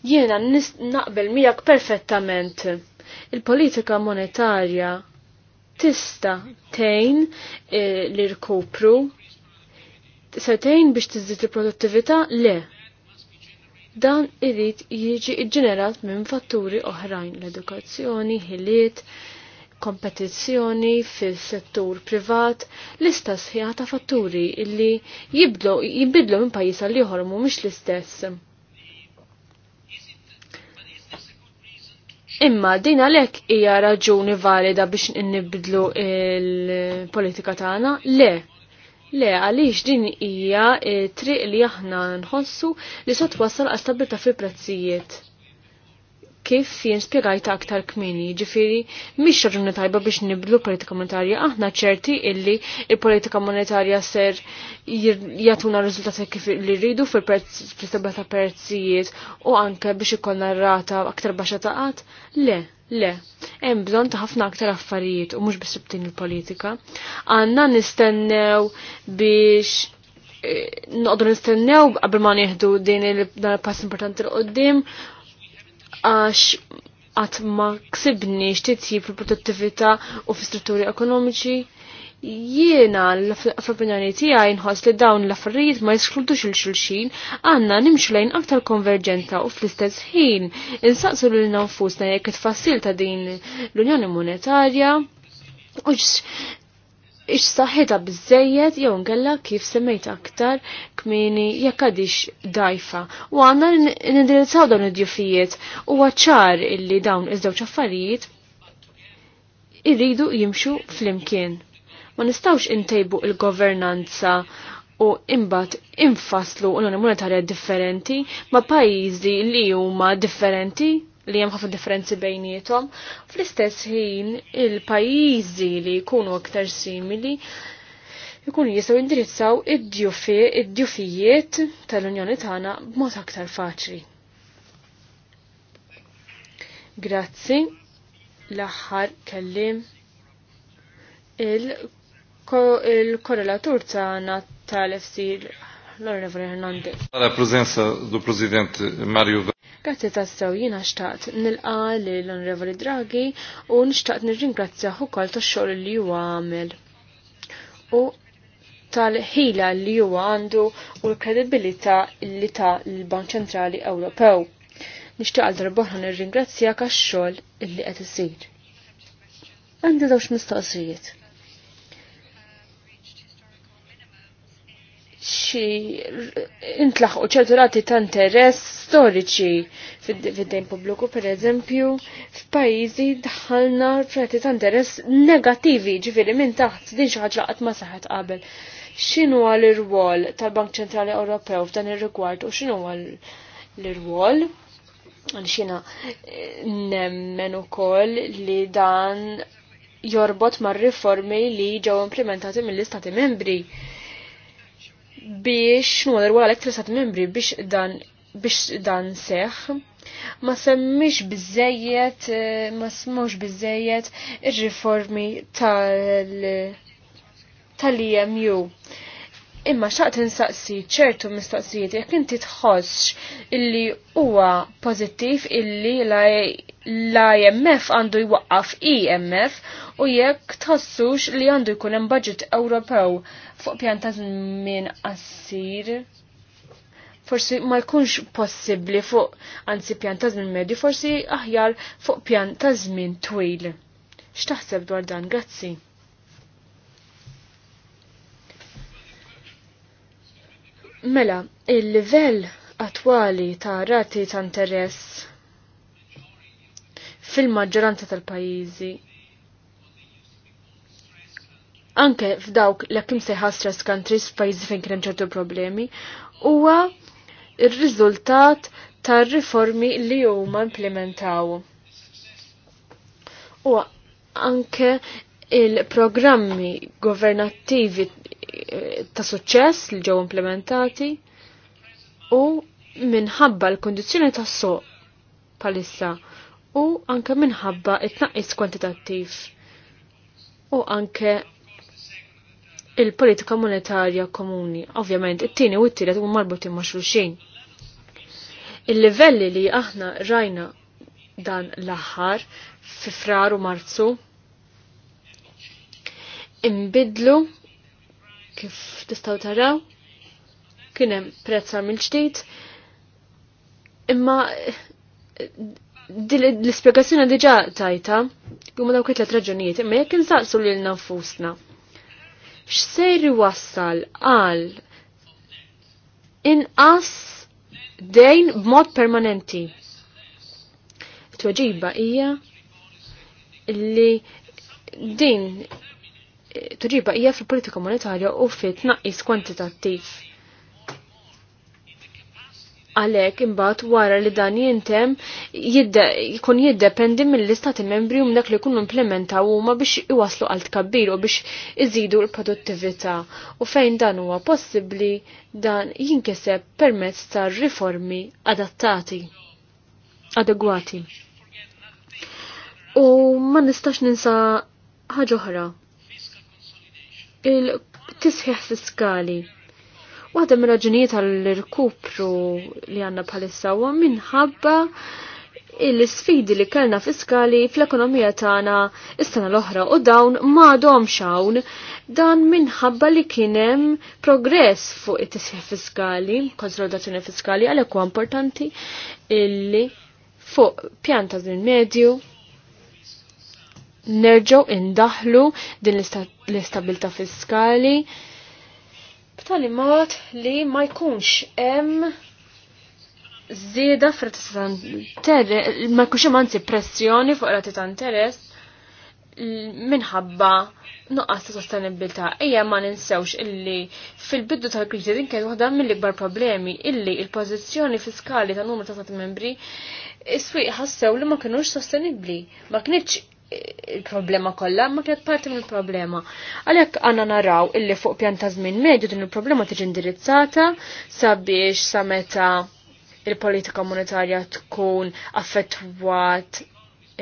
Speaker 1: Jiena naqbel miegħek perfettament. Il-politika monetarja tista tejn eh, rkupru se tejn biex tiżdid il-produttività le. Dan irid jiġi ġenerat minn fatturi oħrajn l-edukazzjoni, ħiliet, kompetizzjoni fil-settur privat, l-istess ta' fatturi illi jibdlu minn pajjiż għal ieħor mhumiex l-istess. Imma din għalhekk hija raġuni valida biex nibdlu il-politika tagħna? Le. Le, għaliex din hija triq li aħna nħossu li se twassal għal stabilità fil-prezzijiet kif jien spiegajta aktar kmini, ġifiri, miex raġuni tajba biex niblu politika monetarja, aħna ċerti illi il-politika monetarja ser jatuna rizultati kif li rridu fil-prezz ta' prezzijiet u anke biex ikonna rata aktar baxa ta' le, le, hemm bżonn ta' ħafna aktar affarijiet u mhux biss il-politika. Għandna nistennew biex eh, noqdu nistennew qabel ma nieħdu din il-pass importanti l-qoddim għax għat ma ksibni xtitjib fil-produttività u fi strutturi ekonomiċi. Jiena l-opinjoni tiegħi nħoss li dawn l-affarijiet ma jiskludux il xulxin għandna nimxu lejn aktar konverġenta u fl-istess ħin insaqsu lil nfusna jekk it-fassil ta' din l-Unjoni Monetarja ix saħħita biżejjed jew nkella kif semmejt aktar kmini jekk għadix dajfa. U għandna nindirizzaw dawn id-djufijiet u ċar illi dawn iż-żewġ affarijiet irridu jimxu flimkien. Ma nistawx intejbu il-governanza u imbat infaslu l-Unjoni Monetarja differenti ma' pajjiżi li huma differenti li hemm ħafna differenzi bejnietom. Fl-istess ħin il-pajjiżi li jkunu aktar simili jkunu jistgħu indirizzaw id-djufijiet tal-Unjoni tagħna b'mod aktar faċli. Grazzi l-aħħar kellim il-korrelatur tagħna tal-FC l-Onorevole Hernandez. Għala
Speaker 3: prezenza do Presidente Mario
Speaker 1: Grazzi tassew jina xtaqt nilqa li l-Onorevoli Draghi u nxtaqt nirringrazzjah ukoll tax-xogħol li ju għamel. U tal-ħila li huwa għandu u l-kredibilità li ta' l-Bank Ċentrali Ewropew. Nixtieq għal darbohra nirringrazzjak ka' xogħol li qed isir. Għandi dawx mistoqsijiet xi intlaħqu ċertu rati ta' interess storiċi fid-dejn pubbliku per eżempju, f'pajjiżi dħalna frati ta' interess negattivi ġifieri minn taħt din xi ħaġa qatt ma saħet qabel. X'inhu l-irwol tal-Bank Ċentrali Ewropew f'dan ir-rigward u x'inhu l-irwol? Għalxina nemmen ukoll li dan jorbot mar-riformi li ġew implementati mill-Istati Membri biex xnu għal l trisat membri biex dan biex dan seħ ma semmix bizzejiet eh, ma semmux bizzejiet ir-riformi tal tal-EMU. tal emu imma xaqt nsaqsi ċertu mistoqsijiet jekk inti tħossx illi huwa pożittiv illi l-IMF għandu jwaqqaf IMF e u jekk tħossux li għandu jkun hemm budget Ewropew fuq pjan ta' żmien qassir forsi ma jkunx possibbli fuq anzi pjan ta' żmien medju forsi aħjar fuq pjan ta' żmien twil. X'taħseb dwar dan? Grazzi. Mela, il-livell attwali ta' rati ta' interess fil-maġġoranza tal-pajjiżi anke f'dawk l kim seħa stress countries f'pajjiżi fejn kien hemm ċertu problemi huwa ir-riżultat tar-riformi li huma implementaw. U anke il-programmi governattivi ta' suċċess li ġew implementati u minħabba l-kondizjoni ta' soq palissa u anke minħabba it-tnaqqis kwantitattiv u anke il-politika monetarja komuni. Ovvjament, it-tieni u t-tielet huma marbutin ma' xulxin. Il-livelli li aħna rajna dan l-aħħar fi frar u marzu imbidlu Kif tistaw taraw, kienem prezza għal mill-ġdid, imma l-ispiegazzjoni diġa tajta, għumma daw kitlet raġunijiet, imma jek nsaqsu li l-nafusna. X'sejr wassal għal inqas dejn b'mod permanenti. Tweġiba hija li din tuġiba hija fil-politika monetarja u fit tnaqqis kwantitattiv. Għalek imbagħad wara li dan jintem jkun jiddependi mill-istati membri u dak li jkunu implementaw huma biex iwaslu għal tkabbir u biex iżidu l-produttività u fejn dan huwa possibbli dan jinkiseb permezz ta' riformi adattati adegwati. U ma nistax ninsa ħaġa oħra il-tisħiħ fiskali. Waħda mir raġunijiet għall-irkupru li għanna bħalissa huwa minħabba il-sfidi li kellna fiskali fl-ekonomija tagħna is-sena l-oħra u dawn m'għadhom xawn dan minħabba li kienem progress fuq it-tisħiħ fiskali, konsolidazzjoni fiskali għalhekk huwa importanti illi fuq pjanta din medju nerġaw indaħlu din l-istabilta fiskali b'tali mod li ma jkunx hemm żieda ma jkunx hemm anzi pressjoni fuq rati ta' interess minħabba nuqqas ta' sostenibilità ejja ma ninsewx illi fil-biddu tal-kriżi din kienet waħda mill-ikbar problemi illi il-pożizzjoni fiskali ta' numru ta' stati membri is-swieq ħassew li ma kinux sostenibbli ma kinitx il-problema kollha, ma kienet parti mill problema Għalhekk għandna naraw illi fuq pjan ta' żmien medju din il-problema tiġi indirizzata sabiex sa meta il-politika monetarja tkun affettwat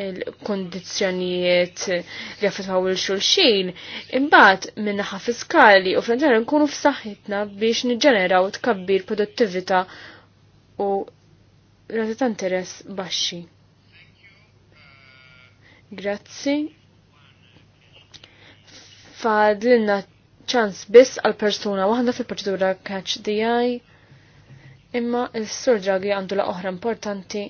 Speaker 1: il-kondizjonijiet li jaffetħaw il-xulxin, imbat minnaħa fiskali u fl-interna nkunu f'saħħitna biex niġġeneraw tkabbir produttività u rati ta' interess baxxi. Grazzi. Fadilna ċans biss għal persuna waħda fil-proċedura catch the eye. Imma il-sur Draghi għandu la oħra importanti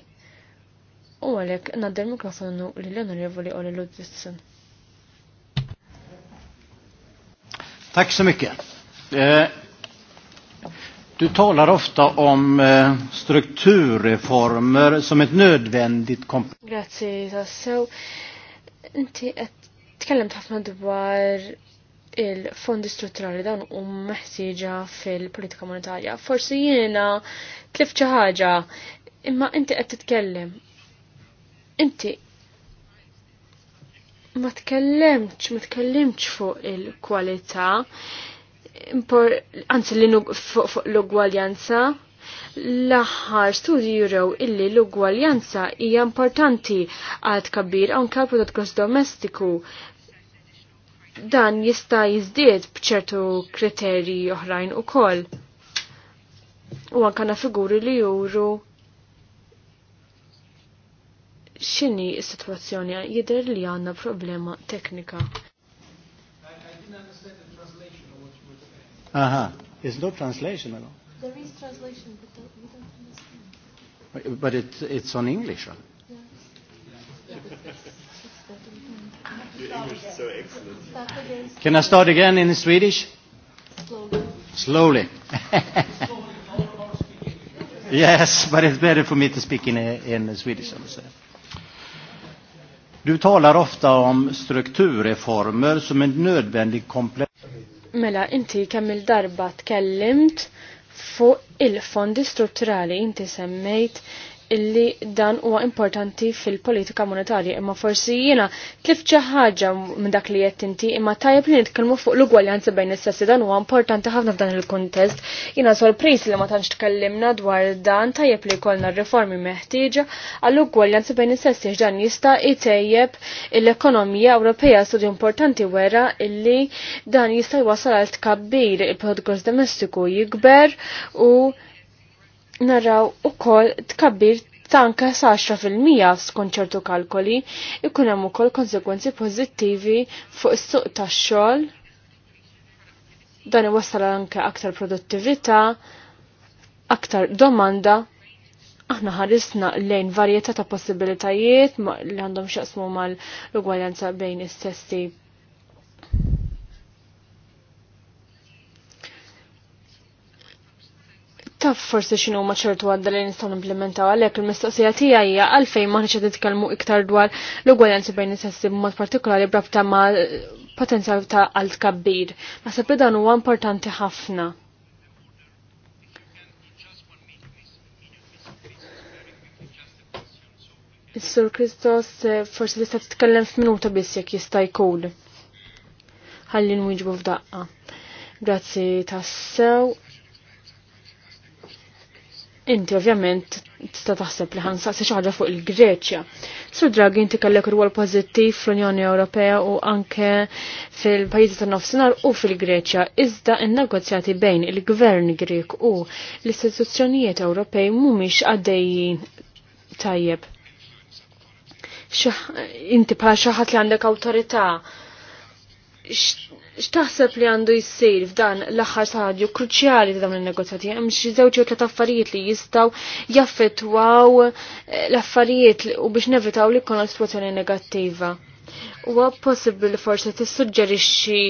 Speaker 1: u għalek nadder mikrofonu mikrofonu l-Onorevoli Oli Ludvitsen.
Speaker 2: Tack så mycket. Eh, du talar ofta om eh, strukturreformer som ett nödvändigt komplement.
Speaker 1: Grazie, Tasso. Inti qed tkellem ħafna dwar il-fondi strutturali dawn u meħsieġa fil-politika monetarja. Forsi jiena tlif xi ħaġa, imma inti qed titkellem. Inti ma tkellemx, ma tkellimx fuq il-kwalità, anzi li fuq l-ugwaljanza, L-aħħar studji jurew illi l-ugwaljanza hija importanti għad tkabbir anke prodott gross domestiku dan jista' jiżdied b'ċertu kriterji oħrajn ukoll. U anke figuri li juru x'inhi s-sitwazzjoni jidher li għandna problema teknika.
Speaker 2: Aha, is no translation at all. There
Speaker 1: is translation, but the, we don't understand.
Speaker 2: But, but it's, it's on English, right?
Speaker 3: so excellent.
Speaker 2: Can I start again in Swedish? Slowly. Slowly. yes, but it's better for me to speak in, in Swedish. Du talar ofta om strukturreformer som en nödvändig komplement.
Speaker 1: Mela, inti kemm il-darba tkellimt fuq il-fondi strutturali inti semmejt illi dan huwa importanti fil-politika monetarja imma forsi jiena tlif xi ħaġa minn dak li qed inti imma tajjeb li nitkellmu fuq l-ugwaljanza bejn is-sessi dan huwa importanti ħafna f'dan il-kuntest. Jiena sorpriż li ma tantx tkellimna dwar dan tajjeb li jkollna r-riformi meħtieġa għall-ugwaljanza bejn is-sessi dan jista' jtejjeb l-ekonomija Ewropea studju importanti wera illi dan jista' jwasal għal tkabbir il-prodott domestiku jikber u naraw ukoll tkabbir tanka sa 10% skont ċertu kalkoli ikun hemm ukoll konsekwenzi pożittivi fuq is-suq tax-xogħol. Dan iwassal anke aktar produttività, aktar domanda. Aħna ħarisna lejn varjetà ta' possibilitajiet li għandhom x'jaqsmu mal-ugwaljanza bejn is-sessi naf forsi xinu ma ċertu għadda li nistaw implementaw għalek il-mistoqsija tija hija għalfejn ma nħiċa titkellmu iktar dwar l-ugwaljanzi bejn is-sessi b'mod partikolari brabta ma potenzjal ta' għalt kabbir. Naħseb li dan huwa importanti ħafna. Is-Sur Kristos eh, forsi tista' titkellem f'minuta biss jekk jista' jkun. Ħalli nwiġbu f'daqqa. Grazzi tassew Inti ovvjament tista' taħseb li ħansaqsi xi ħaġa fuq il-Greċja. Sur Draghi inti kellek rwol pożittiv fl-Unjoni Ewropea u anke fil-pajjiżi tan-nofsinhar u fil-Greċja. Iżda n-negozjati bejn il-Gvern Grek u l-istituzzjonijiet Ewropej mhumiex għaddejjin tajjeb. Inti bħala xi ħadd li għandek awtorità X'taħseb li għandu jissir f'dan l-aħħar stadju kruċjali ta' dawn il-negozjati? Hemm xi żewġ jew affarijiet li jistgħu jaffettwaw eh, l-affarijiet u biex nevitaw li jkollna sitwazzjoni negattiva. Huwa possibbli forsi tissuġġerixxi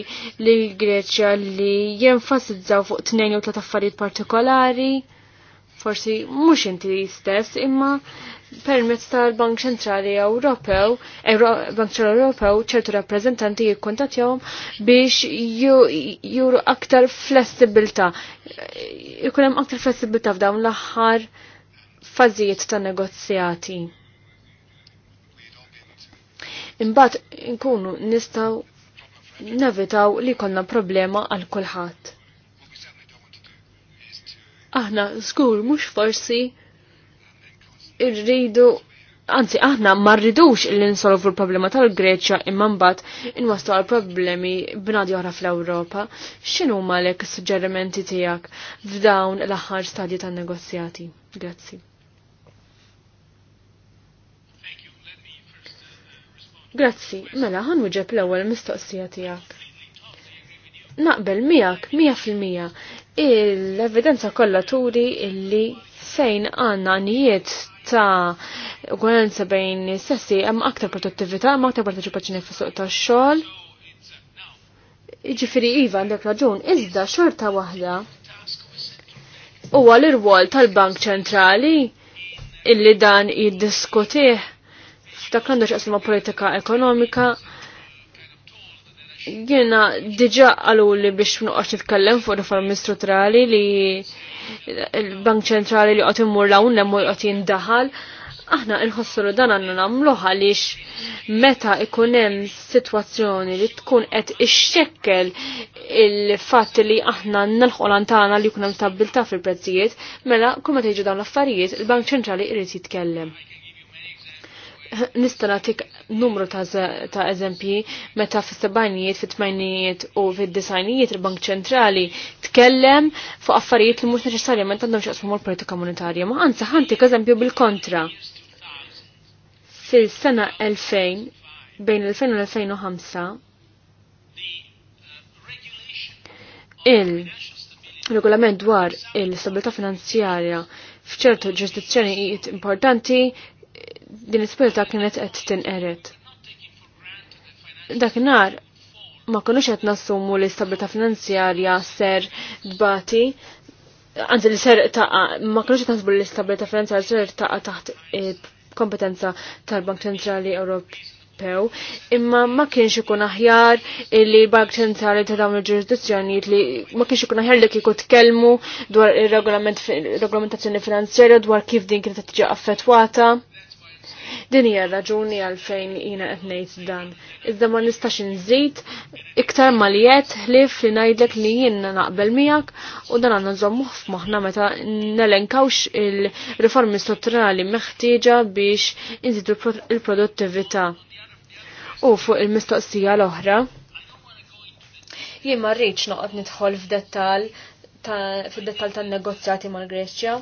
Speaker 1: l Greċja li jenfasizzaw fuq tnejn jew tlet affarijiet partikolari? forsi mhux inti stess imma permezz tal-Bank Ċentrali Ewropew, Bank Ċentrali Ewropew ċertu rappreżentanti jikkontattjahom biex juru aktar flessibilta. Ikun hemm aktar flessibilità f'dawn l-aħħar fazijiet ta' negozjati. Imbagħad nkunu nistgħu nevitaw li konna problema għal kulħadd aħna żgur mhux forsi irridu Anzi, aħna ma rridux li nsolvu l-problema tal-Greċja imma mbagħad inwastu għal problemi b'nadi oħra fl-Ewropa. X'inhu malek is-suġġerimenti tiegħek f'dawn l-aħħar stadji tan-negozjati? Grazzi. Grazzi, mela ħanwiġeb l-ewwel mistoqsija tiegħek naqbel miegħek fil-mija, l-evidenza kollha turi illi fejn għandna għanijiet ta' ugwanza bejn sessi hemm aktar produttività, għam aktar partecipazzjoni fis-suq tax-xogħol. Jiġifieri iva għandek raġun, iżda xorta waħda u l-irwol tal-Bank Ċentrali illi dan jiddiskutih f'dak l-għandu xaqsma politika ekonomika Jiena diġa għalu li biex nuqqax nitkellem fuq ministru strutturali li il-Bank ċentrali li qed immur lawn lemmu qed jindaħal. Aħna nħossru dan għandna nagħmluh għalix meta ikun hemm sitwazzjoni li tkun qed ixxekkel il fat li aħna nalħu lantana li jkun hemm fil-prezzijiet, mela kumma tiġu dawn l-affarijiet il-Bank ċentrali jrid jitkellem. Nista' nagħtik numru ta' eżempji meta fis-sebgħinijiet, fit-tmajnijiet u fid-disajnijiet il-Bank Ċentrali tkellem fuq affarijiet li mhux neċessarjament għandhom x'jaqsmu mal-politika monetarja, ma anzi ħantik eżempju bil-kontra. Fil-sena 2000 bejn il-2000 u l-2005 il-regolament dwar il-stabilità finanzjarja f'ċertu ġurisdizzjonijiet importanti din l-ispirta kienet qed tinqeret. Dakinhar ma konux qed nassumu li stabilità finanzjarja ser dbati Anzi li ser taqa, ma kienux qed li stabilita istabilità finanzjarja ser taqa taħt kompetenza tal-Bank Ċentrali Ewropew, imma ma kienx ikun aħjar li l-Bank Ċentrali ta' dawn il-ġurisdizzjonijiet li ma kienx ikun aħjar li kieku tkellmu dwar ir-regolamentazzjoni finanzjarja dwar kif din kienet tiġi affettwata. Din hija raġuni għalfejn jiena qed ngħid dan. Iżda ma nistax inżid iktar malijiet ħlief li ngħidlek li jien naqbel miegħek u dan għandna nżommuh f'moħħna meta nelenkawx il-riformi strutturali meħtieġa biex inżidu il-produttività. U fuq il-mistoqsija l-oħra. Jien ma rridx noqgħod nidħol f'dettall fid-dettall tan negozjati mal-Greċja,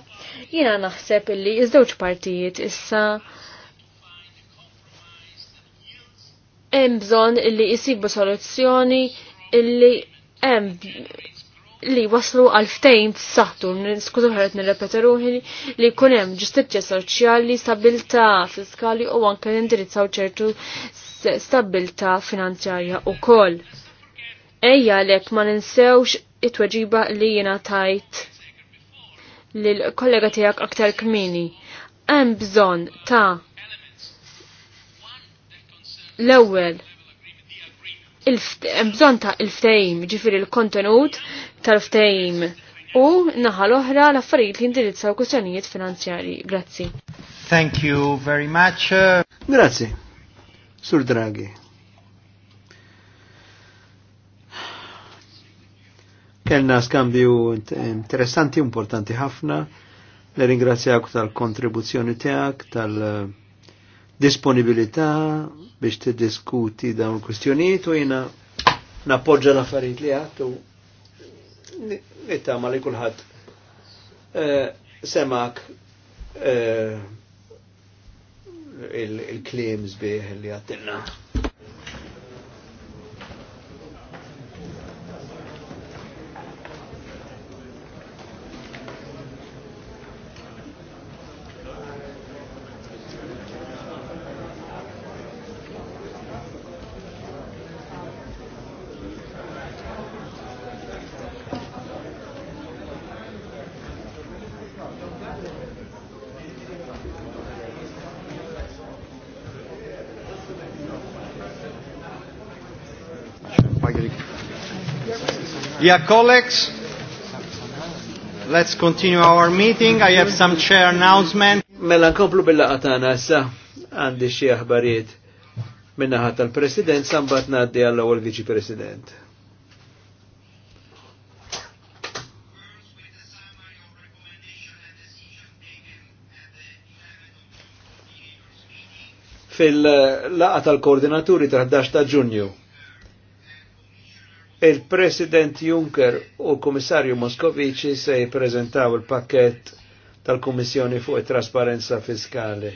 Speaker 1: jiena naħseb illi iż-żewġ partijiet issa hemm bżonn illi jisibu soluzzjoni li hemm li waslu għal ftejn f'saħħtu, ħarret ħaret nirrepeteruħi li jkun hemm ġustizzja soċjali, stabilità fiskali u anke indirizzaw ċertu stabilità finanzjarja wkoll. Ejja lek ma ninsewx it-tweġiba li jiena tajt lil kollega tiegħek aktar kmini. Hemm bżonn ta' L-ewwel bżonn ta' il-ftehim, ġifieri l-kontenut tal-ftehim u naħa l-oħra l-affarijiet li indirizzaw kwistjonijiet finanzjarji. Grazzi.
Speaker 2: Thank you very much. Uh, Grazzi. Sur Draghi. Kellna skambju interessanti u importanti ħafna. Nirringrazzjak tal-kontribuzzjoni tiegħek, tal-disponibilità, eh, biex tiddiskuti dawn kwistjonijiet u jina nappoġġa l-affarijiet li għattu nittama li kulħadd eh, semak eh, il klims biħ li għattinna. Yeah, colleagues, let's continue our meeting. I have some chair announcement. Mela nkomplu bil-laqa tagħna issa għandi xi aħbarijiet minnaħa tal-President sambat ngħaddi għall ewwel Viċi President. fil-laqa tal-koordinaturi tal-11 ta' ġunju Il-President Juncker u Komissarju Moskovici se jiprezentaw il-pakket tal-Komissjoni fuq it-trasparenza fiskali.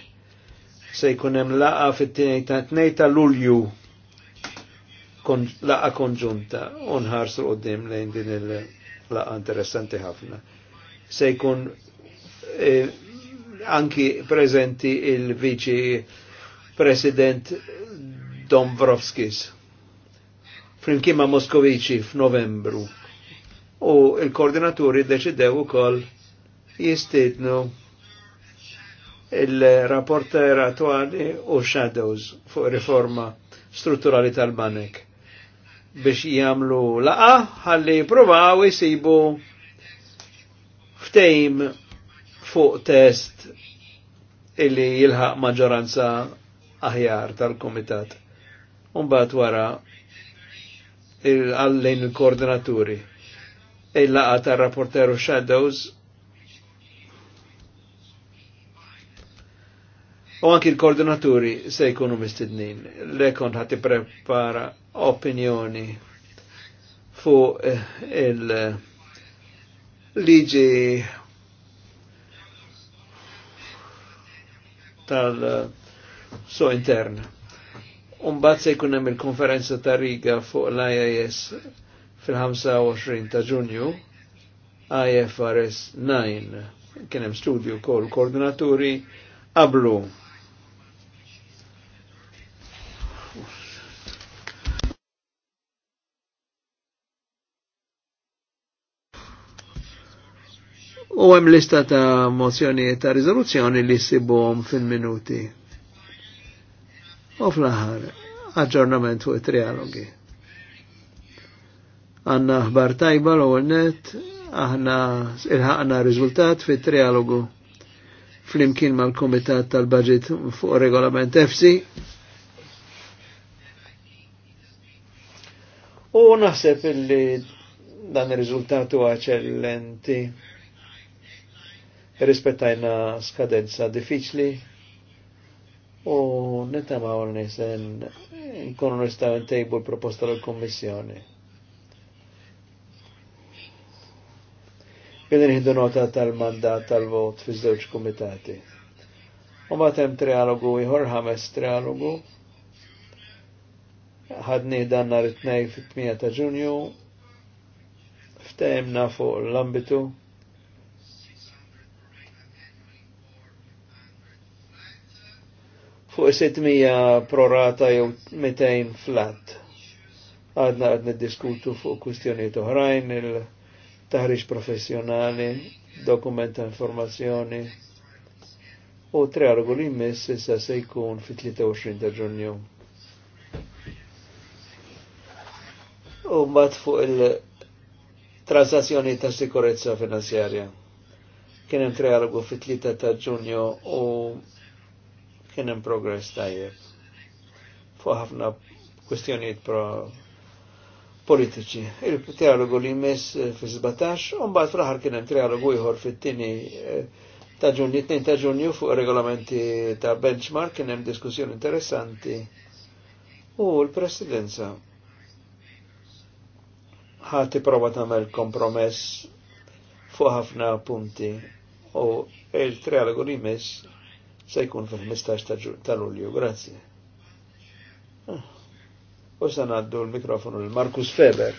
Speaker 2: Se jkunem laqa fit-2 ta' Lulju kon, laqa konġunta unħarsu qoddim lejn din il-laqa interessanti ħafna. Se jkun eh, anki prezenti il-Viċi President Dombrovskis flimkien ma' Moskoviċi f'Novembru. U il-koordinaturi deċidew ukoll jistidnu il-rapporter attuali u shadows fuq riforma strutturali tal-banek biex jagħmlu laqa ħalli provaw jisibu ftejm fuq test illi jilħaq maġġoranza aħjar tal-komitat. bat wara għallin il-koordinaturi. Illa għata rapporteru Shadows u anki il-koordinaturi se jkunu mistednin. Lekon ħati prepara opinjoni fu eh, il-liġi tal-so interna Umbat se jkun hemm il-konferenza ta' Riga fuq l-IIS fil-25 ta' Ġunju, IFRS 9, kien hemm studju kol koordinaturi qablu U hemm lista ta' mozzjonijiet ta' riżoluzzjoni li ssibhom fil-minuti u fl-aħħar aġġornament fuq it-trialogi. Għanna ħbar tajba l net aħna ilħaqna riżultat fit trialogu fl-imkien mal-Komitat tal baġit fuq regolament FC. U naħseb illi dan il-riżultat huwa eċellenti rispettajna skadenza diffiċli u nintemaw nisen nkunu nistaw ntejbu l-proposta l-Kommissjoni. Bidin ħiddu nota tal-mandat tal-vot fi żewġ komitati. U matem trialogu ieħor ħames trialogu. Ħadni dan nhar it-tnej fit-8 ta' Ġunju. Ftehimna fuq l-ambitu fuq 600 prorata jew 200 flat. Għadna għadna diskutu fuq kustjoniet oħrajn, il-taħriġ professjonali, dokumenta informazzjoni u tre argoli mis issa se jkun fit-23 ta' ġunju. U mbagħad fuq il-transazzjoni ta' sikurezza finanzjarja. Kien hemm trialogu fit-3 ta' ġunju u kien hemm progress tajjeb fuq ħafna kwestjonijiet pro politiċi. Il-trialogu li jmiss eh, fi 17, un bat fl-ħar hemm trialogu jħor fit-tini eh, ta' ġunju, t ta' ġunju fuq regolamenti ta' benchmark hemm diskussjoni interessanti. U l-presidenza ħati prova tamel kompromess fuq ħafna punti u il-trialogu li jmiss se jkun fil-15 ta' Lulju. Grazzi. Ah. U se naddu l-mikrofonu l-Markus Feber.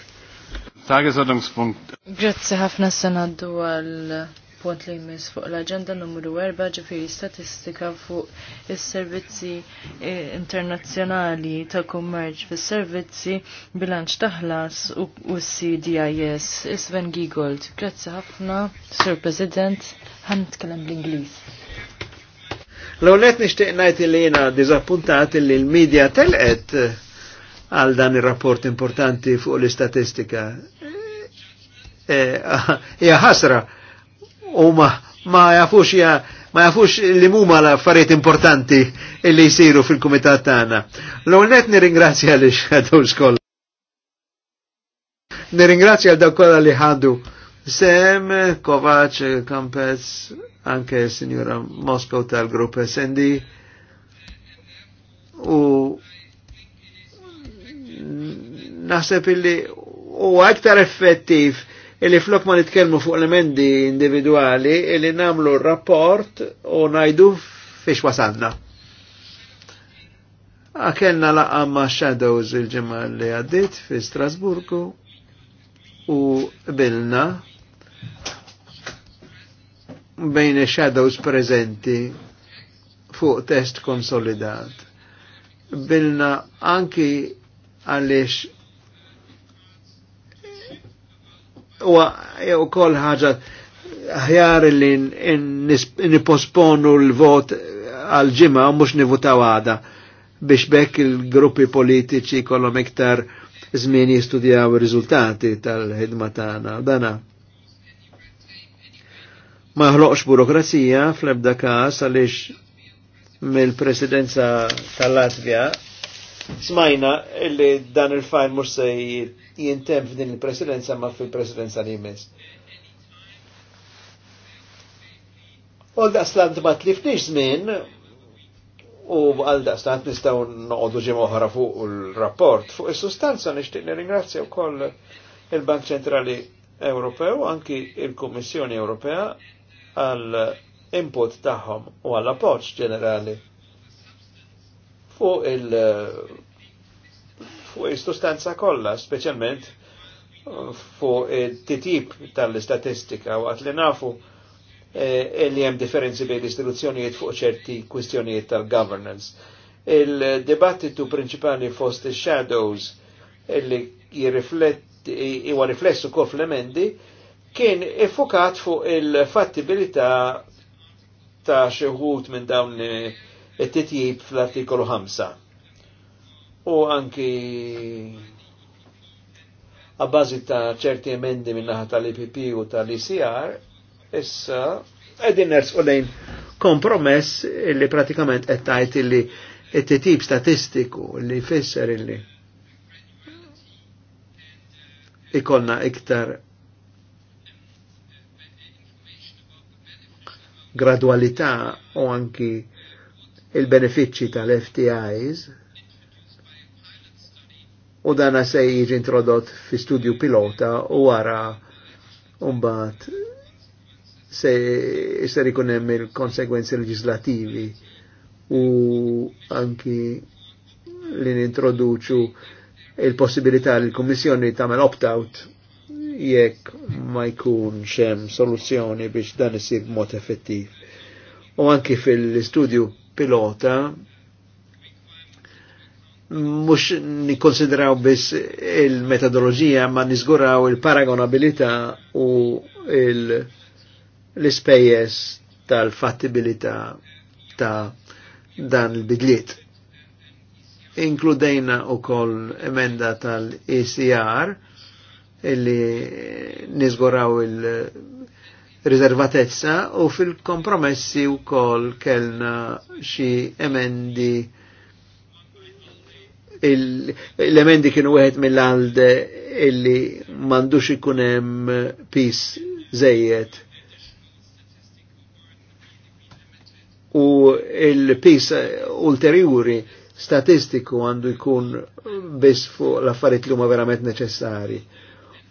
Speaker 1: Tagesordnungspunkt.
Speaker 3: Grazzi ħafna se naddu għal punt li jmiss fuq l-agenda numru 4 ġifiri statistika fuq is-servizzi eh, internazzjonali ta' kummerċ fis servizzi bilanċ taħlas u CDIS. Isven Giegold, grazzi ħafna, Sir President, ħan tkellem bl-Ingliż.
Speaker 2: L-għonet nishtiq najt li jena dizappuntat li l-medja telqet eh, għal dan il-rapport importanti fuq l-istatistika. Eh, eh, Ija ħasra u ma jafux ma jafux li muma l-affarijiet importanti li jisiru fil-komitat tagħna. L-għonet nirringrazzja li xħadu skolla. Nirringrazzja l-dakolla li ħadu Sem, Kovac, Kampez, anke signora Moskow tal-grupp SND u naħseb illi u għaktar effettiv illi flok ma nitkelmu fuq elementi individuali illi namlu rapport u najdu fiex wasanna. Akenna la għamma Shadows il-ġemma li għaddit fi Strasburgu u bilna bejn shadows prezenti fuq test konsolidat. Bilna anki għalix u jew kol ħaġa ħjar li niposponu l-vot għal ġimma u mux nivutaw għada biex bekk il-gruppi politiċi kollom iktar żmien jistudjaw ir-riżultati tal-ħidma tagħna. Dana Maħloqx burokrazija fl-ebda kas għaliex mill-presidenza tal latvija smajna illi dan il fajn mux se jintem f'din il-presidenza ma fil-presidenza li jmiss. U daqslant ma tlifniex żmien u għal daqslant nistaw noqogħdu ġim oħra fuq il-rapport fuq is-sustanza nixtieq nirringrazzja wkoll il-Bank Centrali Ewropew, anki il-Kummissjoni Ewropea għal input tagħhom u għall approach ġenerali fuq il fuq il-sustanza kollha, speċjalment fuq it titib tal-istatistika waqt li nafu eh, li hemm differenzi bejn istituzzjonijiet fuq ċerti kwistjonijiet tal-governance. Il-dibattitu prinċipali fost il-shadows li jirrifletti, huwa riflessu kof l emendi kien effokat fuq il-fattibilità ta' xeħut minn dawn it-titjib fl-artikolu 5. U anki għabbażi ta' ċerti emendi min-naħa tal-IPP u tal-ICR, issa għedin ners u lejn kompromess illi pratikament għettajt illi it-titjib statistiku li fisser illi ikonna iktar gradualità o anche il-benefiċċji tal-FTIs u dana se jiġi introdott fi studju pilota u wara umbat se jisser ikun il-konsegwenzi legislativi u anki li nintroduċu il-possibilità li l-Kommissjoni tagħmel opt-out jekk ma jkun xem soluzzjoni biex dan isir mod effettiv. U anki fil studio pilota mux nikonsideraw biss il-metodologija ma nizguraw il-paragonabilità u l-ispejjes tal-fattibilità ta' dan il-bidliet. Inkludejna u koll emenda tal-ECR illi nizguraw il-riservatezza u fil-kompromessi u kol kellna xi emendi l-emendi kienu għed mill-għalde illi mandux ikunem pis zejiet. U il-pis ulterjuri statistiku għandu jkun bis fuq l-affarijiet li huma verament neċessari.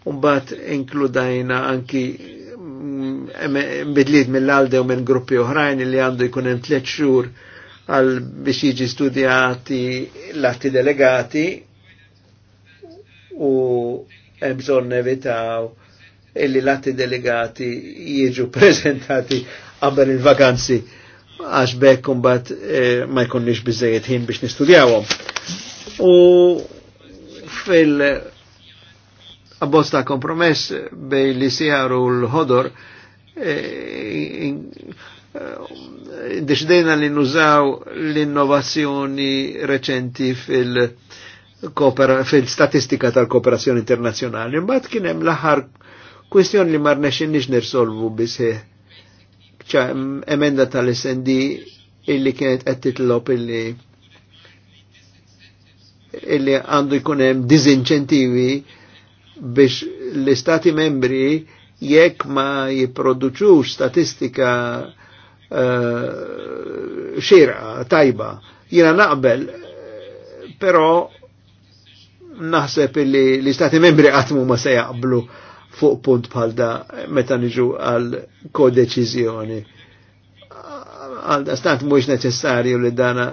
Speaker 2: Umbat inkludajna anki mm, bidliet mill-alde u minn gruppi oħrajn li għandu jkun hemm tliet xhur għal biex jiġi studjati l-atti delegati u hemm bżonn nevitaw illi l-atti delegati jiġu prezentati qabel il-vakanzi għax bekk kumbat eh, ma jkunniex bizzejiet ħin biex nistudjawhom. U fil- abbosta kompromess bej li sijaru l-ħodor eh, eh, deċdejna li nużaw l-innovazzjoni reċenti fil-statistika fil tal-kooperazzjoni internazjonali. Mbagħad kien hemm l-aħħar kwistjoni li mar nix nirsolvu bisih. ċa emenda tal-SND illi kienet qed titlob illi illi għandu jkun hemm diżinċentivi biex l-istati membri jekk ma jiproduċux statistika uh, xira, tajba, jina naqbel, pero naħseb li l-istati membri għatmu ma se jaqblu fuq punt bħal da meta niġu għal kodeċizjoni. Għal stant mux neċessarju li dana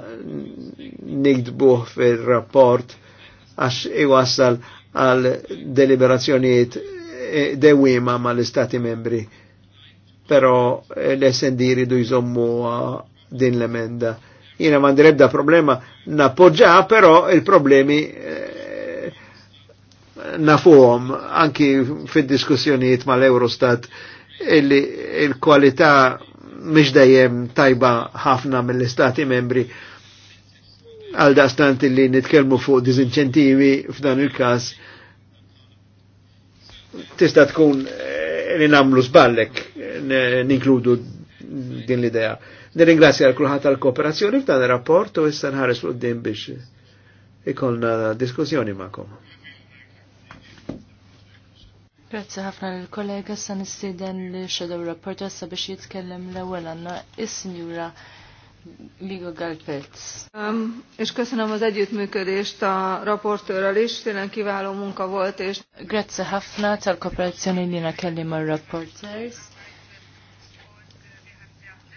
Speaker 2: nikdbuħ fil-rapport għax iwassal għal deliberazzjonijiet eh, dewima ma l-Istati membri. Pero eh, l-SND ridu jżommu eh, din l-emenda. Jina mandirebda problema napoġġa, però il-problemi nafuhom anki fid-diskussjonijiet mal-Eurostat illi il-kwalità mhix dejjem tajba ħafna mill-istati membri għal daqstant illi nitkellmu fuq dizinċentivi f'dan il-każ tista' tkun eh, li namlu sballek ninkludu din l-idea. Nirringrazzja l kulħadd għal kooperazzjoni f'dan ir-rapport u issa nħares l biex ikolna diskussjoni magħkom.
Speaker 3: Grazzi ħafna l-kollega sa nistieden li Shadow Reporter sabiex jitkellem l-ewwel għanna is-sinjura. is-Sinjura Liga Galpelc. Um, és köszönöm
Speaker 2: az együttműködést a raportőrrel is, tényleg kiváló munka volt. És...
Speaker 3: Grazie Hafna, tal-kooperazzjoni li kelli ma' reporters.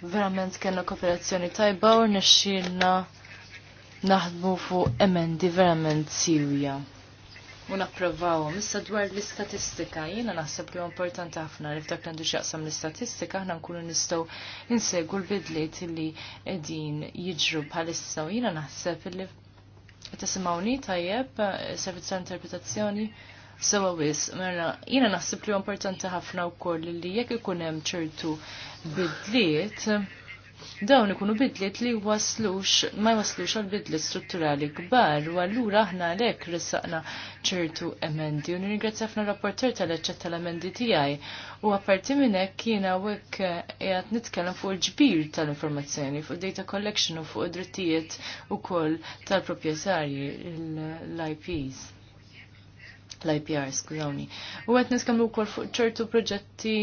Speaker 3: Verament kellna kooperazzjoni tajba u nixxilna naħdmu fuq emendi verament sirja. Unapprovaw, napprovawhom. Issa dwar l-istatistika, jiena naħseb li importanti ħafna li f'dak għandu x'jaqsam l-istatistika aħna nkunu nistgħu insegu l-bidliet li qegħdin jiġru bħalissa u jiena naħseb li tasimawni tajjeb servizz ta' interpretazzjoni sewa wis. Mela jiena naħseb li importanti ħafna wkoll li jekk ikun hemm ċertu bidliet dawn ikunu bidliet li waslux, ma waslux għal bidliet strutturali kbar u allura aħna lek ressaqna ċertu emendi u nirringrazzja ħafna rapporter tal-eċċett tal-emendi tiegħi u apparti minn hekk u għek jgħat eh, nitkellem fuq il-ġbir tal-informazzjoni fuq data collection u fuq id-drittijiet ukoll tal-proprjetarji l-IPs l-IPR, skużawni. U għet niskamlu kol fuq ċertu proġetti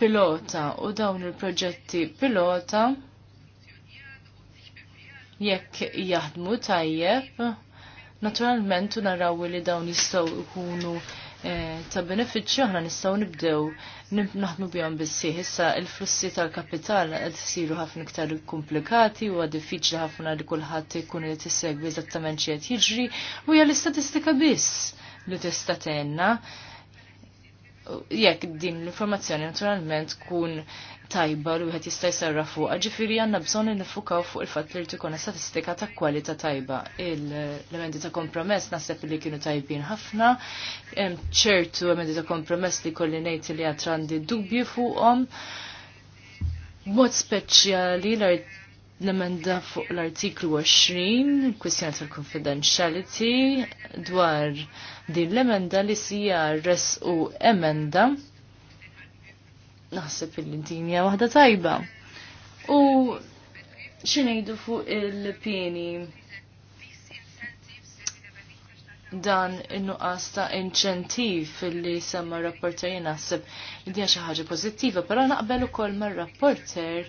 Speaker 3: pilota u dawn il-proġetti pilota jekk jaħdmu tajjeb, naturalment naraw li dawn jistgħu jkunu eh, ta' benefiċċju aħna nistgħu nibdew naħdmu bihom bissi. Issa il-flussi tal-kapital qed isiru ħafna iktar komplikati u diffiċli ħafna li kulħadd ikun li tissegwi eżattament xi qed jiġri u hija l-istatistika biss li tista' tgħinna. Jekk din l-informazzjoni naturalment tkun tajba li wieħed jista' jsarra fuqha, ġifieri għandna bżonn nifukaw fuq il-fatt li tkun statistika ta' kwalità tajba. Il-elementi ta' kompromess naħseb li kienu tajbin ħafna, ċertu elementi ta' kompromess li kolli ngħid li għad għandi dubju fuqhom. Mod speċjali l-emenda fuq l-artiklu 20, kwistjoni tal-confidentiality, dwar din l-emenda li sija res u emenda naħseb il-dinja waħda tajba. U xinejdu fuq il-pieni dan in-nuqqas ta' inċentiv li semma rapporter jinaħseb li xi ħaġa pożittiva, però naqbel ukoll mar-rapporter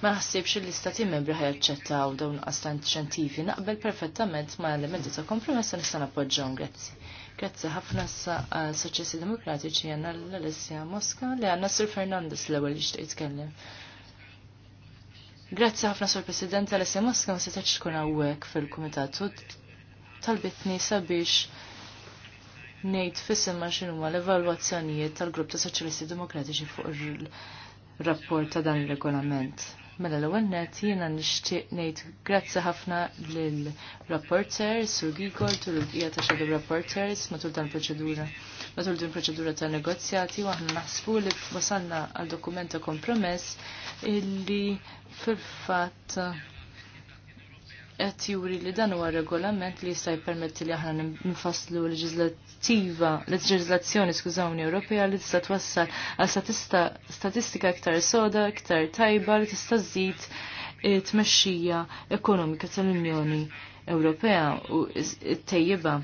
Speaker 3: ma naħsibx li stati membri ħajaċċettaw dawn nuqqas ta' inċentivi, naqbel perfettament ma' elementi ta' kompromessa nista' nappoġġhom, grazzi. Grazzi ħafna s-Soċessi Demokratiċi għanna l-Alessia Mosca li għanna Sir Fernandez l-ewel li xtaqt kellem. Grazzi ħafna Sir President Alessia Mosca ma setax tkun għawek fil-Kumitat u talbitni sabiex nejt fissim maċin xinu l evalwazzjonijiet tal-Grupp ta' Soċjalisti Demokratiċi fuq il-rapport ta' dan il-regolament. Mela l-ewwel net jiena nixtieq ngħid grazzi ħafna lill rapporters u Gigol tul il bqija ta' xogħol rapporters matul dan proċedura. Matul din proċedura ta' negozjati u aħna naħsbu li wasalna għal dokument ta' kompromess illi fil-fatt qed juri li dan huwa regolament li jista' jippermetti li aħna nfasslu leġislattiva, leġislazzjoni skużawni Ewropea li tista' twassal għal statistika iktar soda, iktar tajba li tista' żid tmexxija ekonomika tal-Unjoni Ewropea u tejjiba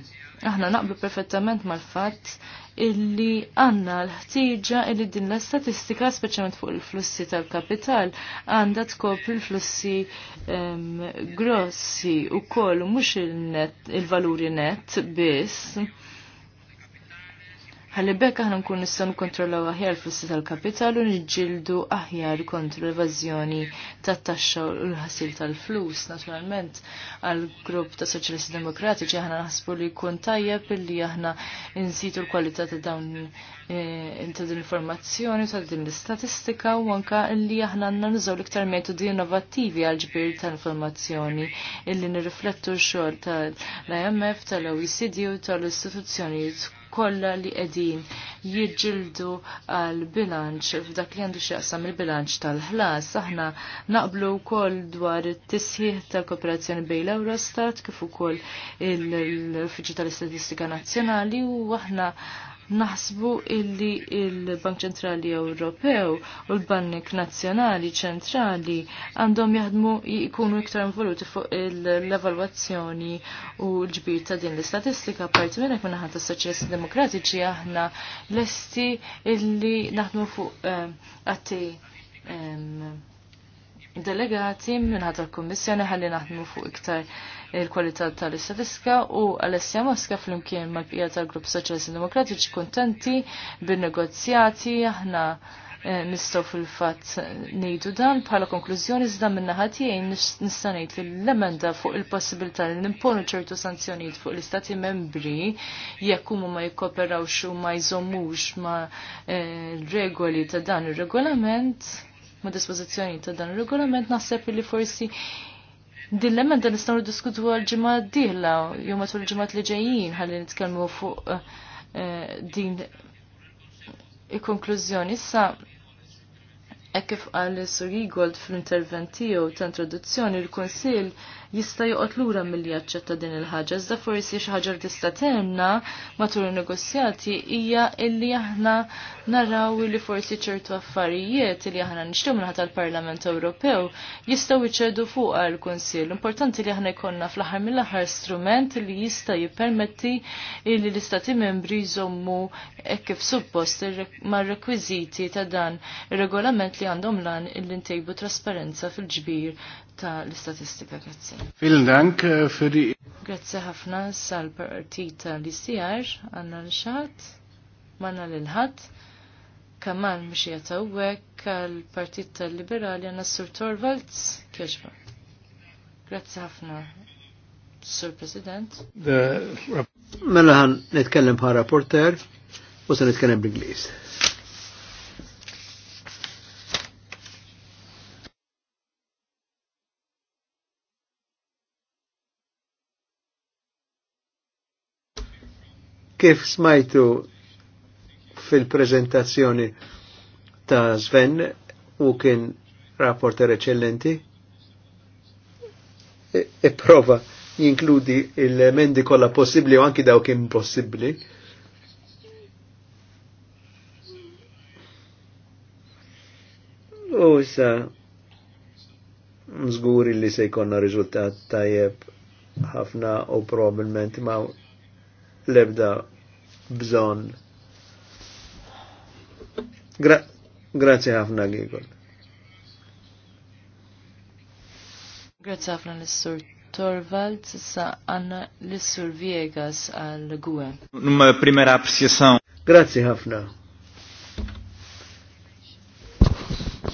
Speaker 3: Aħna naqblu perfettament mal-fatt illi għanna l-ħtieġa illi din l-statistika speċjalment fuq il-flussi tal-kapital għandha tkopri l-flussi grossi u koll mhux il-valuri net biss Ħalli bekk aħna nkun nistgħu nkontrollaw aħjar flussi tal-kapital u niġġieldu aħjar kontru l-evażjoni tat-taxxa u l-ħasil tal-flus. Naturalment għal grupp ta' Soċjalisti Demokratiċi aħna naħsbu li jkun tajjeb illi aħna insitu l-kwalità ta' dawn e, ta' din l-informazzjoni ta' din l-istatistika u anka illi aħna għandna nużaw l-iktar metodi innovattivi għal ġbir ta' informazzjoni illi nirriflettu x-xogħol tal-IMF, tal-OECD u tal-istituzzjonijiet Kolla li qegħdin jidġildu għal bilanċ f'dak li għandu xieqsam il-bilanċ tal-ħlas. Aħna naqblu wkoll dwar it-tisħiħ tal-kooperazzjoni bejn l-Eurostat kif ukoll il-Uffiċċju tal-Istatistika Nazzjonali u aħna naħsbu illi il-Bank Ċentrali Ewropew u l-Bank Nazzjonali Ċentrali għandhom jaħdmu jkunu iktar involuti fuq l-evalwazzjoni u l-ġbir ta' din l-istatistika parti hekk minna ħadd soċjesti demokratiċi aħna lesti illi naħdmu fuq eh, għatti delegati minnħat l kummissjoni ħalli naħdmu fuq iktar il-kwalità tal-istatistika u Alessia Mosca flimkien mal pija tal-Grupp Soċjalisti Demokratiċi kontenti bin-negozjati aħna eh, nistaw fil-fatt ngħidu dan bħala konklużjoni iżda minnaħa tiegħi nista' ngħid l-emenda fuq il-possibilità li nimponu ċertu sanzjonijiet fuq l-istati membri jekk huma ma jikkoperawx u ma jżommux ma eh, regoli ta' dan ir-regolament ma' dispozizjoni ta' dan ir-regolament naħseb li forsi Dilemma dan nistgħu diskutu għal-ġimgħa d-dieħla u matul il-ġimgħat li ġejjin ħalli nitkellmu fuq eh, eh, din il-konklużjoni. Issa hekk kif qal Sur Gold fl-intervent tiegħu ta' introduzzjoni il-Kunsill jista' joqgħod lura milli jaċċetta din il-ħaġa. Iżda forsi xi ħaġa tista' temna matul in-negozjati hija illi aħna naraw li forsi ċertu affarijiet li aħna nixtiew minħat tal-Parlament Ewropew jistgħu jċedu fuq għall-Kunsill. Importanti li aħna jkollna fl-aħħar mill-aħħar strument li jista' jippermetti li l-istati membri jżommu kif suppost mar-rekwiżiti ta' dan ir-regolament li għandhom lan l-intejbu trasparenza fil-ġbir ta' l-istatistika, grazzi.
Speaker 1: Fil Dank äh, fri.
Speaker 3: Grazzi ħafna sal-partita li sijar, għanna l-xat, manna l-ħat, kamal mux jatawwek għal-partita liberali għanna s-sur Torvalds, kieġba. Grazzi ħafna, sur President.
Speaker 2: Mela ħan netkellem bħal rapporter, u se netkellem bl-Inglis. Kif smajtu fil-prezentazzjoni ta' Sven u kien rapporter eccellenti, iprova e, e, prova jinkludi il-mendi kolla possibli u anki daw kien possibli. U sa nżgur li se jkonna riżultat tajjeb ħafna u probabilment ma lebda bżon. Gra Grazie ħafna għigol.
Speaker 3: Grazie ħafna l-Sur Torvald, sa għanna l-Sur Viegas għal-Gwe. Numma
Speaker 2: primera appreciação. Grazie ħafna.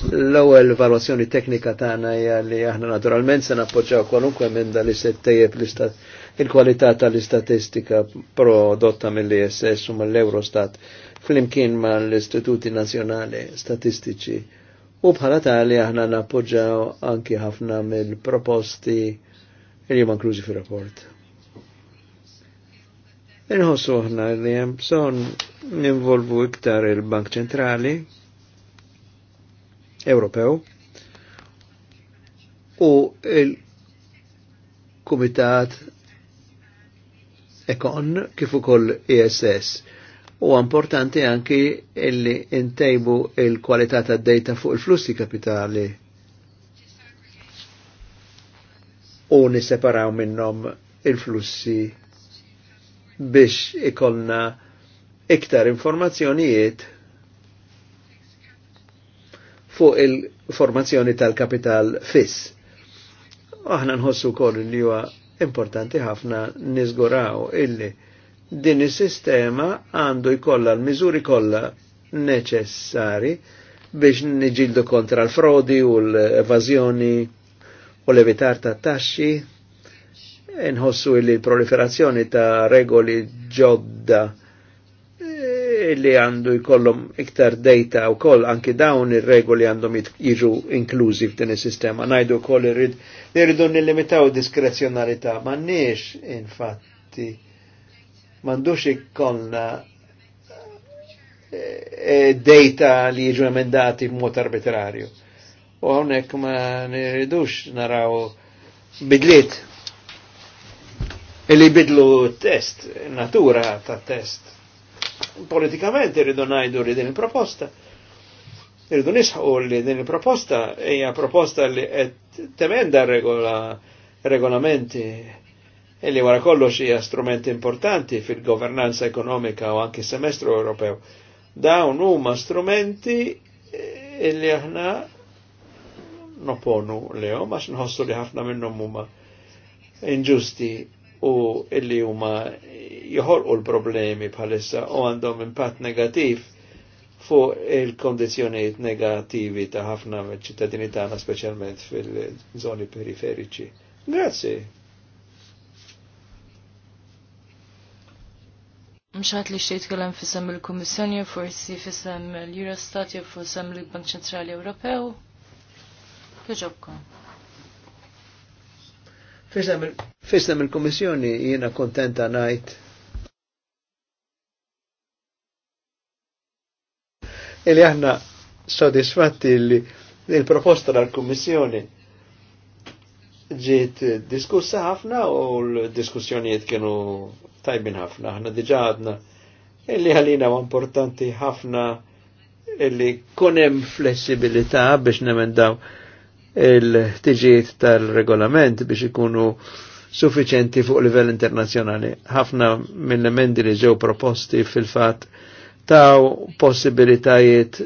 Speaker 2: L-ewwel valwazzjoni teknika tagħna hija li aħna naturalment se nappoġġaw kwalunkwe minn dan li se tejjeb l-istat il-kwalità tal-istatistika prodotta mill-ISS u mill-Eurostat fl-imkien ma l-Istituti Nazjonali Statistiċi u bħala tali aħna nappoġġaw anki ħafna mill-proposti li huma inklużi fir-rapport. Inħossu aħna li hemm bżonn ninvolvu iktar il-Bank Ċentrali Ewropew u il-Kumitat ekon kif ukoll ESS. U importanti anki illi intejbu il-kwalità tad-data fuq il-flussi kapitali u niseparaw minnom il-flussi biex ikolna iktar informazzjonijiet fuq il-formazzjoni tal-kapital fiss. Aħna nħossu kol li huwa importanti ħafna nizguraw illi din is-sistema għandu jkolla l-miżuri kollha neċessari biex niġildu kontra l-frodi u l evazjoni u l-evitar ta' taxxi nħossu l proliferazzjoni ta' regoli ġodda li għandu jkollhom iktar data u koll anki dawn ir-regoli għandhom jiġu inklużiv f'din is-sistema. Ngħidu wkoll irrid irridu nillimitaw diskrezjonalità, m'għandniex infatti m'għandux ikollna e data li jiġu emendati b'mod arbitrarju. U hawnhekk ma nirridux naraw bidliet illi bidlu test, natura ta' test politikament irridu najdu li din il-proposta. Irridu nisħu li din il-proposta hija proposta li qed temenda regola, regolamenti e li wara kollox hija strumenti importanti fil-governanza ekonomika u anki semestru Ewropew. Dawn huma strumenti eh, li aħna noponu lehom għax nħossu li ħafna minnhom huma inġusti u illi huma joħolqu l-problemi bħalissa u għandhom impatt negativ fuq il kondizjoniet negativi ta' ħafna ċittadini tagħna speċjalment fil-żoni periferiċi. Grazzi.
Speaker 3: Mxħat li xtejt kellem fissem il-Kommissjoni, forsi fissem l-Eurostat, jew l-Bank Ċentrali Ewropew. Kħiġobkom.
Speaker 2: Fissem il-Kommissjoni jiena kontenta najt li aħna sodisfatti li il-proposta tal-Kummissjoni ġiet diskussa ħafna u l-diskussjonijiet kienu tajbin ħafna. Aħna diġa għadna illi ħalina u importanti ħafna illi kunem flessibilità biex nemendaw il-tiġiet tal-regolament biex ikunu suffiċenti fuq livell internazzjonali. Ħafna mill-emendi li ġew proposti fil-fat taw possibilitajiet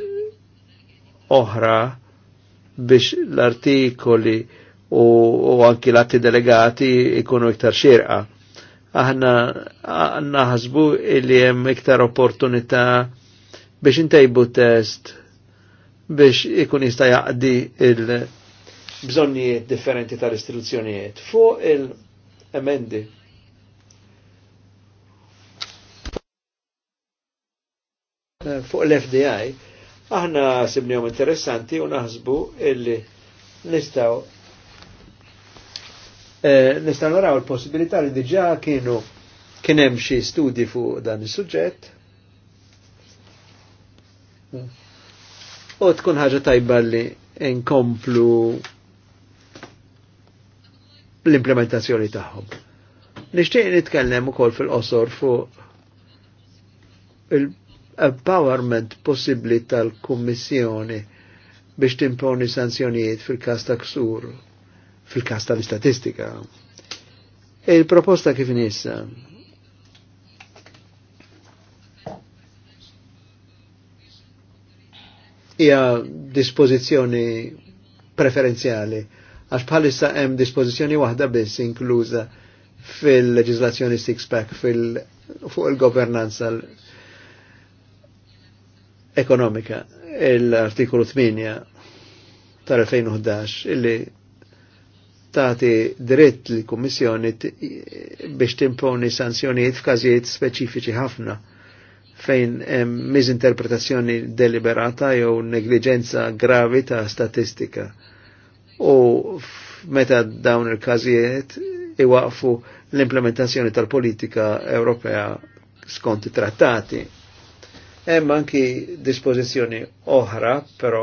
Speaker 2: oħra biex l-artikoli u, u anki l-atti delegati ikunu iktar xirqa. Aħna naħsbu illi hemm iktar opportunità biex intejbu test biex ikun jista' jaqdi il-bżonnijiet differenti tal-istituzzjonijiet. Fuq il-emendi Eh, fuq l-FDI, aħna sibnijom interessanti u naħsbu illi nistaw eh, nistaw naraw l-possibilità li diġa kienu kienem xi studi fuq dan is suġġett u tkun ħaġa tajba li nkomplu l-implementazzjoni tagħhom. Nixtieq nitkellem ukoll fil-qosor fuq il empowerment possibbli tal-Kummissjoni biex timponi sanzjonijiet fil-kas ta' ksur, fil-kas tal-istatistika. E il-proposta kif nissa? Ija dispozizjoni preferenziali, għax bħalissa hemm dispożizzjoni waħda biss inkluża fil-leġislazzjoni six-pack fil fuq il-governanza ekonomika l-artikolu 8 tal-2011 illi tati dritt li kummissjoni biex timponi sanzjonijiet f'każijiet speċifiċi ħafna fejn hemm miżinterpretazzjoni deliberata jew negliġenza gravi ta' statistika. U meta dawn il-każijiet iwaqfu l-implementazzjoni tal-politika Ewropea skont trattati Hemm anki dispożizzjoni oħra, però,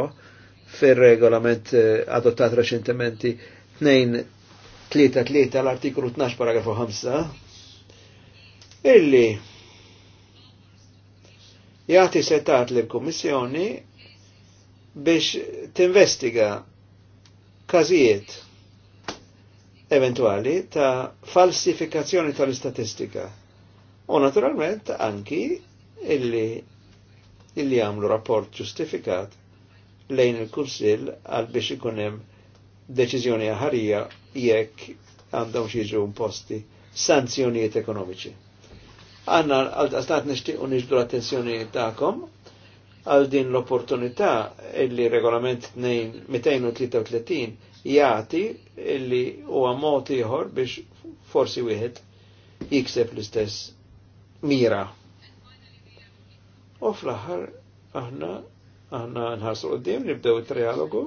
Speaker 2: fir-regolament eh, adottat reċentementi 2 3 l-artikolu 12 paragrafu 5, illi jagħti setat lill-Kummissjoni biex tinvestiga każijiet eventuali ta' falsifikazzjoni tal-istatistika. U naturalment anki illi illi għamlu rapport ġustifikat lejn il kursil għal biex ikun hemm deċiżjoni aħarija jekk għandhom xiġu imposti sanzjonijiet ekonomiċi. Għanna għal-tastat nishtiqu nixdu l-attenzjoni ta'kom għal din l-opportunità illi regolament 233 jati illi huwa mod ieħor biex forsi wieħed jikseb l-istess mira U fl-aħħar aħna aħna nħarsu qoddim nibdew it trialogu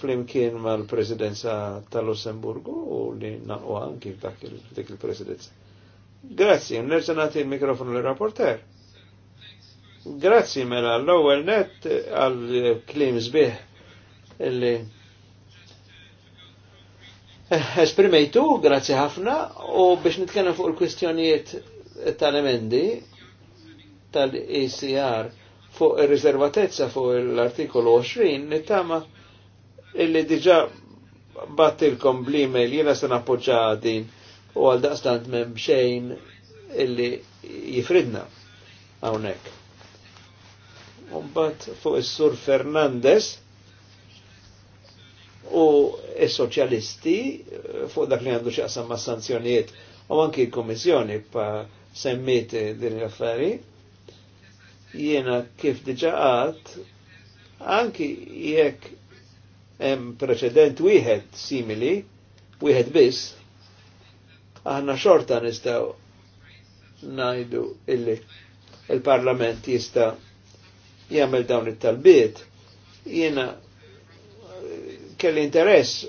Speaker 2: flimkien mal-presidenza tal-Lussemburgu u li naqwa anki dak dik il-presidenza. Grazzi, nerġa' nagħti l-mikrofonu l-rapporter. Grazzi mela l-ewwel net għal klim sbieħ illi esprimejtu, grazzi ħafna, u biex nitkellem fuq il-kwistjonijiet tal-emendi, tal-ECR fuq ir-riservatezza fuq l-artikolu 20 nittama illi diġa battilkom blime li jena se nappoġġa din u għal daqstant mem xejn illi jifridna hawnhekk. Umbat fuq il sur Fernandez u il soċjalisti fuq dak li għandu x'aqsam ma' sanzjonijiet u anki l-Kummissjoni pa' semmiet din l-affarijiet Jiena kif diġa għat, anki jekk hemm preċedent wieħed simili, wieħed biss, aħna xorta nistaw najdu illi il-parlament jista jagħmel dawn it-talbiet. Jiena eh, kelli interess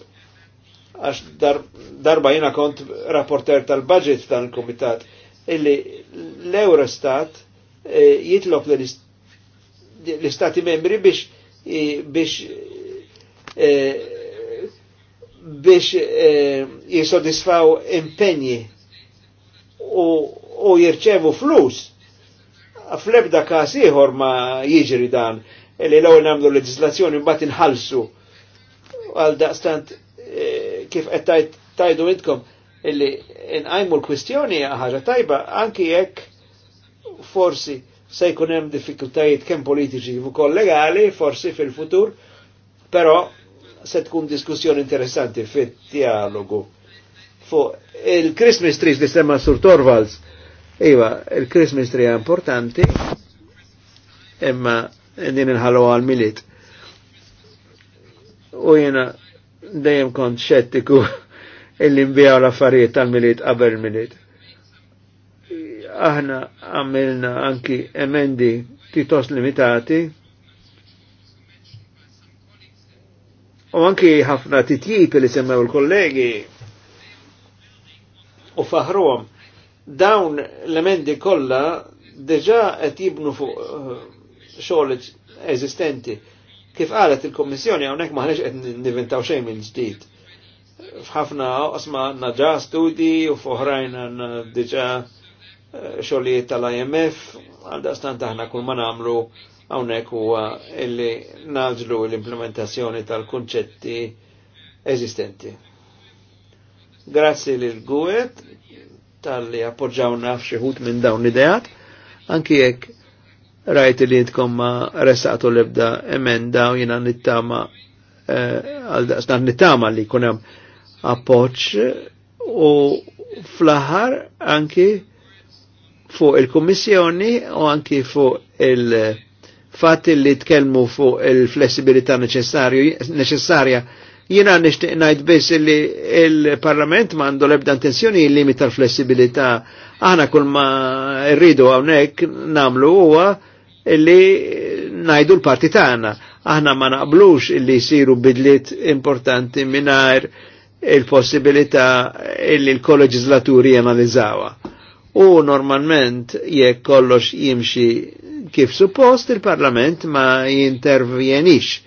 Speaker 2: għax dar, darba jiena kont rapporter tal-budget tal-komitat illi l-Eurostat Eh, jitlob l-istati membri biex eh, biex eh, biex jisodisfaw impenji u jirċevu flus. Flebda kas ieħor ma jiġri dan li l-ewwel nagħmlu leġislazzjoni mbagħad inħallsu għal daqstant kif qed tajdu intkom illi inqajmu l-kwistjoni ħaġa tajba anki jekk forsi se jkun hemm diffikultajiet kemm politiċi u kol legali, forsi fil-futur, però se tkun diskussjoni interessanti fit-dialogu il-Christmas tree li semma sur Torvalds. Iva, il-Christmas tree importanti, imma din inħallu għal-milit. U jena dejjem kont xettiku illi nbijaw l-affarijiet tal-milit qabel il-milit aħna għamilna anki emendi titos limitati u anki ħafna titjib li semmew il-kollegi u faħruhom dawn l-emendi kollha deġa qed jibnu fuq eh, xogħol eżistenti. Kif qalet il-Kommissjoni hawnhekk maħniex qed niventaw xejn minn ġdid. F'ħafna qosma għandna ġa studi u f'oħrajn għandna diġa' xogħlijiet tal-IMF, għalda daqstant aħna kull ma nagħmlu hawnhekk huwa illi naġlu l-implementazzjoni tal-kunċetti eżistenti. Grazzi lil Gwet tal-li appoġġawna f'xi ħut minn dawn l-ideat, anki jekk rajt li jintkom ma resaqtu l-ebda emenda u jina nittama eh, għal daqstant nittama li kunem appoċ u fl-aħħar anki fuq il-Kommissjoni u anki fuq il-fat li tkellmu fuq il-flessibilità neċessarja. Jina nishtiq najt biss li il-Parlament mandu lebda intenzjoni il-limit tal-flessibilità. Aħna kull ma rridu hawnhekk namlu huwa li najdu l-parti tagħna. Aħna ma naqblux illi jsiru bidliet importanti mingħajr il-possibilità li l-kolleġislaturi analizzawa U normalment jekk kollox jimxi kif suppost il-Parlament ma jintervjenix.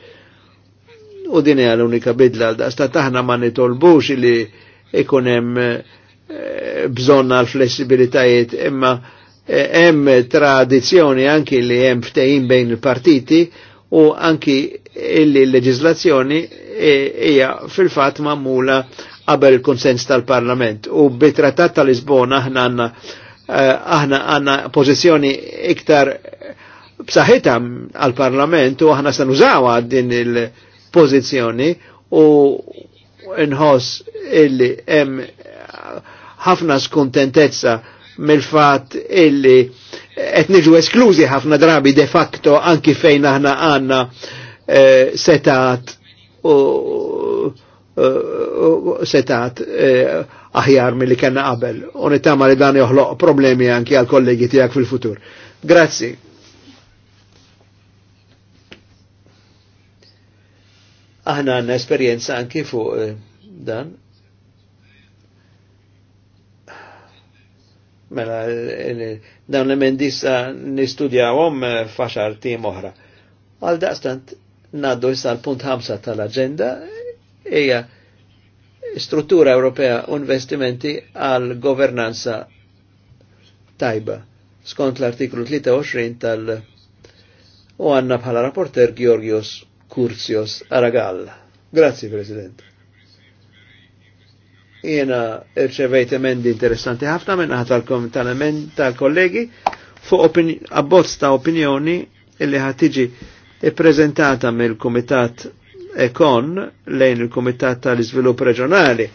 Speaker 2: U din hija l-unika bidla daqsta taħna ma nitolbux li ikun hemm eh, bżonn għal flessibilitajiet imma eh, hemm tradizzjoni anki li hemm ftehim bejn il-partiti u anki illi l leġiżlazzjoni eh, hija fil-fatt mamula qabel il-konsens tal-Parlament. U bit-Trattat tal-Lisbona aħna għandna Eh, aħna għanna pożizzjoni iktar b'saħħitha għal-Parlament u aħna se nużawha din il-pożizzjoni u nħoss illi hemm ħafna skuntentezza mill fatt illi qed niġu esklużi ħafna drabi de facto anki fejn aħna għandna eh, setat u eh, setat aħjar mill-li kena qabel. nittama li dan joħloq problemi anki għal kollegi tijak fil-futur. Grazzi. Aħna għanna esperienza anki fuq eh, dan. Mela, eh, eh, dan l-emendissa nistudjawom faċar tim oħra. Għal daqstant, naddu jissa l-punt ħamsa tal-agenda, eja struttura Ewropea u investimenti għal governanza tajba skont l-artiklu 23 tal- u għanna bħala rapporter Georgios Kurzios Aragall. Grazzi, President. Jena irċevejt emendi interessanti ħafna minna tal-kollegi fuq abbozz ta' opinjoni illi ħatiġi prezentata mill-Komitat ekon lejn il-Komitat tal izvilupp Reġjonali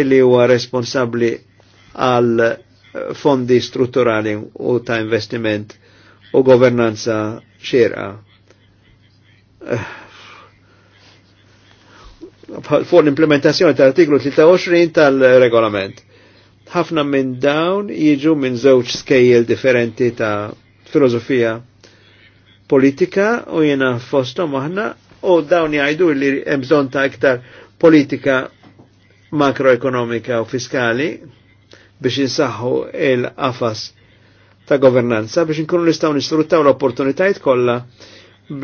Speaker 2: illi huwa responsabbli għal eh, fondi strutturali u ta' investiment u governanza xirqa. Eh, fuq l-implementazzjoni tal-artiklu 23 tal-regolament. Ħafna minn dawn jiġu minn żewġ skejjel differenti ta' filosofija politika u jena fostom aħna u dawn għajdu li hemm bżonn ta' iktar politika makroekonomika u fiskali biex insaħħu il-qafas ta' governanza biex inkunu nistgħu nisfruttaw l-opportunitajiet kollha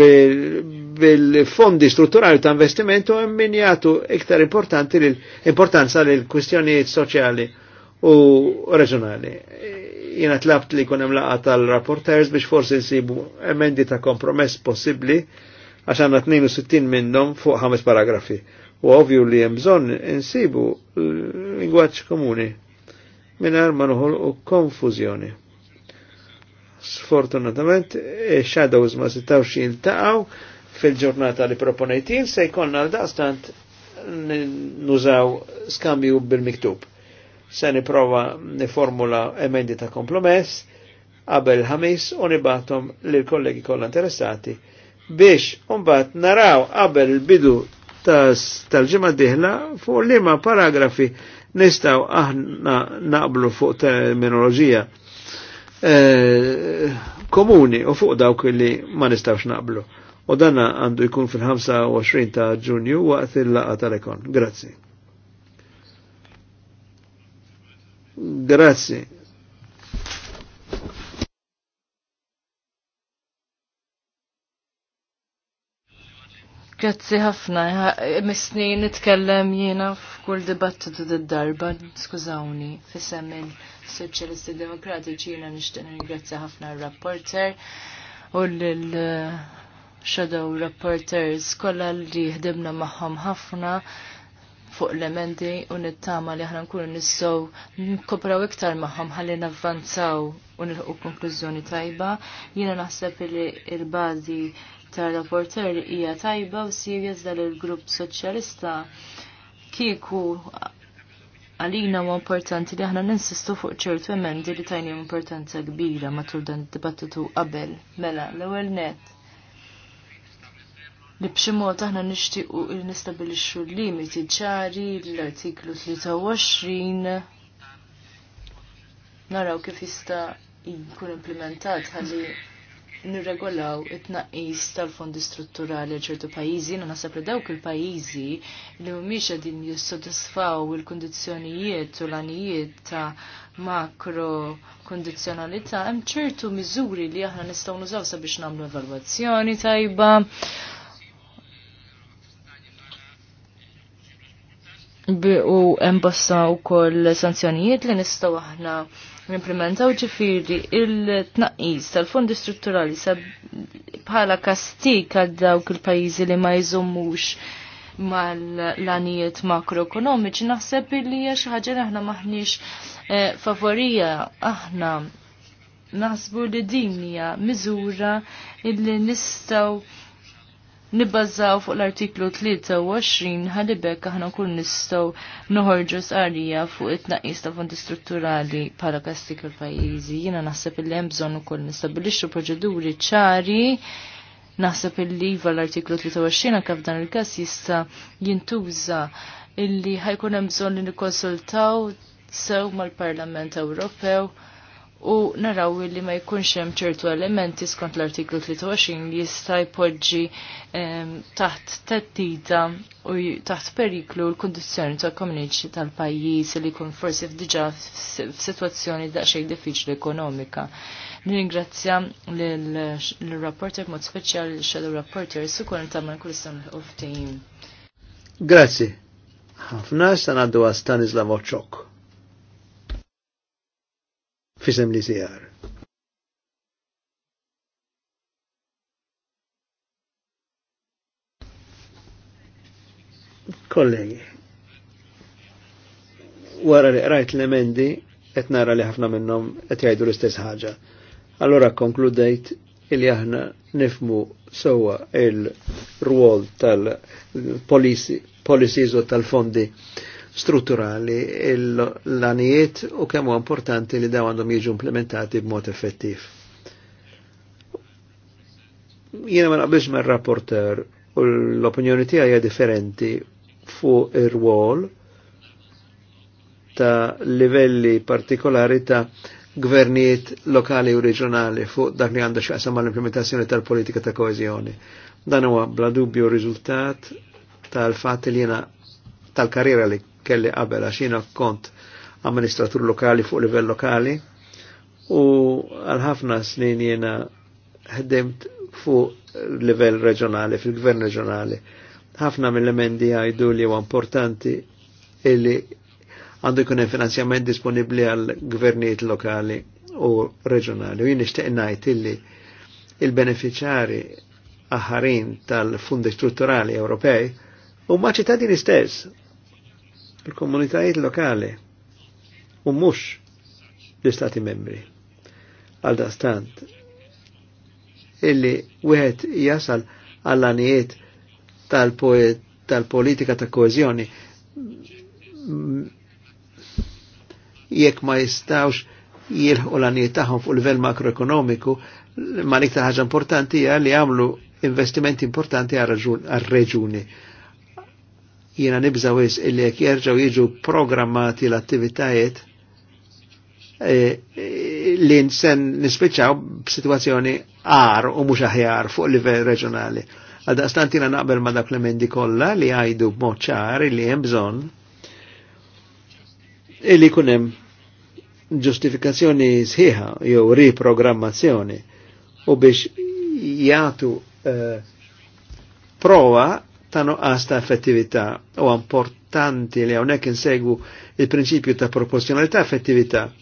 Speaker 2: bil-fondi bil strutturali ta' investimentu hemm min jagħtu iktar importanti lil importanza lil kwistjonijiet soċjali u reġjonali. Jiena tlabt li jkun hemm laqgħa tal-rapporters biex forsi nsibu emendi ta' kompromess possibbli għax għandna 62 minnhom fuq ħames paragrafi. U ovvju li hemm bżonn insibu eh, lingwaġġ komuni mingħajr ma noħolqu konfużjoni. Sfortunatament, eh, shadows ma sitawx jiltaqgħu fil-ġurnata li proponejtin se jkollna l-daqstant nużaw skambju bil-miktub. Se niprofa niformula emendi ta' kompromess qabel ħamis u nibatom lil kollegi kollha interessati biex umbat naraw qabel il-bidu tal-ġimma diħla fuq li paragrafi nistaw aħna naqblu fuq terminoloġija eh, komuni u fuq dawk li ma nistawx naqblu. U danna għandu jkun fil-25 ta' ġunju waqt il-laqa tal-ekon. Grazzi. Grazzi.
Speaker 3: Grazzi ħafna, misni nitkellem jiena f'kull dibattitu d-darba, skużawni, fissem il-Soċjalisti Demokratiċi jiena nishtiq ringrazzja ħafna r-rapporter u l-Shadow eh, Reporters kollha li ħdimna magħhom ħafna fuq l-emendi u nittama li ħna nkunu nissow nkopraw iktar maħħom ħalli navvanzaw u nilħu konklużjoni tajba. Jiena naħseb li il-bazi tar rapporter hija tajba u sirjes dal il-grupp soċjalista kieku għalina u importanti li aħna ninsistu fuq ċertu emendi li tajni importanza kbira matul dan id-dibattitu qabel. Mela, l-ewwel net li b'xi mod aħna nixtiequ nistabilixxu limiti ċari l-artiklu 23 naraw kif jista' jkun implementat ħalli nirregolaw it-naqis tal-fondi strutturali ċertu pajizi, na nasab li dawk il-pajizi li mhumiex qegħdin jissodisfaw il-kundizzjonijiet u l-anijiet ta' makro kondizjonalità hemm ċertu miżuri li aħna nistgħu nużaw sabiex nagħmlu evalwazzjoni tajba. U hemm bosta wkoll sanzjonijiet li nistgħu aħna nimplementaw ġifiri il-tnaqis tal-fondi strutturali bħala kastik għal dawk il-pajizi li ma jżommux mal-lanijiet makroekonomiċi naħseb li hija xi ħaġa aħna maħniex eh, favorija aħna naħsbu li din hija miżura illi nistgħu nibbażaw fuq l-artiklu 23 ħalibek aħna kull nistgħu noħorġu sqarrija fuq it-tnaqqis ta' fondi strutturali bħala kastik il-pajjiżi. Jiena naħseb illi hemm bżonn ukoll nistabbilixxu proċeduri ċari naħseb illi iva l-artiklu 23 anke f'dan il-każ jista' jintuża illi ħajkun hemm bżonn li nikkonsultaw sew mal-Parlament Ewropew u naraw li ma jkunx hemm ċertu elementi skont l-artiklu 23 jista' jpoġġi ehm, taħt teddida u taħt periklu l-kundizzjoni ta' komuniċi tal-pajjiż li jkun forsi f'diġà f'sitwazzjoni daqsxejn diffiċli ekonomika. Nirringrazzja l-rapporter mod speċjali l-shadow rapporter su kol tagħmel kull istan u
Speaker 2: Grazzi. Ħafna sta ngħaddu għal Stanislav Fi li sijar. Kollegi, wara li rajt l-emendi, et nara li ħafna minnom et jajdu l-istess ħaġa. Allora konkludejt illi aħna nifmu sowa il-rwol tal-policies u tal-fondi strutturali l-anijiet u kemm huwa importanti li daw għandhom jiġu implementati b'mod effettiv. Jiena ma naqbilx mar-rapporter u l-opinjoni tiegħi hija differenti fuq ir-rwol ta' livelli partikolari ta' gvernijiet lokali u reġjonali fuq dak li għandu xaqsam mal implementazzjoni tal-politika ta' koezjoni. Dan huwa bla dubju riżultat tal-fatt li jena tal-karriera li kelli qabel għax jiena kont amministratur lokali fuq livell lokali u għal ħafna snin jiena ħdimt fuq livell reġjonali, fil-gvern reġjonali. Ħafna mill-emendi għajdu li huwa importanti illi għandu jkun hemm finanzjament disponibbli għal gvernijiet lokali u reġjonali. U jien nixtieq ngħid illi il-beneficjari aħarin tal-fundi strutturali Ewropej huma ċittadini stess il-komunitajiet lokali u mux l-istati membri. Għal dastant, illi wieħed jasal għall-anijiet tal-politika tal ta' koezjoni jekk ma jistawx jilħu l-għaniet taħħom fuq livell makroekonomiku, ma nikta iktar ħaġa importanti hija li għamlu investimenti importanti għal-reġuni. Jiena nibża wis illi jek jerġgħu jiġu programmati l-attivitajiet e, e, li nsen b b'sitwazzjoni għar u mhux aħjar fuq livell reġjonali. għadda jiena naqbel ma dak l-emendi kolla li għajdu b-moċar li hemm bżonn illi jkun hemm ġustifikazzjoni sħiħa jew riprogrammazzjoni u biex jagħtu e, prova ta' noqqas ta' effettività u importanti li hawnhekk insegwu il-prinċipju ta' proporzjonalità effettività.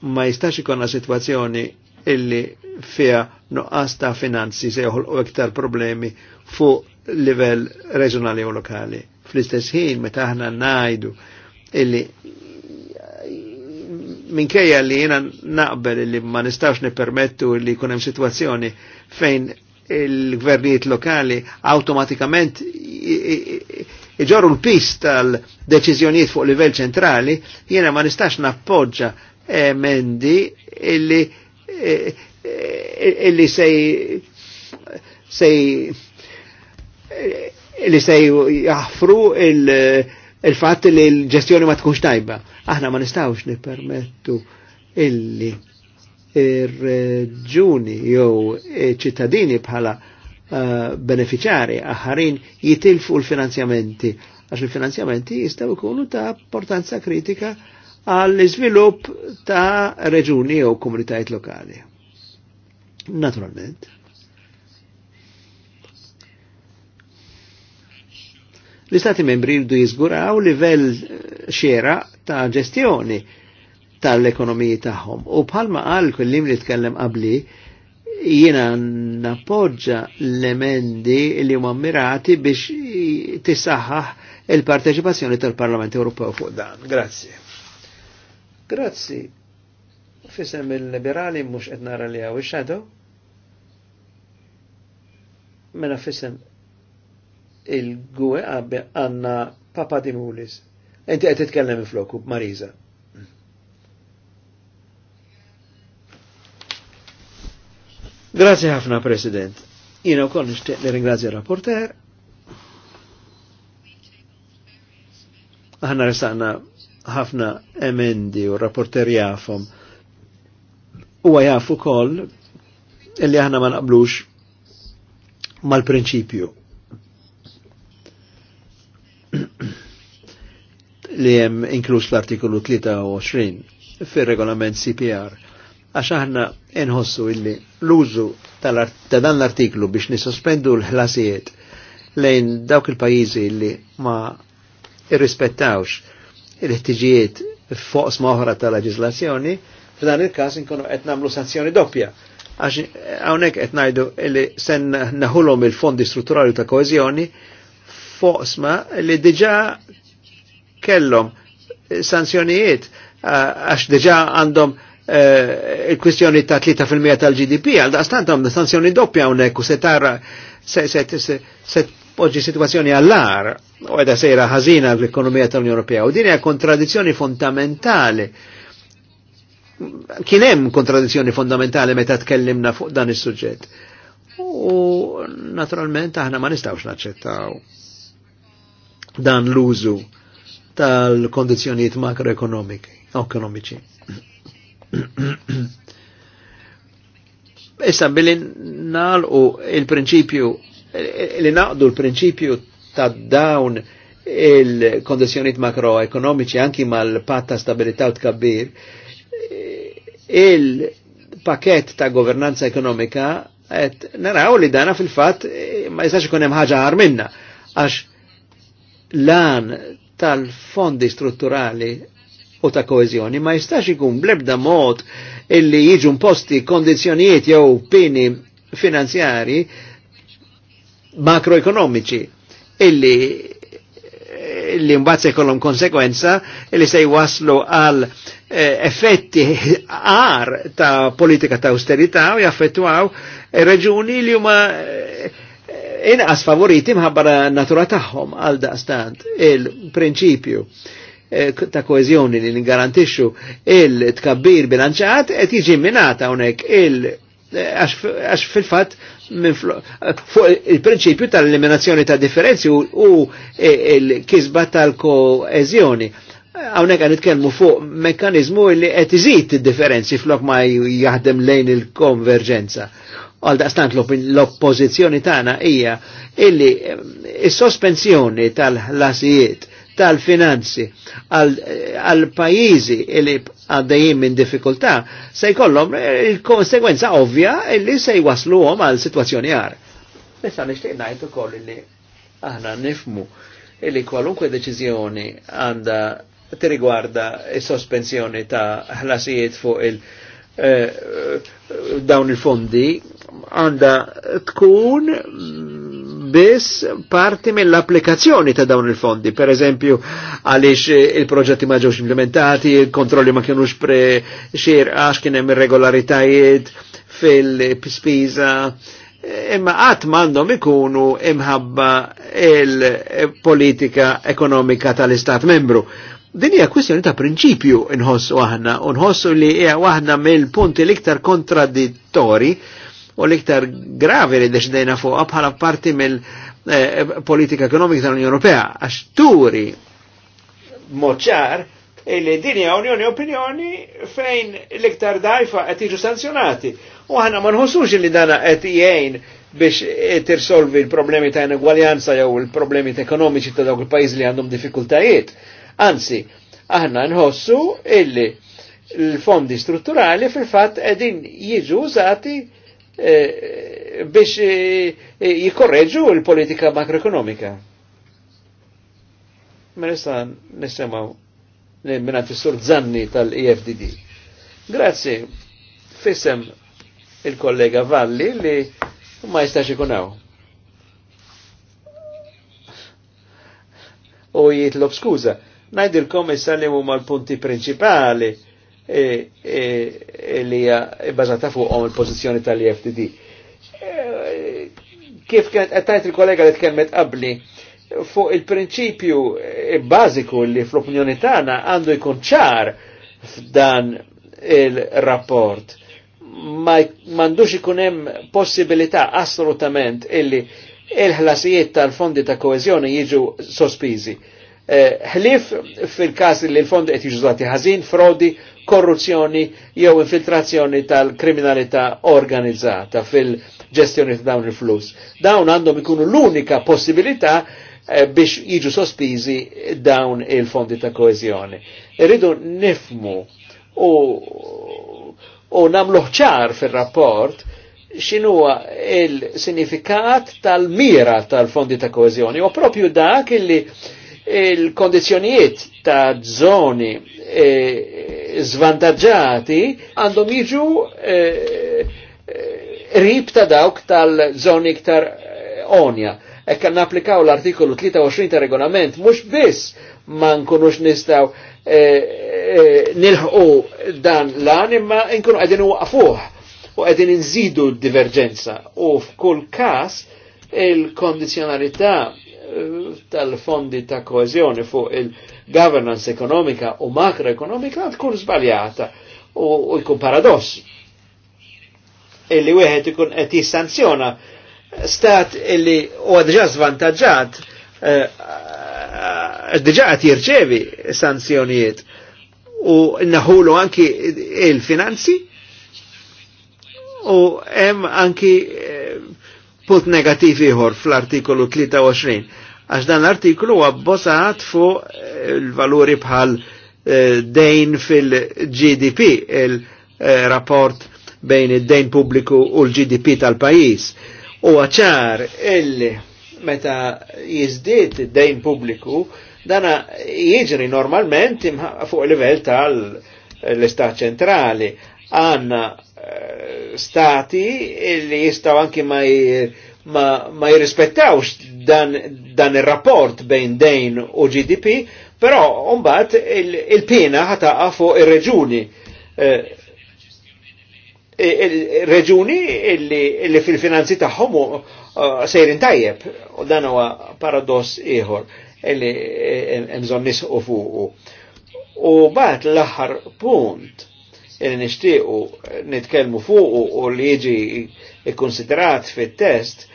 Speaker 2: Ma jistax ikonna sitwazzjoni illi fija noqqas ta' finanzi se joħolqu iktar problemi fuq livell reġjonali u lokali. Fl-istess ħin meta aħna ngħidu illi minkejja li jena naqbel li ma nistax nipermettu li kunem situazzjoni fejn il-gvernijiet lokali automatikament iġorru l pist tal-deċizjoniet fuq livell ċentrali, jiena ma nistax nappoġġa emendi illi e- e- illi sej sej illi sej jaffru il fat il li l-ġestjoni ma tkunx tajba. Aħna ma nistawx nipermettu illi ir-reġuni jew ċittadini bħala uh, beneficjari aħarin jitilfu l-finanzjamenti għax l finanzjamenti jistaw ikunu ta' importanza kritika għall-iżvilupp ta' reġuni jew komunitajiet lokali. Naturalment. L-Istati membri jridu jizguraw livell xera ta' ġestjoni tal-ekonomiji tagħhom. U bħalma qal kullim li tkellem qabli, jiena nappoġġa l-emendi li huma mirati biex tisaħħaħ il-parteċipazzjoni tal-Parlament Ewropew fuq dan. Grazzi. Grazzi. Fisem il-liberali mhux qed nara li hawn ix-shadow. Mela fisem il-gwe għanna Papa Dimulis. Inti qed titkellem il Marisa. Grazie ħafna, President. Jina u koll nishtiq li ringrazja rapporter. Aħna restaqna ħafna emendi u rapporter jafom. U jafu koll illi aħna ma naqblux mal-prinċipju. li jem inkluż l-artikolu 23 fil-regolament CPR għax aħna nħossu illi l-użu ta' dan l-artiklu biex nisospendu l-ħlasijiet lejn dawk il-pajizi illi ma irrispettawx il-ħtiġijiet fuq smoħra ta' leġislazzjoni, f'dan il-kas nkunu qed nagħmlu sanzjoni doppja. Għax hawnhekk qed ngħidu li sen naħulhom il-fondi strutturali ta' koeżjoni sma li diġà kellhom sanzjonijiet għax diġà għandhom uh, Eh, il-kwistjoni ta' 3% tal-GDP, għal daqstant għam sanzjoni doppja unek u setara set poġi situazzjoni għallar u għeda sejra ħazina l-ekonomija tal-Unjoni Ewropea. U din hija kontradizzjoni fondamentali. Kien hemm kontradizzjoni fondamentali meta tkellimna fuq dan is-suġġett. U naturalment aħna ma nistgħux naċċettaw dan l-użu tal-kondizzjonijiet ekonomici. Issa billi nalqu il-prinċipju, li naqdu l-prinċipju ta' dawn il-kondizjoniet makroekonomiċi anki mal ta' stabilità u tkabbir, il-pakett ta' governanza ekonomika et naraw li dana fil-fat ma jistax ikun hemm ħaġa ħar minna għax lan tal-fondi strutturali u ta' koezjoni ma jistax ikun blebda mod illi jiġu posti kondizjonijiet jew pini finanzjari makroekonomiċi illi li mbazz se jkollhom konsekwenza illi se jwaslu għal eh, effetti għar ta' politika ta' austerità u jaffettwaw eh, reġuni li huma eh, inqas favoriti mħabba natura tagħhom għal daqstant il-prinċipju Eh, ta' koezjoni li ningarantixxu il-tkabbir bilanċat qed jiġi minata hawnhekk il- eh, għax fil-fatt fuq il-prinċipju tal-eliminazzjoni ta' differenzi u eh, il-kisba tal-koezjoni. Hawnhekk qed nitkellmu fuq mekkaniżmu li qed iżid id-differenzi flok ma jaħdem lejn il-konverġenza. Għal stant l-oppożizzjoni tagħna hija illi il sospensjoni tal-ħlasijiet tal-finanzi għal pajizi li għaddejjim minn diffikultà se jkollhom il-konsegwenza ovvja li se jwasluhom għal situazzjoni għar. Issa nixtieq ngħid ukoll li aħna nifmu li kwalunkwe deċiżjoni għandha tirigwarda is-sospensjoni ta' ħlasijiet fuq il- eh, dawn il-fondi għanda tkun biss parti mill-applikazzjoni ta' dawn il-fondi, per eżempju għaliex eh, il-proġetti ma ġewx implementati, il-kontrolli ma kienux pre xir għax kien hemm irregolaritajiet fil-spiża, eh, imma qatt m'għandhom ikunu imħabba il-politika ekonomika tal-Istat membru. Din hija kwistjoni ta' prinċipju nħossu aħna, u nħossu li hija waħda mill-punti l-iktar kontradittori u l-iktar gravi li deċdejna fuqha bħala parti mill-politika eh, ekonomika tal-Unjoni Ewropea għax turi moċar li dinja unjoni opinjoni fejn l-iktar dajfa qed jiġu sanzjonati. U aħna ma nħossux li dana qed jgħin biex eh, tirsolvi l-problemi ta' inegwaljanza jew il-problemi ekonomiċi ta' dawk il pajjiżi li għandhom diffikultajiet. Anzi, aħna nħossu illi l-fondi strutturali fil-fatt qegħdin jiġu użati Eh, biex eh, eh, jikorreġu l-politika makroekonomika. Ma mela nista nisimaw minnant is-sur Zanni tal-EFDD. Grazzi, fissem il-kollega Valli li ma jistax ikunaw. U jitlob skuza, najdilkom issa li huma punti principali E, e, e li hija bbażata fuqhom il-pożizzjoni tal-IFTD. Kif kienet qed tajt il-kollega li tkellmet qabli fuq il-prinċipju bażiku li fl-opinjoni tagħna għandu jkun ċar f'dan il-rapport ma mandux ikun hemm possibilità assolutament illi il-ħlasijiet tal-fondi ta' koeżjoni jiġu sospiżi ħlif fil-kas li l-fond qed jiġużati ħażin, frodi, korruzzjoni jew infiltrazzjoni tal-kriminalità organizzata fil-ġestjoni ta' dawn il-flus. Dawn għandhom ikunu l-unika possibilità eh, biex jiġu sospiżi dawn il-fondi ta' koezjoni. Irridu nifmu u, u namluħ ċar fil-rapport xinuwa il-sinifikat tal-mira tal-fondi ta' koezjoni. U propju dak illi il-kondizjonijiet ta' zoni e, eh, zvantagġati għandhom jiġu e, e rib ta' dawk tal-zoni iktar onja. Ekk applikaw l-artikolu 23 ta' regolament, mux biss ma nkunux nistaw e, e, nilħu dan l-an, imma nkunu għedin u għafuħ u għedin nżidu diverġenza u f'kull kas il-kondizjonalità tal-fondi ta' koezjoni fuq il-governance ekonomika u makroekonomika tkun sbaljata u jkun paradoss. Illi wieħed ikun qed jissanzjona stat illi huwa għadġa żvantaġġat eh, diġa qed jirċevi sanzjonijiet u naħulu anki il-finanzi u hemm anki eh, put negativ ieħor fl-artikolu 23 għax dan l-artiklu huwa fu fuq eh, il-valuri bħal eh, dejn fil-GDP, il-rapport eh, bejn id-dejn pubbliku u l-GDP tal-pajis. U għacħar illi meta jizdiet id-dejn pubbliku, dana jiġri normalment fuq il livell tal-istat ċentrali. Għanna stati illi jistaw anki ma, ma, ma jirrispettawx dan dan il rapport bejn dejn u GDP, però mbagħad il-pena ħata għafu eh, il reġuni Il-reġuni illi fil-finanzi tagħhom eh, sejrin tajjeb, u dan huwa paradoss ieħor illi eh, mżon bżonn nisqu fuqu. U bat l-aħħar punt li nixtiequ nitkellmu fuqu u li jiġi ikkonsiderat fit-test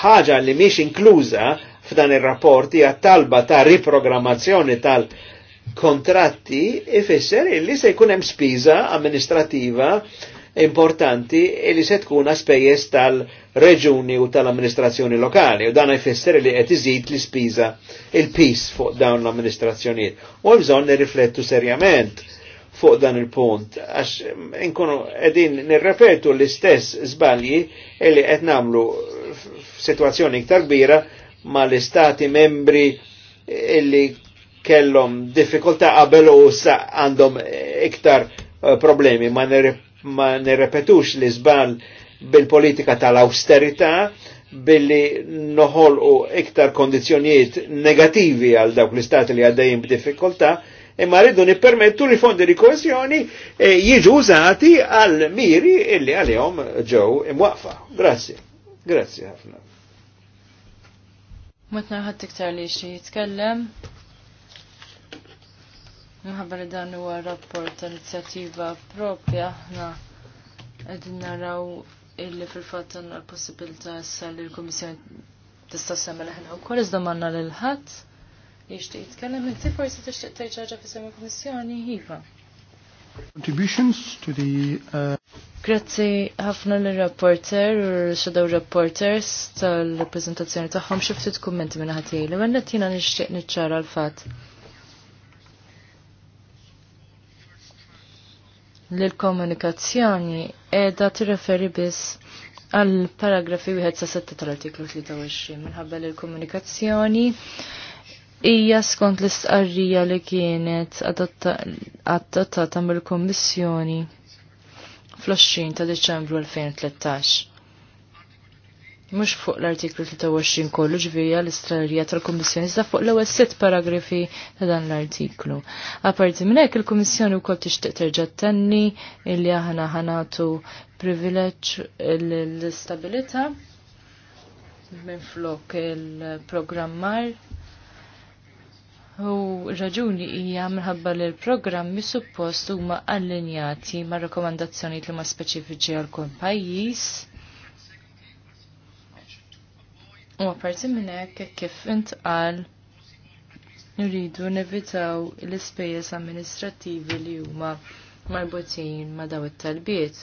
Speaker 2: ħaġa li miex inkluża f'dan ir rapporti hija talba ta' riprogrammazzjoni tal-kontratti ifisser illi se jkun hemm spiża amministrativa importanti li se tkun spejjeż tal-reġuni u tal-amministrazzjoni lokali u dan ifisser li qed iżid l-ispiża il-pis fuq dawn l-amministrazzjonijiet. U bżonn nirriflettu serjament fuq dan il-punt, għax nkunu edin nirrepetu l-istess zbalji illi qed namlu situazzjoni iktar kbira ma l istati membri illi kellhom diffikultà qabel u sa għandhom iktar eh, problemi. Ma, nir, ma nirrepetux li żbal bil-politika tal-austerità billi noħol u iktar kondizjonijiet negativi għal dawk l-istati li għaddejjem b'diffikultà, imma rridu nippermettu li fondi di kohesjoni eh, jiġu użati għal miri illi għalihom ġew imwaqfa. Grazzi. Grazzi ħafna.
Speaker 3: Mutna narħat iktar li xie jitkellem. Nħabba li dan huwa rapport ta' inizjattiva propja aħna qegħdin naraw illi fil-fatt għandna l-possibilità sal li l-Kummissjoni tista' semmel aħna wkoll iżda manna lil ħadd jixtieq jitkellem inti forsi tixtieq tgħid ħaġa fi semmi kummissjoni iva. Contributions to the... Uh, Grazzi ħafna l-rapporter u shadow rapporters tal-reprezentazzjoni tagħhom xi ftit kummenti minn ħadd jgħid. Għandet jina nishtiq niċċara l fat L-komunikazzjoni qiegħda tirreferi biss għal paragrafi wieħed sa tal-artiklu 23 minħabba l-komunikazzjoni hija skont l-istqarrija li kienet adottata mill-Kommissjoni fl-20 ta' Deċembru 2013. Mux fuq l-artiklu 23 kollu ġvija l-istrarija tal kommissjoni sa fuq l-ewwel sitt paragrafi ta' dan l-artiklu. Aparti minn hekk il-Kummissjoni wkoll tixtieq terġa' tenni illi aħna ħanatu privileġġ l istabilita minn flok il-programmar U raġuni hija minħabba li l-programmi suppost huma allinjati ma' rakkomandazzjoni li ma' speċifiċi għal kull pajjiż. U apparti minn hekk kif intqal nridu nevitaw l-ispejjeż amministrattivi li huma marbutin ma' daw it-talbiet.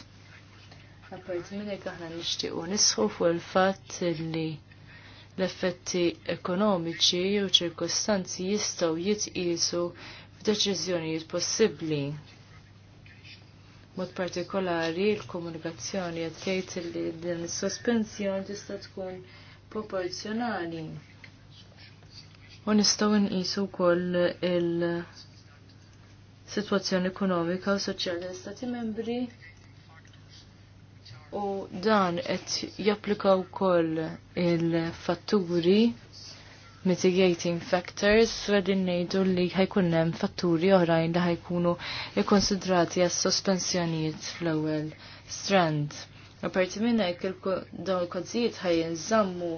Speaker 3: Apparti minn hekk aħna nixtiequ nisħu fuq il-fatt li l-effetti ekonomiċi jew ċirkostanzi jistgħu jitqisu f'deċiżjonijiet possibbli. Mod partikolari l-komunikazzjoni qed tgħid li din is-sospensjoni tista' tkun proporzjonali. U nistgħu nqisu wkoll il-sitwazzjoni ekonomika u soċjali l stati membri u dan qed japplika wkoll il-fatturi mitigating factors għedin nejdu li ħajkun hemm fatturi oħrajn li ħajkunu ikkonsidrati għas sospensjonijiet fl-ewwel strand. Apparti minn hekk dawn il-kozzijiet ħajinżammu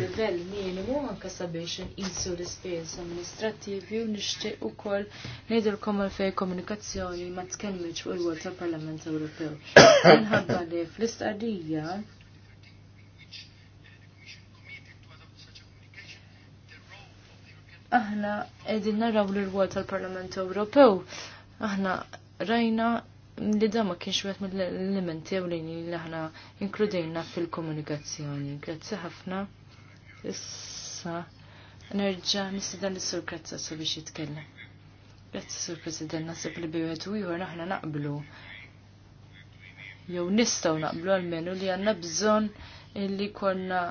Speaker 3: livell minimu anka sabiex nqisu l-ispejjeż amministrattivi u nixtieq ukoll ngħidilkom għalfejn komunikazzjoni ma tkellmitx fuq il-wol tal-Parlament Ewropew. Minħabba li fl-istqarrija aħna qegħdin naraw l-rwol tal-Parlament Ewropew. Aħna rajna li da ma kienx wieħed mill-elementi ewlieni li aħna inkludejna fil-komunikazzjoni. Grazzi ħafna. Issa nerġa' nisidan lis-Sur su sabiex jitkellem. Grazzi Sur President, naħseb li biwet u ieħor aħna naqblu. Jew nistgħu naqblu għalmenu li għandna bżonn illi konna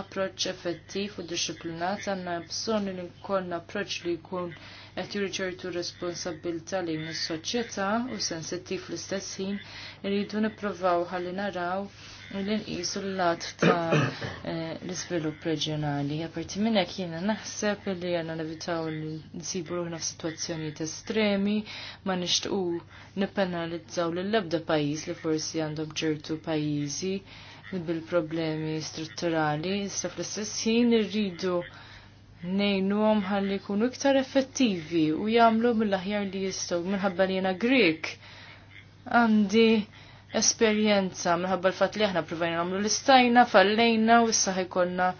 Speaker 3: approċċ effettiv u disciplinat għandna bżonn li konna approċċ li jkun qed juri ċertu responsabilità lejn is-soċjetà u sensittiv fl-istess ħin irridu nippruvaw ħalli naraw li nqisu l-lat ta' eh, l-iżvilupp reġjonali. Aparti minn hekk jiena naħseb li għandna nevitaw li nsibu ruħna f'sitwazzjonijiet estremi ma nixtqu nippenalizzaw lill-ebda pajjiż li forsi għandhom ġertu pajjiżi bil-problemi strutturali, issa fl-istess ħin irridu nejnuhom ħalli jkunu iktar effettivi u jagħmlu mill-aħjar li jistgħu minħabba li jiena Grek. Għandi esperjenza minħabba l-fatt li aħna provajna nagħmlu l-istajna, fallejna u issa konna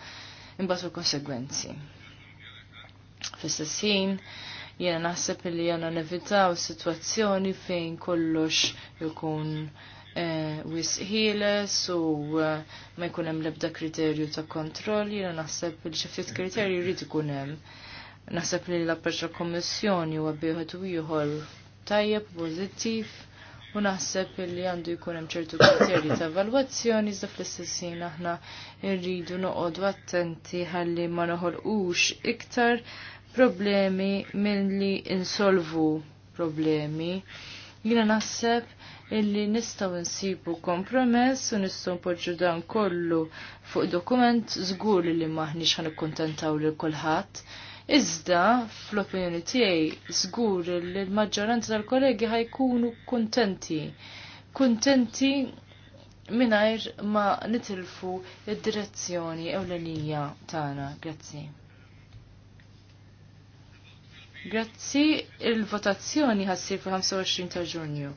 Speaker 3: imbagħad konsegwenzi. Fissessin jena naħseb li jena u situazzjoni fejn kollox jukun. Eh, wis ħieles u eh, ma jkun hemm l-ebda kriterju ta' kontroll, jiena naħseb li xi ftit kriterju jrid ikun hemm. Naħseb li l-approċċ kommissjoni huwa bieħed u ieħor tajjeb pożittiv u naħseb li għandu jkun hemm ċertu kriterji ta' evalwazzjoni iżda fl-istess ħin aħna rridu noqogħdu attenti ħalli ma noħolqux iktar problemi milli insolvu problemi. Jiena naħseb illi nistaw nsibu kompromess u nistaw npoġġu dan kollu fuq dokument zgur li maħniex ħan kontentaw lil kulħadd. Iżda, fl-opinjoni tiegħi, żgur li l-maġġoranza tal-kollegi ħajkunu kuntenti. Kuntenti mingħajr ma nitilfu id-direzzjoni l-linja tagħna. Grazzi. Grazzi, il-votazzjoni ħassir fil-25 ta' ġunju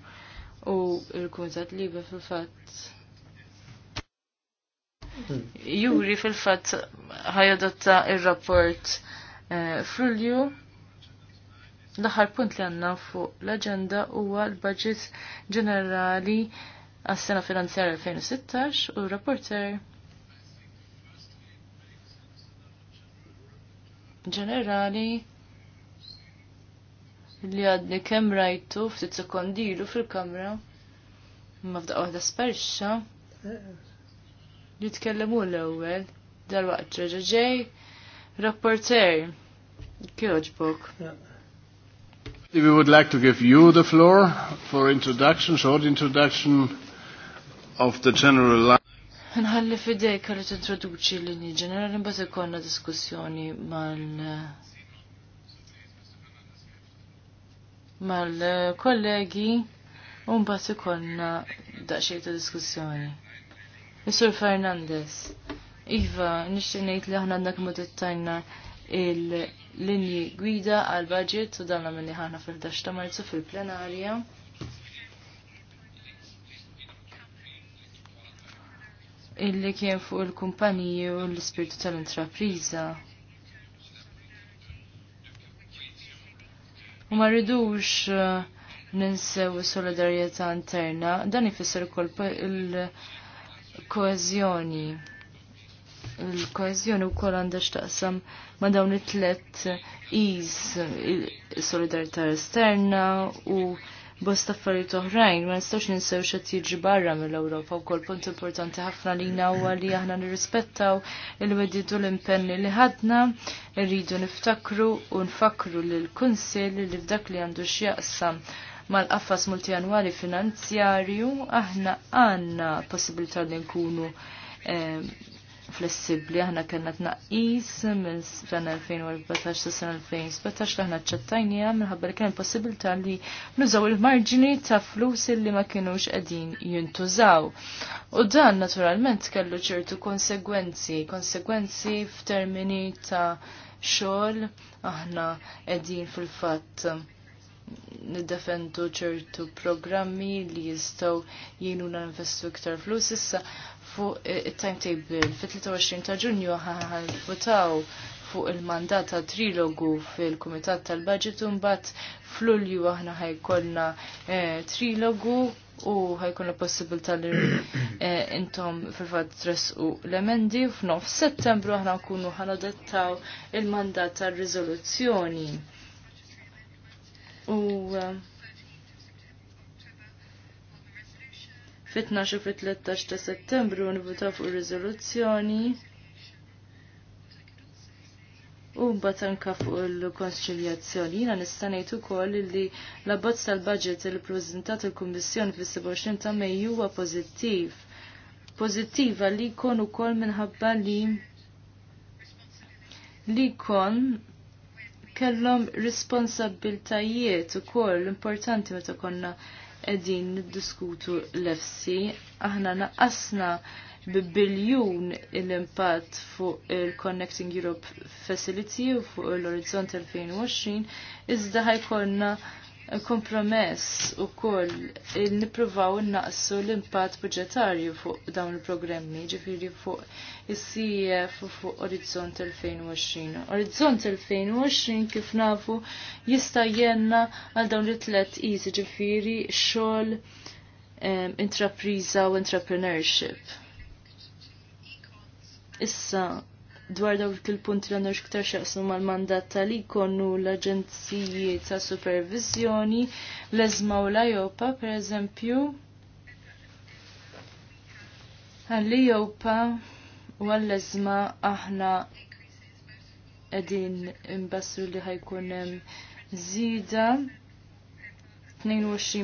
Speaker 3: u l-Kumitat Libe fil-fatt hmm. Juri fil-fatt ħajadotta il-rapport eh, Frulju l-aħħar punt li għanna fuq l-agenda huwa l-budget ġenerali għas-sena finanzjar 2016 u rapporter ġenerali li għadni kem rajtu ftit sekondilu fil-kamra. Ma f'daqqa waħda sperxa. Jitkellemu l-ewwel dal-waqt ġej. Rapporter, kjoġbok.
Speaker 2: We would like to give you the floor for
Speaker 1: introduction, short introduction of the general line.
Speaker 3: Nħalli fidej kalli t-introduċi l inni ġenerali, mbaz ikonna diskussjoni mal mal-kollegi u mbagħad ikollna daċċej ta' diskussjoni. Isur Fernandez, Iva, nixtieq ngħid li aħna għandna kemm tittajna il-linji gwida għal budget u dan minni ħana fil-11 ta' Marzu fil-plenarja. Illi kien fuq il-kumpaniji u l-ispirtu tal-intrapriża. u ma rridux uh, ninsew is-solidarjetà interna, dan ifisser ukoll il koezjoni Il-koeżjoni wkoll għandha x'taqsam ma' dawn it-tlet iż solidarjetà esterna u bosta affarijiet oħrajn, ma nistax ninsew xed jiġi barra mill-Ewropa wkoll punt importanti ħafna li huwa li aħna nirrispettaw il-wedid u l-impenni li ħadna, irridu niftakru u nfakru lill-Kunsill li f'dak li għandu x'jaqsam mal qafas multijanwali finanzjarju aħna għandna possibilità li nkunu eh, flessibli, aħna kellna tnaqqis minn sena 2014 sa sena 2017 aħna ċattajnija minħabba li kien possibilità li nużaw il-marġini ta' flus li ma kienux qegħdin jintużaw. U dan naturalment kellu ċertu konsegwenzi, konsegwenzi f'termini ta' xogħol aħna qegħdin fil-fatt niddefendu ċertu programmi li jistaw jienu investu iktar flus. Issa, fuq il-timetable fit-23 ta' ġunju ħalfutaw fuq il-mandat ta' trilogu fil-Kumitat tal-Budget mbagħad f'Lulju aħna ħajkollna eh, trilogu u ħajkollna possibilità li eh, intom fil tres u l-emendi u f'nof settembru aħna nkunu ħanadettaw il-mandat tar-riżoluzzjoni. U eh, fit-12 u fit-13 ta' settembru nivutaw fuq ir-riżoluzzjoni u mbagħad anke fuq il-konċiljazzjoni. Jiena nista' ngħid ukoll li l-abbozz tal-budget li ppreżentat il-Kummissjoni fis-27 ta' Mejju huwa pożittiv. Pożittiva li jkun ukoll minħabba li li kon kellhom responsabiltajiet ukoll importanti meta konna edin niddiskutu l-FC, aħna bil-biljun l-impatt fuq il-Connecting Europe Facility u fuq l-Orizzont 2020, iżda ħajkonna kompromess u koll nipruvaw naqsu l-impatt budgetarju fuq dawn il-programmi, ġifiri fuq il-CF u fuq Orizzont 2020. Orizzont 2020 kif nafu jista' jenna għal dawn li tlet iżi ġifiri xogħol um, u entrepreneurship. Issa dwar dawk il-punti l għandhom xiktar xaqsmu mal-mandat tal konnu l-Aġenziji ta' Supervizjoni, l-Ezma u l-Ajopa, per eżempju. Għalli jopa u għall-ezma aħna edin imbassu li ħajkunem zida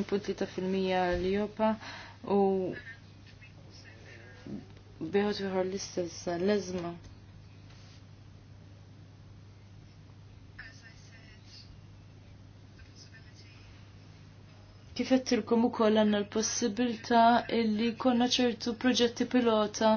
Speaker 3: punti ta' filmija l jopa u Beħot fiħor l-istess l-ezma. Kif għettilkom u koll għanna l-possibilta illi konna ċertu proġetti pilota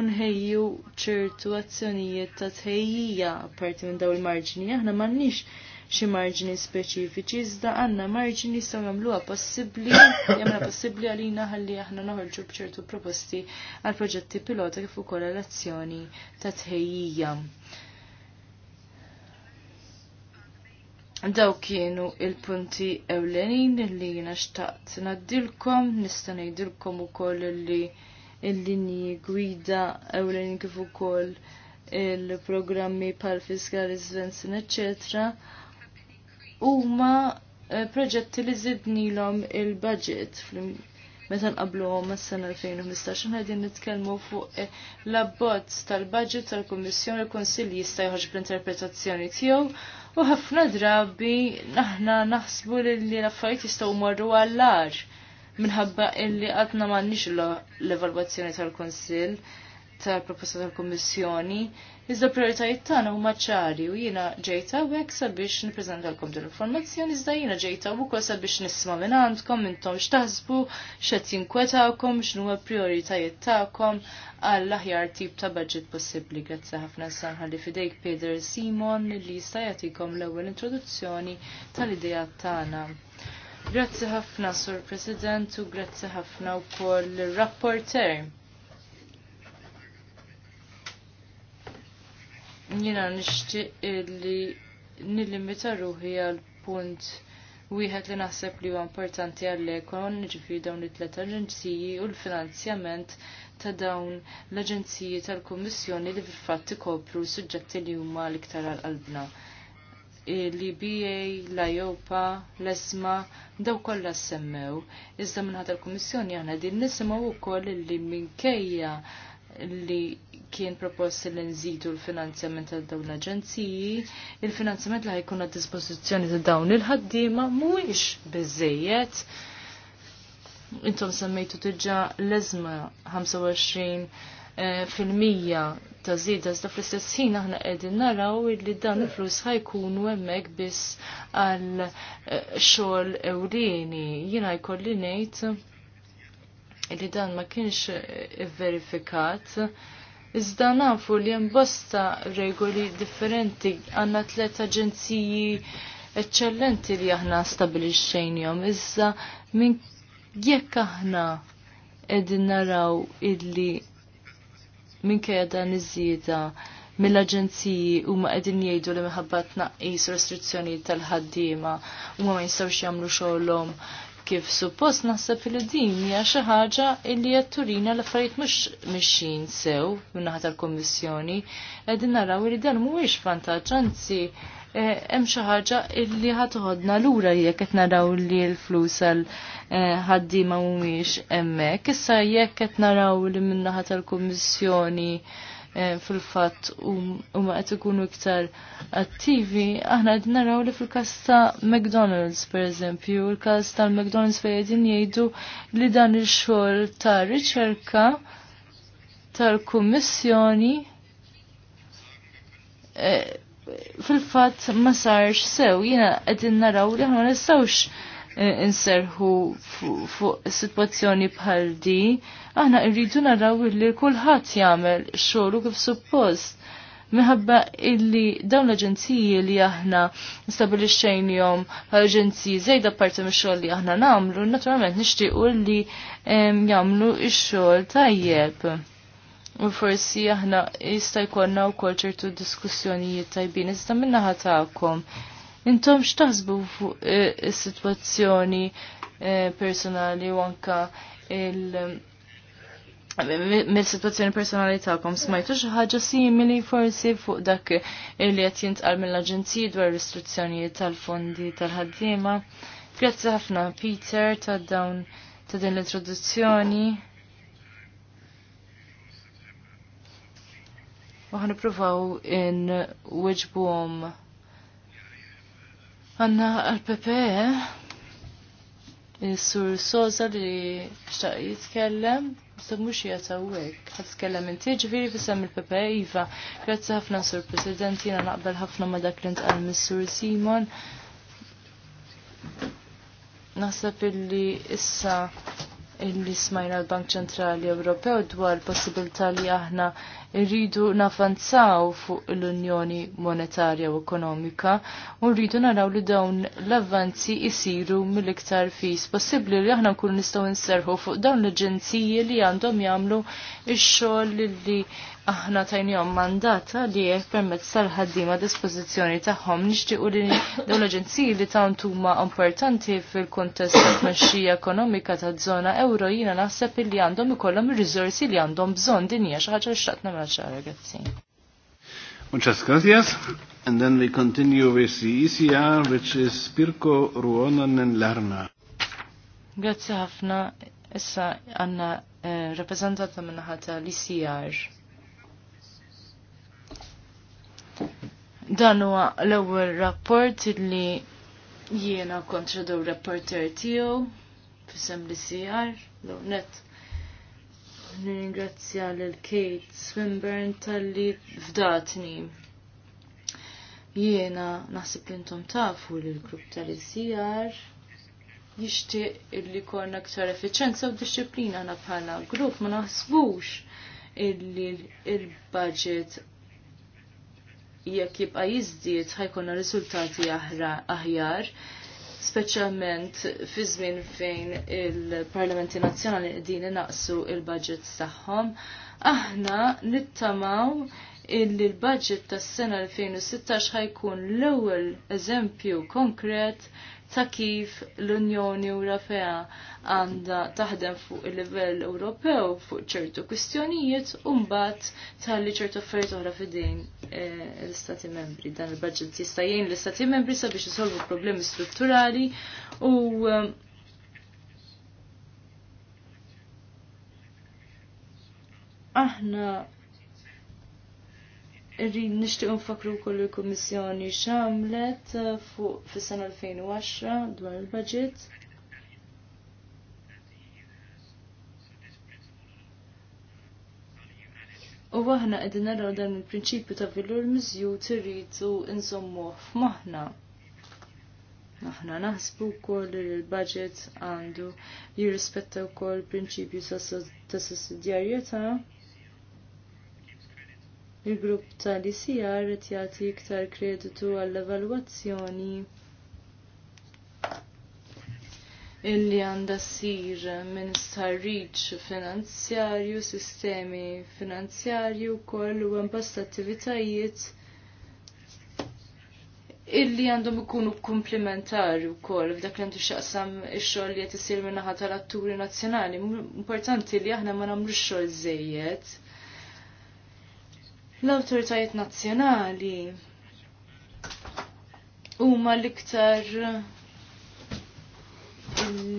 Speaker 3: unħejju ċertu azzjonijiet ta' tħejjija parti minn daw il-marġini. Aħna m'għandniex xi marġini speċifiċi, iżda għandna marġini sew jagħmluha possibbli, jagħmluha possibbli għalina ħalli aħna noħorġu b'ċertu proposti għal proġetti pilota kif ukoll l-azzjoni ta' tħejjija. Daw kienu il-punti ewlenin li jina xtaqt naddilkom, nista' ngħidilkom ukoll li il-linji gwida ewlenin kif ukoll il-programmi pal fiskali Svensson, eccetera, huma eh, proġetti li zidnilhom il-budget meta nqabluhom mas-sena 2015 ħedin nitkellmu fuq eh, l-abbozz tal-budget tal-Kummissjoni l konsilji jista' jħoġ bl-interpretazzjoni tiegħu U ħafna drabi naħna naħsbu li l-affarijiet jistgħu marru għall-ar minħabba illi għadna m'għandniex l-evalwazzjoni tal-Kunsill tal-proposta tal-Kommissjoni, iżda prioritajiet tagħna huma ċari u jiena ġejta hawnhekk sabiex nippreżentalkom din l-informazzjoni, iżda jiena ġejta wkoll sabiex nisma' minn għandkom intom x'taħsbu, x'qed jinkwetawkom, x'nu prioritajiet tagħkom għall aħjar tip ta' budget possibbli. Grazzi ħafna sanħalli fidejk Peter Simon li jista' jagħtikom l-ewwel introduzzjoni tal-idea tagħna. Grazzi ħafna, Sur President, u grazzi ħafna wkoll rapporter. Jina nishti li nillimita ruħi għal punt wieħed li naħseb li huwa importanti għall-ekon, ġifi dawn it-tlet aġenziji u l-finanzjament ta' dawn l-aġenziji tal-Kummissjoni li fil-fatt ikopru suġġetti li huma l-iktar għal-qalbna. L-IBA, l-IOPA, l-ESMA, daw kollha semmew. Iżda minnħat tal-Kummissjoni aħna din nisimgħu wkoll li minkejja li kien proposti li nżidu l-finanzjament tal dawn l-aġenziji, il-finanzjament li ħajkun għad dispożizzjoni ta' dawn il-ħaddiema mhuwiex biżejjed. Intom semmejtu diġà l-eżma 25 eh, fil-mija ta' zida zda fl-istess ħin aħna qegħdin naraw li dan il-flus ħajkunu hemmhekk biss għal eh, xogħol ewlieni. Jiena jkolli ngħid li dan ma kienx eh, verifikat Iżda nafu li hemm bosta regoli differenti għandna tliet aġenziji eċċellenti li aħna stabilixxejnhom. Iżda minn jekk aħna qegħdin naraw illi minkejja dan iż-żieda mill-aġenziji huma qegħdin jgħidu li minħabba tnaqqis restrizzjonijiet tal-ħaddiema huma ma jistgħux jagħmlu xogħolhom kif suppost naħseb fil din hija xi ħaġa li qed turina l-affarijiet mhux mixin sew min-naħa tal-Kummissjoni qegħdin naraw li dan mhuwiex vantaġġ anzi eh, hemm xi ħaġa li ħadħodna lura jekk qed naraw li l-flus għal eh, ħaddiema mhumiex hemmhekk. Issa jekk qed naraw li min-naħa tal-Kummissjoni Eh, fil-fatt um, huma qed ikunu iktar attivi, aħna għed naraw li fil-każ ta' McDonald's pereżempju, il-każ tal-McDonald's fejedin jgħidu li dan il-xol ta' riċerka tal-Kummissjoni eh, fil-fatt ma sarx sew, jiena qegħdin naraw li aħna nistawx. Eh, inserħu fuq situazzjoni bħal di, aħna irridu naraw li kulħadd jagħmel xogħlu kif suppost. Minħabba illi dawn l-aġenziji li aħna nstabilixxejnhom aġenziji żejda parti mix-xogħol li aħna nagħmlu, naturalment nixtiequ li jagħmlu x-xogħol tajjeb. U forsi aħna jista' jkollna wkoll ċertu diskussjonijiet tajbin iżda minnaħa tagħkom Intom x'taħsbu fuq eh, is-sitwazzjoni eh, personali u anka il- mill-situazzjoni personali ta'kom smajtu xi ħaġa simili forsi fuq dak li qed jintqal mill-aġenziji dwar restrizzjonijiet tal-fondi tal-ħaddiema. Grazzi ħafna Peter ta' dawn ta' din l-introduzzjoni. U provaw in wiġbuhom Għanna għal pepe il-sur Soza li xtaq jitkellem, sab mux jatawek, għat t-tkellem inti ġifiri fissam il-Pepe Iva, grazzi ħafna sur President, jina naqbel ħafna ma dak l-int għal sur Simon. Naħseb illi issa illi smajna l-Bank Ċentrali Ewropew dwar possibilità li aħna rridu nafanzaw fuq l-Unjoni Monetarja u Ekonomika u rridu naraw li dawn l-avvanzi jisiru mill-iktar fis possibbli li aħna nkunu nistgħu nserħu fuq dawn l-aġenziji li għandhom jagħmlu x-xogħol li aħna tajnijom mandata li permezz tal-ħaddima taħħom tagħhom nixtiequ li dawn l-aġenziji li taħn tuma importanti fil kontest ta' tmexxija ekonomika ta' zona euro jiena naħseb li għandhom ikollhom ir-riżorsi li għandhom bżonn din hija xi ħaġa li xtaqt nagħmel ċara
Speaker 1: Muchas gracias. And then we continue with the ECR,
Speaker 2: which is Pirko Ruona Larna.
Speaker 3: Grazie ħafna. Issa għanna eh, rappresentata minnaħata l-ECR. Dan huwa l-ewwel rapport li jiena kontra daw rapporter tiegħu f'isem li CR l-net. Nirringrazzja lil Kate Swinburne tal-li fdatni. Jiena naħseb li intom tafu li l-grupp tal-CR jixtieq illi korna aktar effiċenza u disċiplina na bħala grupp ma naħsbux illi il-budget jekk jibqa' jiżdied ħajkonna riżultati aħjar speċjalment fi żmien fejn il-Parlamenti Nazzjonali qegħdin inaqsu il-budgets tagħhom, aħna nittamaw illi l-budget tas-sena 2016 ħajkun l-ewwel eżempju konkret ta' kif l-Unjoni Ewropea għandha taħdem fuq il-livell Ewropew fuq ċertu kwistjonijiet u mbagħad li ċertu affarijiet oħra fidejn eh, l-Istati Membri. Dan il-budget jista' jgħin l-Istati Membri sabiex isolvu problemi strutturali u eh, aħna Irrid nishtiq nfakru wkoll il-Kummissjoni x'għamlet uh, fuq fis-sena 2010 dwar il-budget. U aħna qegħdin naraw dan il-prinċipju ta' vilur miżjud irridu insommuh f'moħħna. Aħna naħsbu wkoll li l-budget għandu jirrispetta wkoll prinċipju ta' sussidjarjetà. Ta il-grupp tal-ICR qed jagħti iktar kreditu għall-evalwazzjoni illi għandha ssir minn starriċ finanzjarju, sistemi finanzjarju wkoll u hemm bosta attivitajiet illi għandhom ikunu komplementari u koll f'dak li għandu xaqsam ix-xogħol li qed isir min-naħa tal-atturi nazzjonali. Importanti li aħna ma nagħmlux xogħol żejjed l-autoritajiet nazzjonali huma l-iktar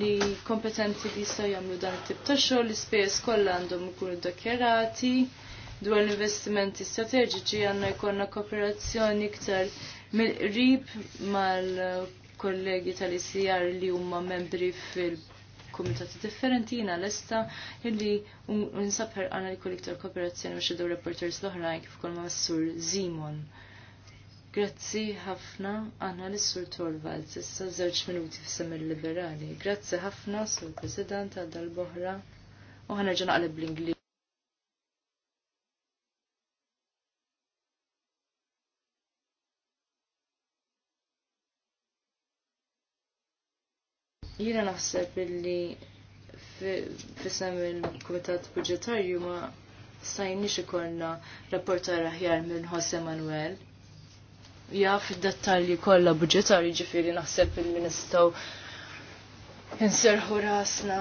Speaker 3: li kompetenti li jistgħu jagħmlu dan it-tip ta' xogħol, l-ispejjeż kollha għandhom ikunu ddakjarati dwar l-investimenti strateġiċi għandna jkollna kooperazzjoni iktar mill-qrib mal-kollegi tal-ICR li huma membri fil- kumitati differenti jina l-esta illi unsabħer għana li kolliktar kooperazzjoni biex id reporters l-oħrajn kif kol ma' Zimon. Grazzi ħafna għana l-sur Torvald, issa zewċ minuti f-semmer liberali Grazzi ħafna sur President għadda dal bohra u ħana għalib l Jiena naħseb illi fissem il-Kumitat Budgetarju ma stajniex ikollna rapportar aħjar minn Jose Manuel. Ja fil dettalji kollha budgetarju ġifiri naħseb il ministaw inserħu rasna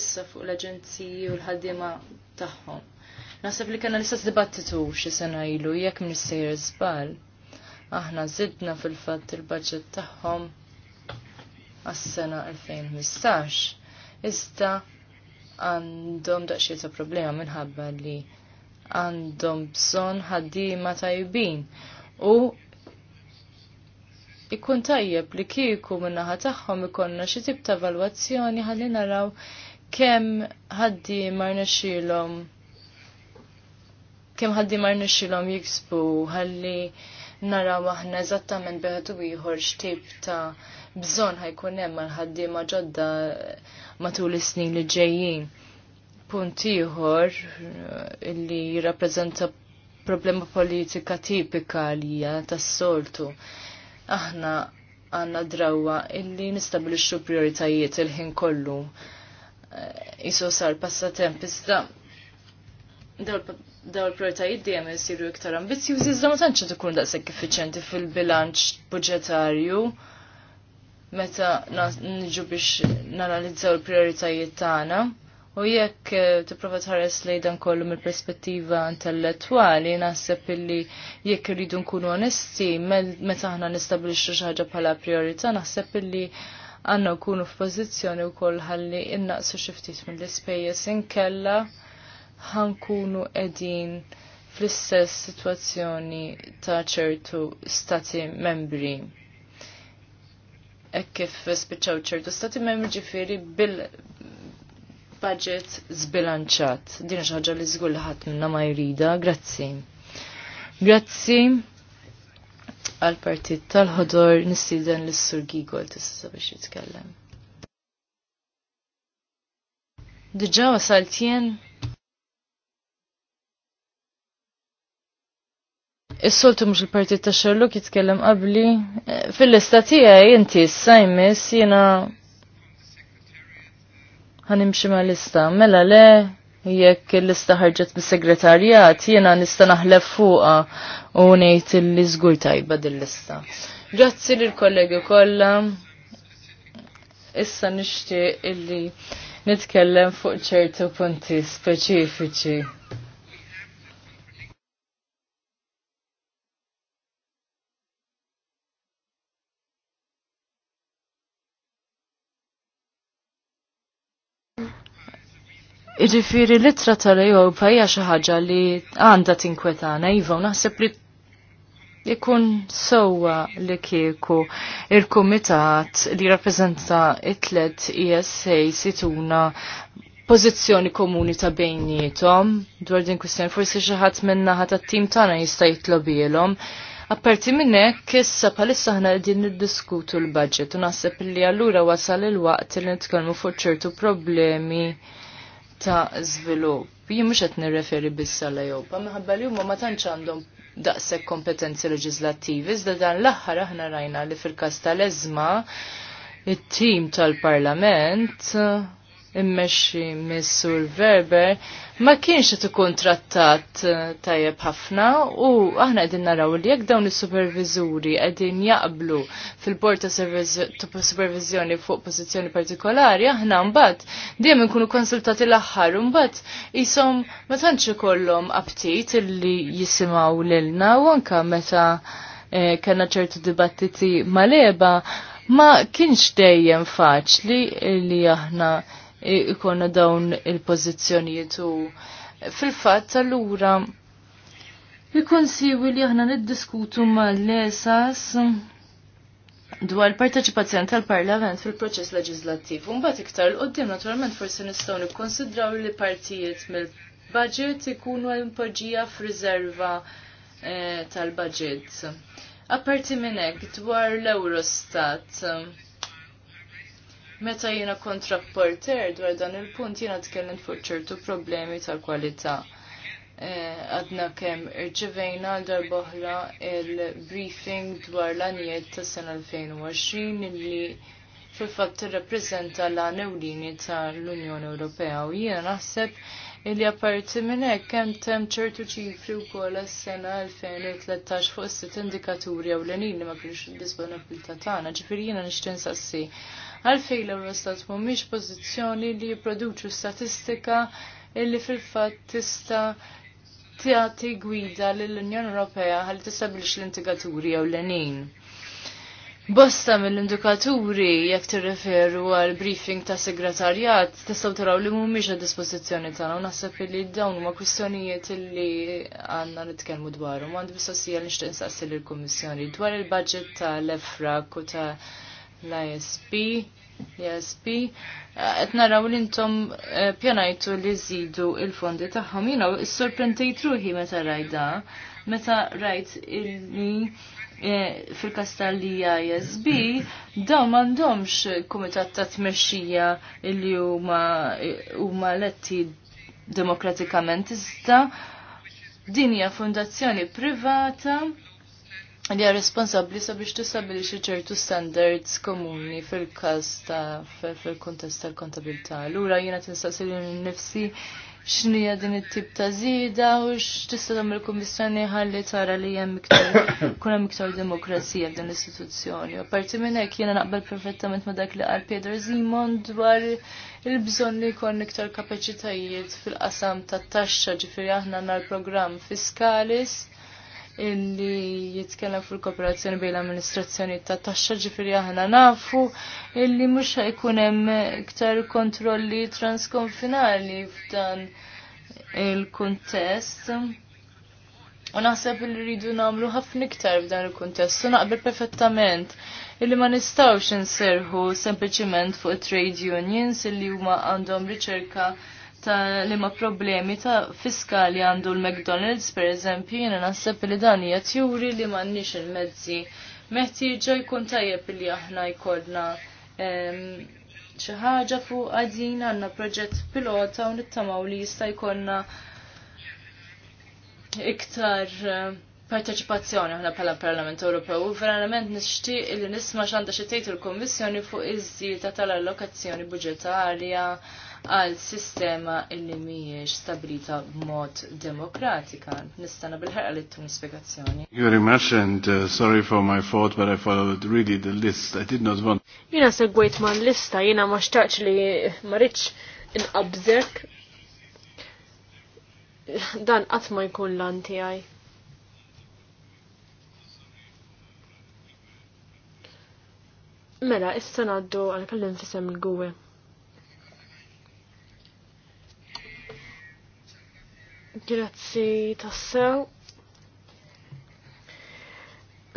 Speaker 3: issa fuq l-aġenziji u l-ħaddima tagħhom. Naħseb li kena l istat dibattitu xi sena ilu jekk minn sejr żball aħna zidna fil-fatt il-budget tagħhom għas-sena 2015. Iżda għandhom daqsxejn ta' problema minħabba li għandhom bżonn ħaddiema tajbin u ikun tajjeb li kieku minnaħa tagħhom ikonna xi tip ta' valwazzjoni ħalli naraw kemm ħaddiema rnexxielhom kemm ħaddiema rnexxielhom jiksbu ħalli naraw aħna eżattament beħat iħor ieħor x'tip ta' bżon ħajkun hemm għal ħaddiema ġodda matul is-snin li ġejjin. Punt ieħor eh, illi jirrappreżenta problema politika tipika li hija tas-soltu. Aħna għanna drawa illi nistabilixxu prioritajiet il-ħin kollu. Eh, Isu sar passatemp iżda daw il-prioritajiet dejjem isiru iktar ambizju iżda ma tantx ikun daqshekk effiċjenti fil-bilanċ budġetarju meta niġu biex nanalizzaw il-prioritajiet tagħna. U jekk eh, tipprova tħares lej dan kollu mill-perspettiva intellettwali, naħseb illi jekk irridu nkunu onesti, meta aħna nistabilixxu xi ħaġa bħala priorità, naħseb illi għandna nkunu f'pożizzjoni wkoll ħalli innaqsu xi ftit mill-ispejjeż inkella. kella ħankunu edin fl-istess situazzjoni ta' ċertu stati membri. E kif spiċċaw ċertu stati membri ġifiri bil budget zbilanċat. Dina xaġa li zgull ħat minna ma jrida. Grazzi. Grazzi għal partit tal-ħodor nistiden l-Sur Gigol tista' biex jitkellem. Dġa wasalt Is-soltu mhux il-partit ta' Sherlock jitkellem qabli. E, fil-lista tiegħi inti s-sajmis jiena ħanimxi ma' lista. Mela le, jekk il-lista ħarġet bis-segretarjat jiena nista' naħlef fuqa u ngħid li żgur tajba dil-lista. Grazzi lill-kollegi kollha. Issa nixtieq illi nitkellem fuq ċertu punti speċifiċi. Iġifiri litra tal-Ewropa hija xi ħaġa li għandha tinkwetana iva u naħseb li ikun sewwa li kieku il-kumitat li rappreżenta it-tlet ESA situna pożizzjoni komuni ta' bejnietom dwar din kwistjoni forsi xi ħadd minnaħa tat-tim tagħna jista' jitlobilhom. Apparti minnek, kissa palissa ħna din niddiskutu l-budget u naħseb li allura wasal il-waqt li nitkellmu fuq ċertu problemi ta' żvilupp. Jien mhux qed nirreferi biss għal Ewropa, minħabba li huma ma tantx għandhom daqshekk kompetenzi leġislattivi, iżda dan l-aħħar aħna rajna li fil-każ tal-eżma it-tim tal-Parlament immexxi mis-Sur Verber ma kienx qed ikun trattat eh, tajjeb ħafna u aħna qegħdin naraw li jekk dawn is-superviżuri qegħdin jaqblu fil-bord ta' supervizjoni fuq pożizzjoni partikolari aħna mbagħad dejjem inkunu konsultati l-aħħar u mbagħad ishom ma tantx ikollhom aptit illi jisimgħu lilna u anke meta eh, kellna ċertu dibattiti mal leba ma kienx dejjem faċli li aħna ikonna dawn il-pozizjonijiet u fil-fatt allura ikun siwi li aħna niddiskutu mal esas dwar parteċipazzjoni tal-Parlament fil-proċess leġislattiv. Mbagħad iktar l qoddim naturalment forsi nistgħu nikkonsidraw li partijiet mill-budget ikunu impoġġija f'riserva eh, tal-budget. Apparti minn hekk dwar l-Eurostat Meta jiena kontrapporter dwar dan il-punt jiena tkellem fuq ċertu problemi tal kwalità. Eh, għadna kemm irċivejna darboħra il-briefing dwar l-anijiet ta' sena 2020 li fil-fatt rappresenta l-għan ewlini ta' l-Unjoni Ewropea u jiena naħseb illi apparti minn hekk kemm tem ċertu ċifri wkoll kol sena 2013 fuq s-sit indikaturi ewlenin li ma kienx ta' tagħna, ġifieri jiena nixtieq sassi għalfej l-Eurostat mhumiex pożizzjoni li jipproduċu statistika illi fil-fatt tista' tagħti gwida lill-Unjoni Ewropea ħalli tistabilix l-indikaturi jew l-għenin. Bosta mill-indikaturi jekk tirreferu għal briefing ta' segretarjat tistgħu taraw li mhumiex għad dispożizzjoni tagħna u naħseb li dawn huma kwistjonijiet li għandna nitkellmu dwarhom. Għandi mistoqsija li nixtieq insaqsi lill-Kummissjoni dwar il-budget tal-EFRAK u ta' l-ISP, l-ISP, għet eh, naraw li intom eh, pjanajtu li zidu il-fondi taħħom, jina, sorprentejt ruħi meta rajda, meta rajt illi eh, fil li ISB, daw mandomx kumitat ta' tmexxija li huma letti demokratikament iżda din hija fundazzjoni privata li għar responsabli sabiex tistabili ċertu standards komuni fil-kas ta' fil-kontest tal-kontabilità. Lura jena tinstaqsi li nifsi x'ni din it-tip ta' zida u x'tista' tagħmel il komissjoni ħalli tara li hemm iktar kuna miktar demokrazija f'din l-istituzzjoni. Apparti minn hekk jiena naqbel perfettament ma' dak li qal Pedro Zimon dwar il-bżonn li kon miktar kapaċitajiet fil-qasam tat-taxxa ġifieri aħna nar programm fiskalis illi jitkellem fuq kooperazzjoni bejn l-amministrazzjoni ta' taxxa ġifieri aħna nafu illi mhux ħajkun hemm iktar kontrolli transkonfinali f'dan il-kuntest. U naħseb li rridu nagħmlu ħafna iktar f'dan il-kuntest u naqbel perfettament illi ma nistgħux inserħu sempliċiment fuq trade unions illi huma għandhom riċerka ta' li ma' problemi ta' fiskali għandu l-McDonald's, per eżempju, jena nasib li dan hija juri li ma' nix il-mezzi. ġo jkun tajjeb li aħna jkollna ehm, xi ħaġa fuq għadin għandna proġett pilota u nittamaw li jista' jkollna iktar parteċipazzjoni aħna bħala Parlament Ewropew u verament nixtieq li nisma' x'għandha xi tgħid il-Kummissjoni fuq iż-żieda tal-allokazzjoni budġetarja għal sistema illi mhijiex stabilita b'mod demokratika. Nistana bil-ħarqa li tkun spjegazzjoni.
Speaker 1: very much and uh, sorry for my fault but I followed really the list. I did not want. Jiena segwejt ma' lista jiena ma xtaqx li ma rridx inqabżek. Dan qatt ma jkun lan tiegħi. Mela, issa naddu għal kallin fisem il-gwe. Grazzi tassew.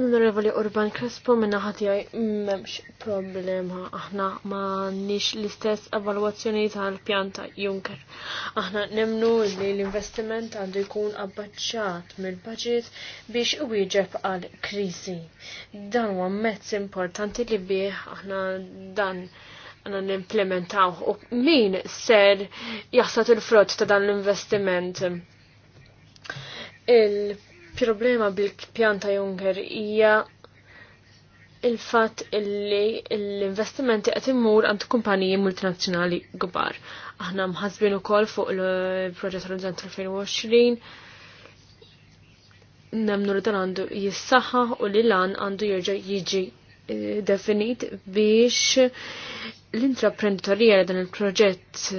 Speaker 1: L-Onorevoli Urban Crespo minna ħatijaj memx problema. Aħna ma nix l-istess evalwazzjoni tal-pjanta Juncker. Aħna nemnu li l-investiment għandu jkun abbaċċat mill-budget biex u jġeb għal krizi. Dan huwa mezz importanti li bih aħna dan għanna n-implementaw. U min ser jaħsat il-frott ta' dan l-investiment? il Il-problema bil-pjanta Juncker hija il-fat illi l-investimenti qed immur għand kumpaniji multinazzjonali kbar. Aħna mħasbin ukoll fuq il-proġett Horizon 2020 nemnu li dan għandu jissaħħa u li lan għandu jerġa' jiġi eh, definit biex l-intraprenditorija li dan il-proġett eh,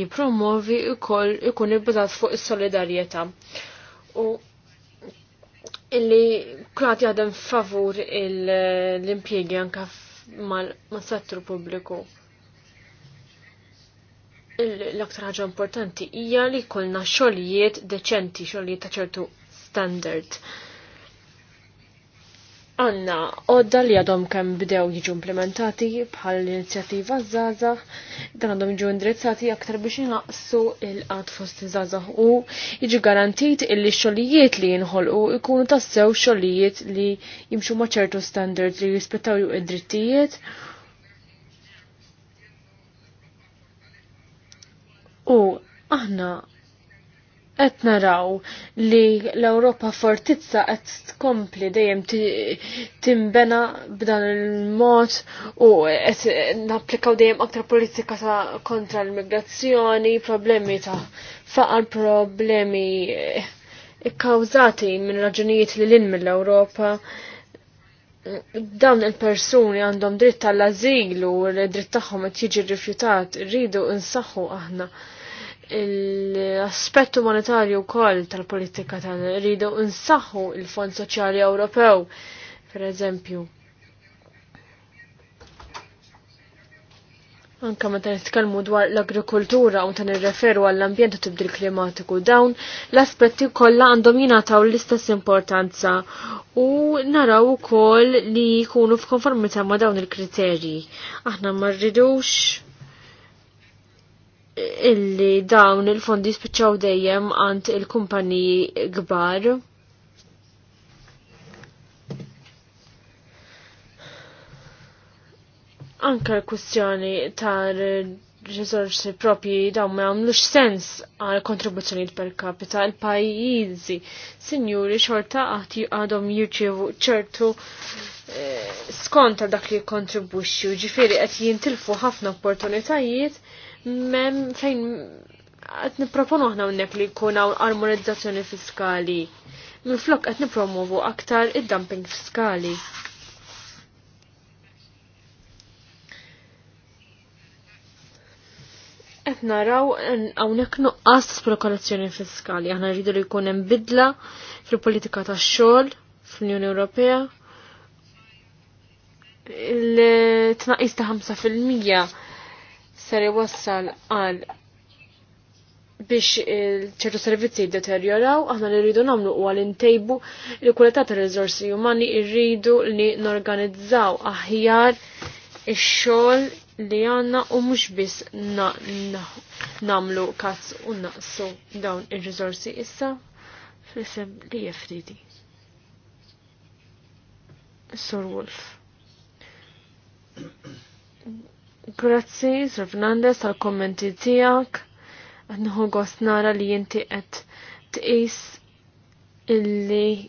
Speaker 1: jipromovi ukoll ikun ibbażat fuq is-solidarjetà. U illi kulħat jaħdem favur l-impjiegi anke mas-settru pubbliku. L-aktar ħaġa importanti hija li kollna xogħlijiet deċenti, xogħlijiet ta' ċertu standard. Anna odda li għadhom kemm bdew jiġu implementati bħal l-inizjattiva Zaza, dan għadhom jiġu indirizzati aktar biex inaqsu il qat fost Zaza u jiġi garantit illi xogħlijiet li jinħolqu ikunu tassew xogħlijiet li jimxu ma' ċertu standards li jispettaw id-drittijiet u aħna qed naraw li l-Ewropa fortizza qed tkompli dejjem timbena b'dan il-mod u qed napplikaw dejjem aktar politika ta' kontra l-migrazzjoni, problemi ta' faqar problemi eh, kkawżati minn raġunijiet li lin mill-Ewropa dawn il-persuni għandhom dritt tal-azilu, dritt tagħhom qed jiġi rrifjutat, rridu nsaħħu aħna l aspettu monetarju wkoll tal-politika tagħna rridu nsaħħu il-Fond Soċjali Ewropew, pereżempju. Anka meta nitkellmu dwar l-agrikoltura u ta' nirreferu għall-ambjent u tibdil klimatiku dawn, l-aspetti kollha għandhom jingħataw l-istess importanza u naraw ukoll li jkunu f'konformità ma' dawn il-kriterji. Aħna ma rridux illi dawn il-fondi spiċċaw dejjem għand il-kumpaniji kbar. Anka l-kwestjoni tar risorsi propji dawn ma għamlux sens għal kontribuzzjonijiet per capita l pajjiżi sinjuri xorta għati għadhom jirċievu ċertu eh, skont dak li kontribwixxu ġifieri qed jintilfu ħafna opportunitajiet mem fejn għat niproponu ħna unnek li kuna armonizzazzjoni fiskali. minflok flok għat nipromovu aktar id-dumping fiskali. Qed naraw hawnhekk nuqqas spekulazzjoni fiskali, aħna rridu li jkun hemm bidla fil-politika tax-xogħol fl-Unjoni Ewropea. il tnaqis ta' 5 ser jwassal għal biex ċertu servizzi deterjoraw, aħna li rridu namlu u għal intejbu li kulletat ta' rizorsi umani irridu li norganizzaw aħjar ix-xogħol li għanna u mhux biss na, na, namlu kazz u naqsu dawn ir rizorsi issa fl-isem li jefridi. Sir Wolf. Grazzi, Sir Fernandez, tal-kommenti tijak. Nħu gost nara li jinti qed tqis illi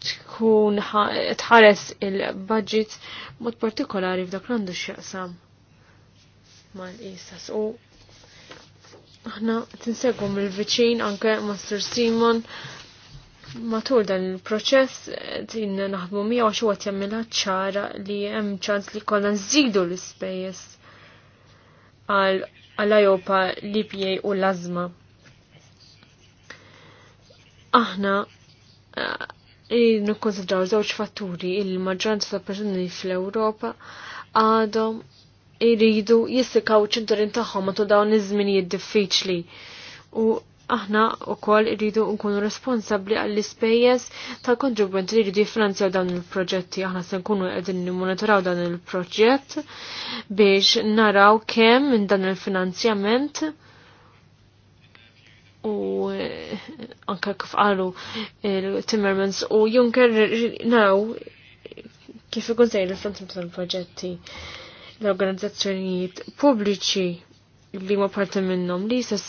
Speaker 1: tkun tħares il-budget mod partikolari f'dak l għandu x'jaqsam mal-qisas. U aħna tinsegwu mill-viċin anke Master Simon matul dan il-proċess tin naħdmu miegħu xi għat jagħmilha ċara li hemm ċans li kollha nżidu l-ispejjeż għal-Ajopa, l-IPA u l-Azma. Aħna eh, nikkonsidraw żewġ fatturi il-maġġoranza ta' persuni fl-Ewropa għadhom iridu jissikaw ċinturin tagħhom matul dawn iż-żminijiet diffiċli u aħna u koll irridu nkunu responsabli għall-ispejjeż tal-kontribwenti li jridu jiffinanzjaw dawn il-proġetti. Aħna se nkunu qegħdin nimmonitoraw dan il-proġett biex naraw kemm minn dan il-finanzjament u eh, anke kif qalu Timmermans u Juncker naraw kif ikun sejn il-finanzjament tal-proġetti l-organizzazzjonijiet pubbliċi l ma parti minnom li jisas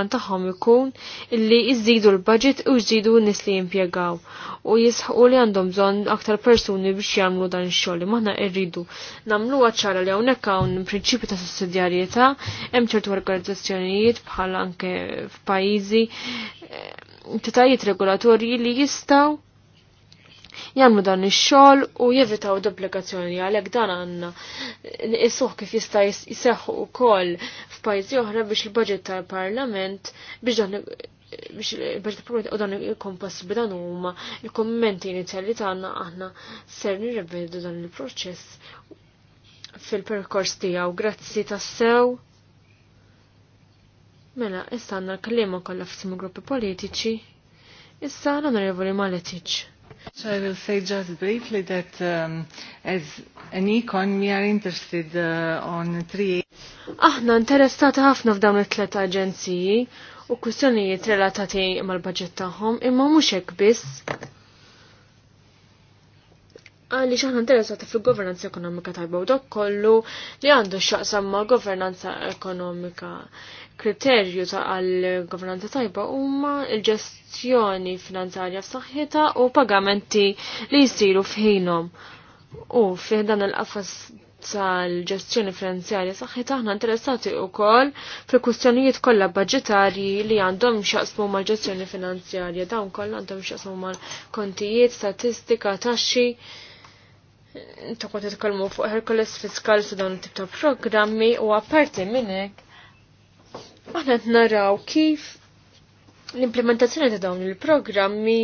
Speaker 1: an taħħam ikun li jizzidu l-budget u jizzidu n-nis li jimpiegaw u jisħu li għandhom zon aktar personi biex jamlu dan xogħol maħna irridu namlu għacċara li hawnhekk hawn prinċipju ta' sussidjarjetà hemm ċertu organizzazzjonijiet bħal anke f'pajjiżi eh, tajiet regolatorji li jistaw Jammu dan ix-xogħol u jevitaw duplikazzjoni għalhekk dan għandna nqisuh kif jista' jseħħu wkoll f'pajjiżi oħra biex il-budget tal-Parlament biex dan biex il-budget tal-Parlament u dan ikun possibbli dan huma il-kummenti inizjali tagħna aħna ser nirrevedu dan il-proċess fil-perkors tiegħu. Grazzi tassew. Mela, issa għandna l-kallima kollha f'sim gruppi politiċi. Issa l-Onorevoli Maletic. So I will say just briefly that um, as an econ we are interested uh, on three. Aħna interessati ħafna f'dawn it-tlet aġenziji u kwistjonijiet relatati mal-budget tagħhom imma mhux hekk biss. Għalli xaħna interessati fil-governanza ekonomika tajba u kollu li għandu xaqsam ma' governanza ekonomika kriterju ta' għal-governanza tajba huma il-ġestjoni finanzarja f'saħħitha u pagamenti li jsiru f'ħinhom. U fih dan il-qafas tal-ġestjoni finanzjarja saħħitha aħna interessati wkoll fil kustjonijiet kollha budġetarji li għandhom x'jaqsmu mal-ġestjoni finanzjarja dawn kollha għandhom x'jaqsmu mal-kontijiet, statistika, taxxi ta' kont titkellmu fuq Hercules fiskal su dawn it-tip ta' programmi u apparti minn hekk Aħna naraw kif l-implementazzjoni ta' dawn il-programmi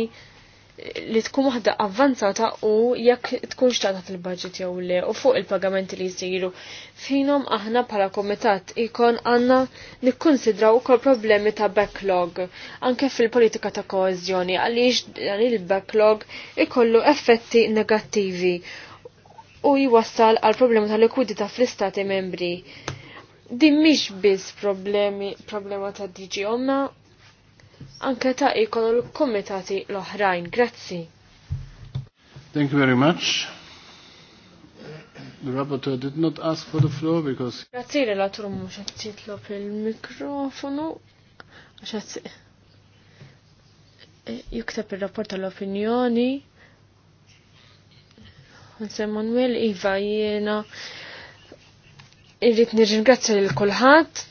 Speaker 1: li tkun waħda avvanzata u jekk tkun xtata fil-budget jew le u fuq il-pagamenti li jsiru finhom aħna bħala komitat ikon għandna nikkonsidraw ukoll problemi ta' backlog anke fil-politika ta' koeżjoni għaliex dan il-backlog ikollu effetti negattivi u jwassal għal problemi ta' likwidità fl-istati membri din mhix biz problemi problema ta' diġi Omna, anke ta' ikon l-komitati l-oħrajn. Grazzi. Thank you very much. The rapporteur did not ask for the floor because... Grazie, relatur mux għattitlo il-mikrofonu. Għaxat eh, Jukta il rapporta l opinjoni Għanse Manuel Iva jena irrit nirringrazzja lil kulħadd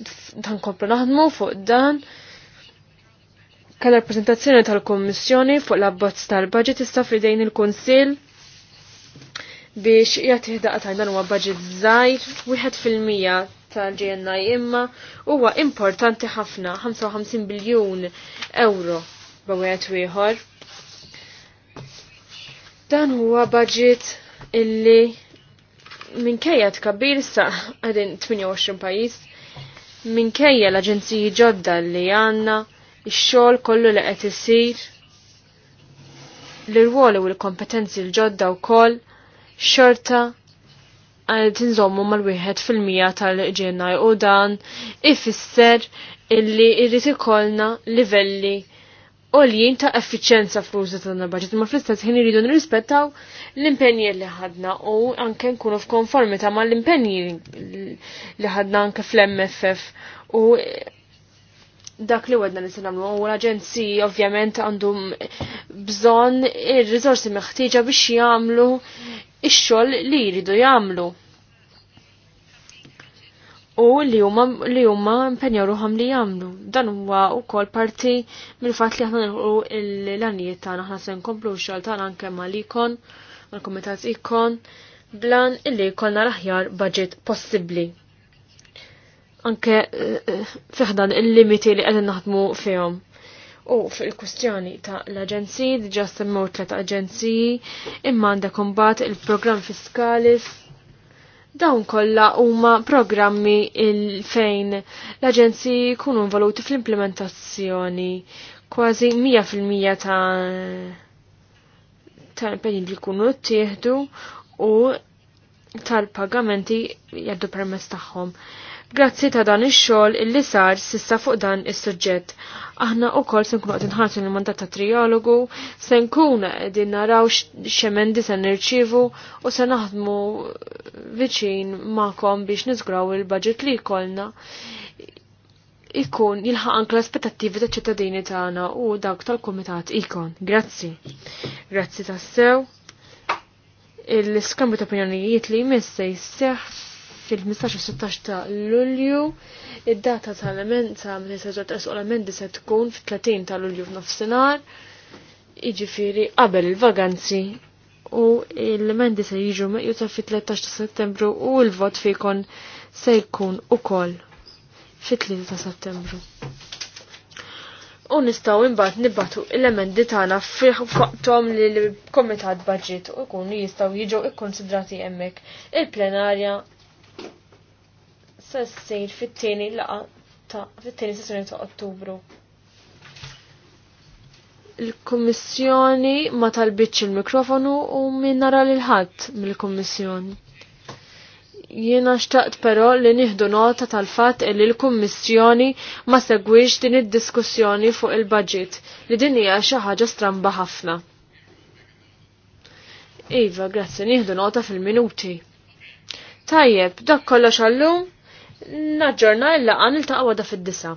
Speaker 1: dan komplu naħdmu fuq dan. Kalla rappresentazzjoni tal-Kommissjoni fuq l-abbozz tal-budget issa fidejn il-Kunsill biex jagħti ħdaq ta' dan huwa budget żgħir, wieħed fil-mija tal-GNI imma huwa importanti ħafna 55 biljun euro b'wieħed ieħor. Dan huwa budget illi minkejja tkabbir sa għadin 28 pajis, minkejja l-aġenziji ġodda li għanna, il xogħol kollu li qed isir, l-irwoli u l-kompetenzi l-ġodda wkoll xorta għal tinżommu mal-wieħed fil-mija tal-ġenna u dan ifisser illi irrid ikollna livelli għoljien ta' effiċenza fl-użu tal-budget, ma fl-istess ħin iridu nirrispettaw l-impenji li ħadna u anke nkunu f'konformità ma l-impenji li ħadna anke fl-MFF u dak li għedna nisin għamlu u l-agenzi ovvjament għandhom bżon il-rizorsi meħtieġa biex jagħmlu ix-xogħol li jridu jagħmlu u li huma li huma impenjaw ruhom li jagħmlu. Dan huwa wkoll parti mill-fatt li aħna nħu l-għanijiet tagħna aħna se nkomplu x-xogħol tagħna anke mal-ikon, mal-kumitat ikon, blan illi jkollna l-aħjar budget possibbli. Anke eh, eh, fiħdan il-limiti li qegħdin naħdmu fihom. U fil-kustjoni ta' l-aġenziji, diġa semmew tlet aġenziji, imma għandek imbagħad il-programm fiskalis Dawn kollha huma programmi il fejn l aġenzi jkunu involuti fl-implementazzjoni kważi 100% ta' tal-impegni li jkunu ttieħdu u tal-pagamenti jaddu permess tagħhom. Grazzi ta' dan ix-xogħol illi sar sissa fuq dan is-suġġett. Aħna wkoll se nkunu qed inħarsu l-mandat ta' triologu, se nkun qegħdin naraw x'emendi se nirċievu u se naħdmu viċin magħkom biex niżgraw il-budget li jkollna ikun jilħaq anke l-aspettattivi ta' ċittadini tagħna u dawk tal-kumitat ikon. Grazzi. Grazzi tassew. Il-skambju ta' opinjonijiet li jmiss se jisseħħ fil-15-16 ta' Lulju, id-data tal ament ta' minn seġġat esolamenti se tkun fit-30 ta' Lulju f'nofsinhar, jiġifieri qabel il-vaganzi u l-emendi se jiġu ta' fit-13 ta' Settembru u l-vot fikon se jkun ukoll fit-3 ta' Settembru u nistaw imbat nibbatu l-emendi tagħna faqtom li l-komitat budget u kun jistaw jiġu ikkonsidrati hemmhekk il-plenarja se ssir fit-tieni laqa ta' fit-tieni sessjoni ta' Ottubru. Il-Kummissjoni ma talbitx il-mikrofonu u min nara lil ħadd mill-Kummissjoni. Jiena xtaqt però li nieħdu nota tal-fatt li l-Kummissjoni ma segwix din id-diskussjoni fuq il-budget li din hija xi ħaġa stramba ħafna. Iva, grazzi, nieħdu nota fil-minuti. Tajjeb, dak kollox għallum? naġġorna illa għan il-taqwa da fid-disa.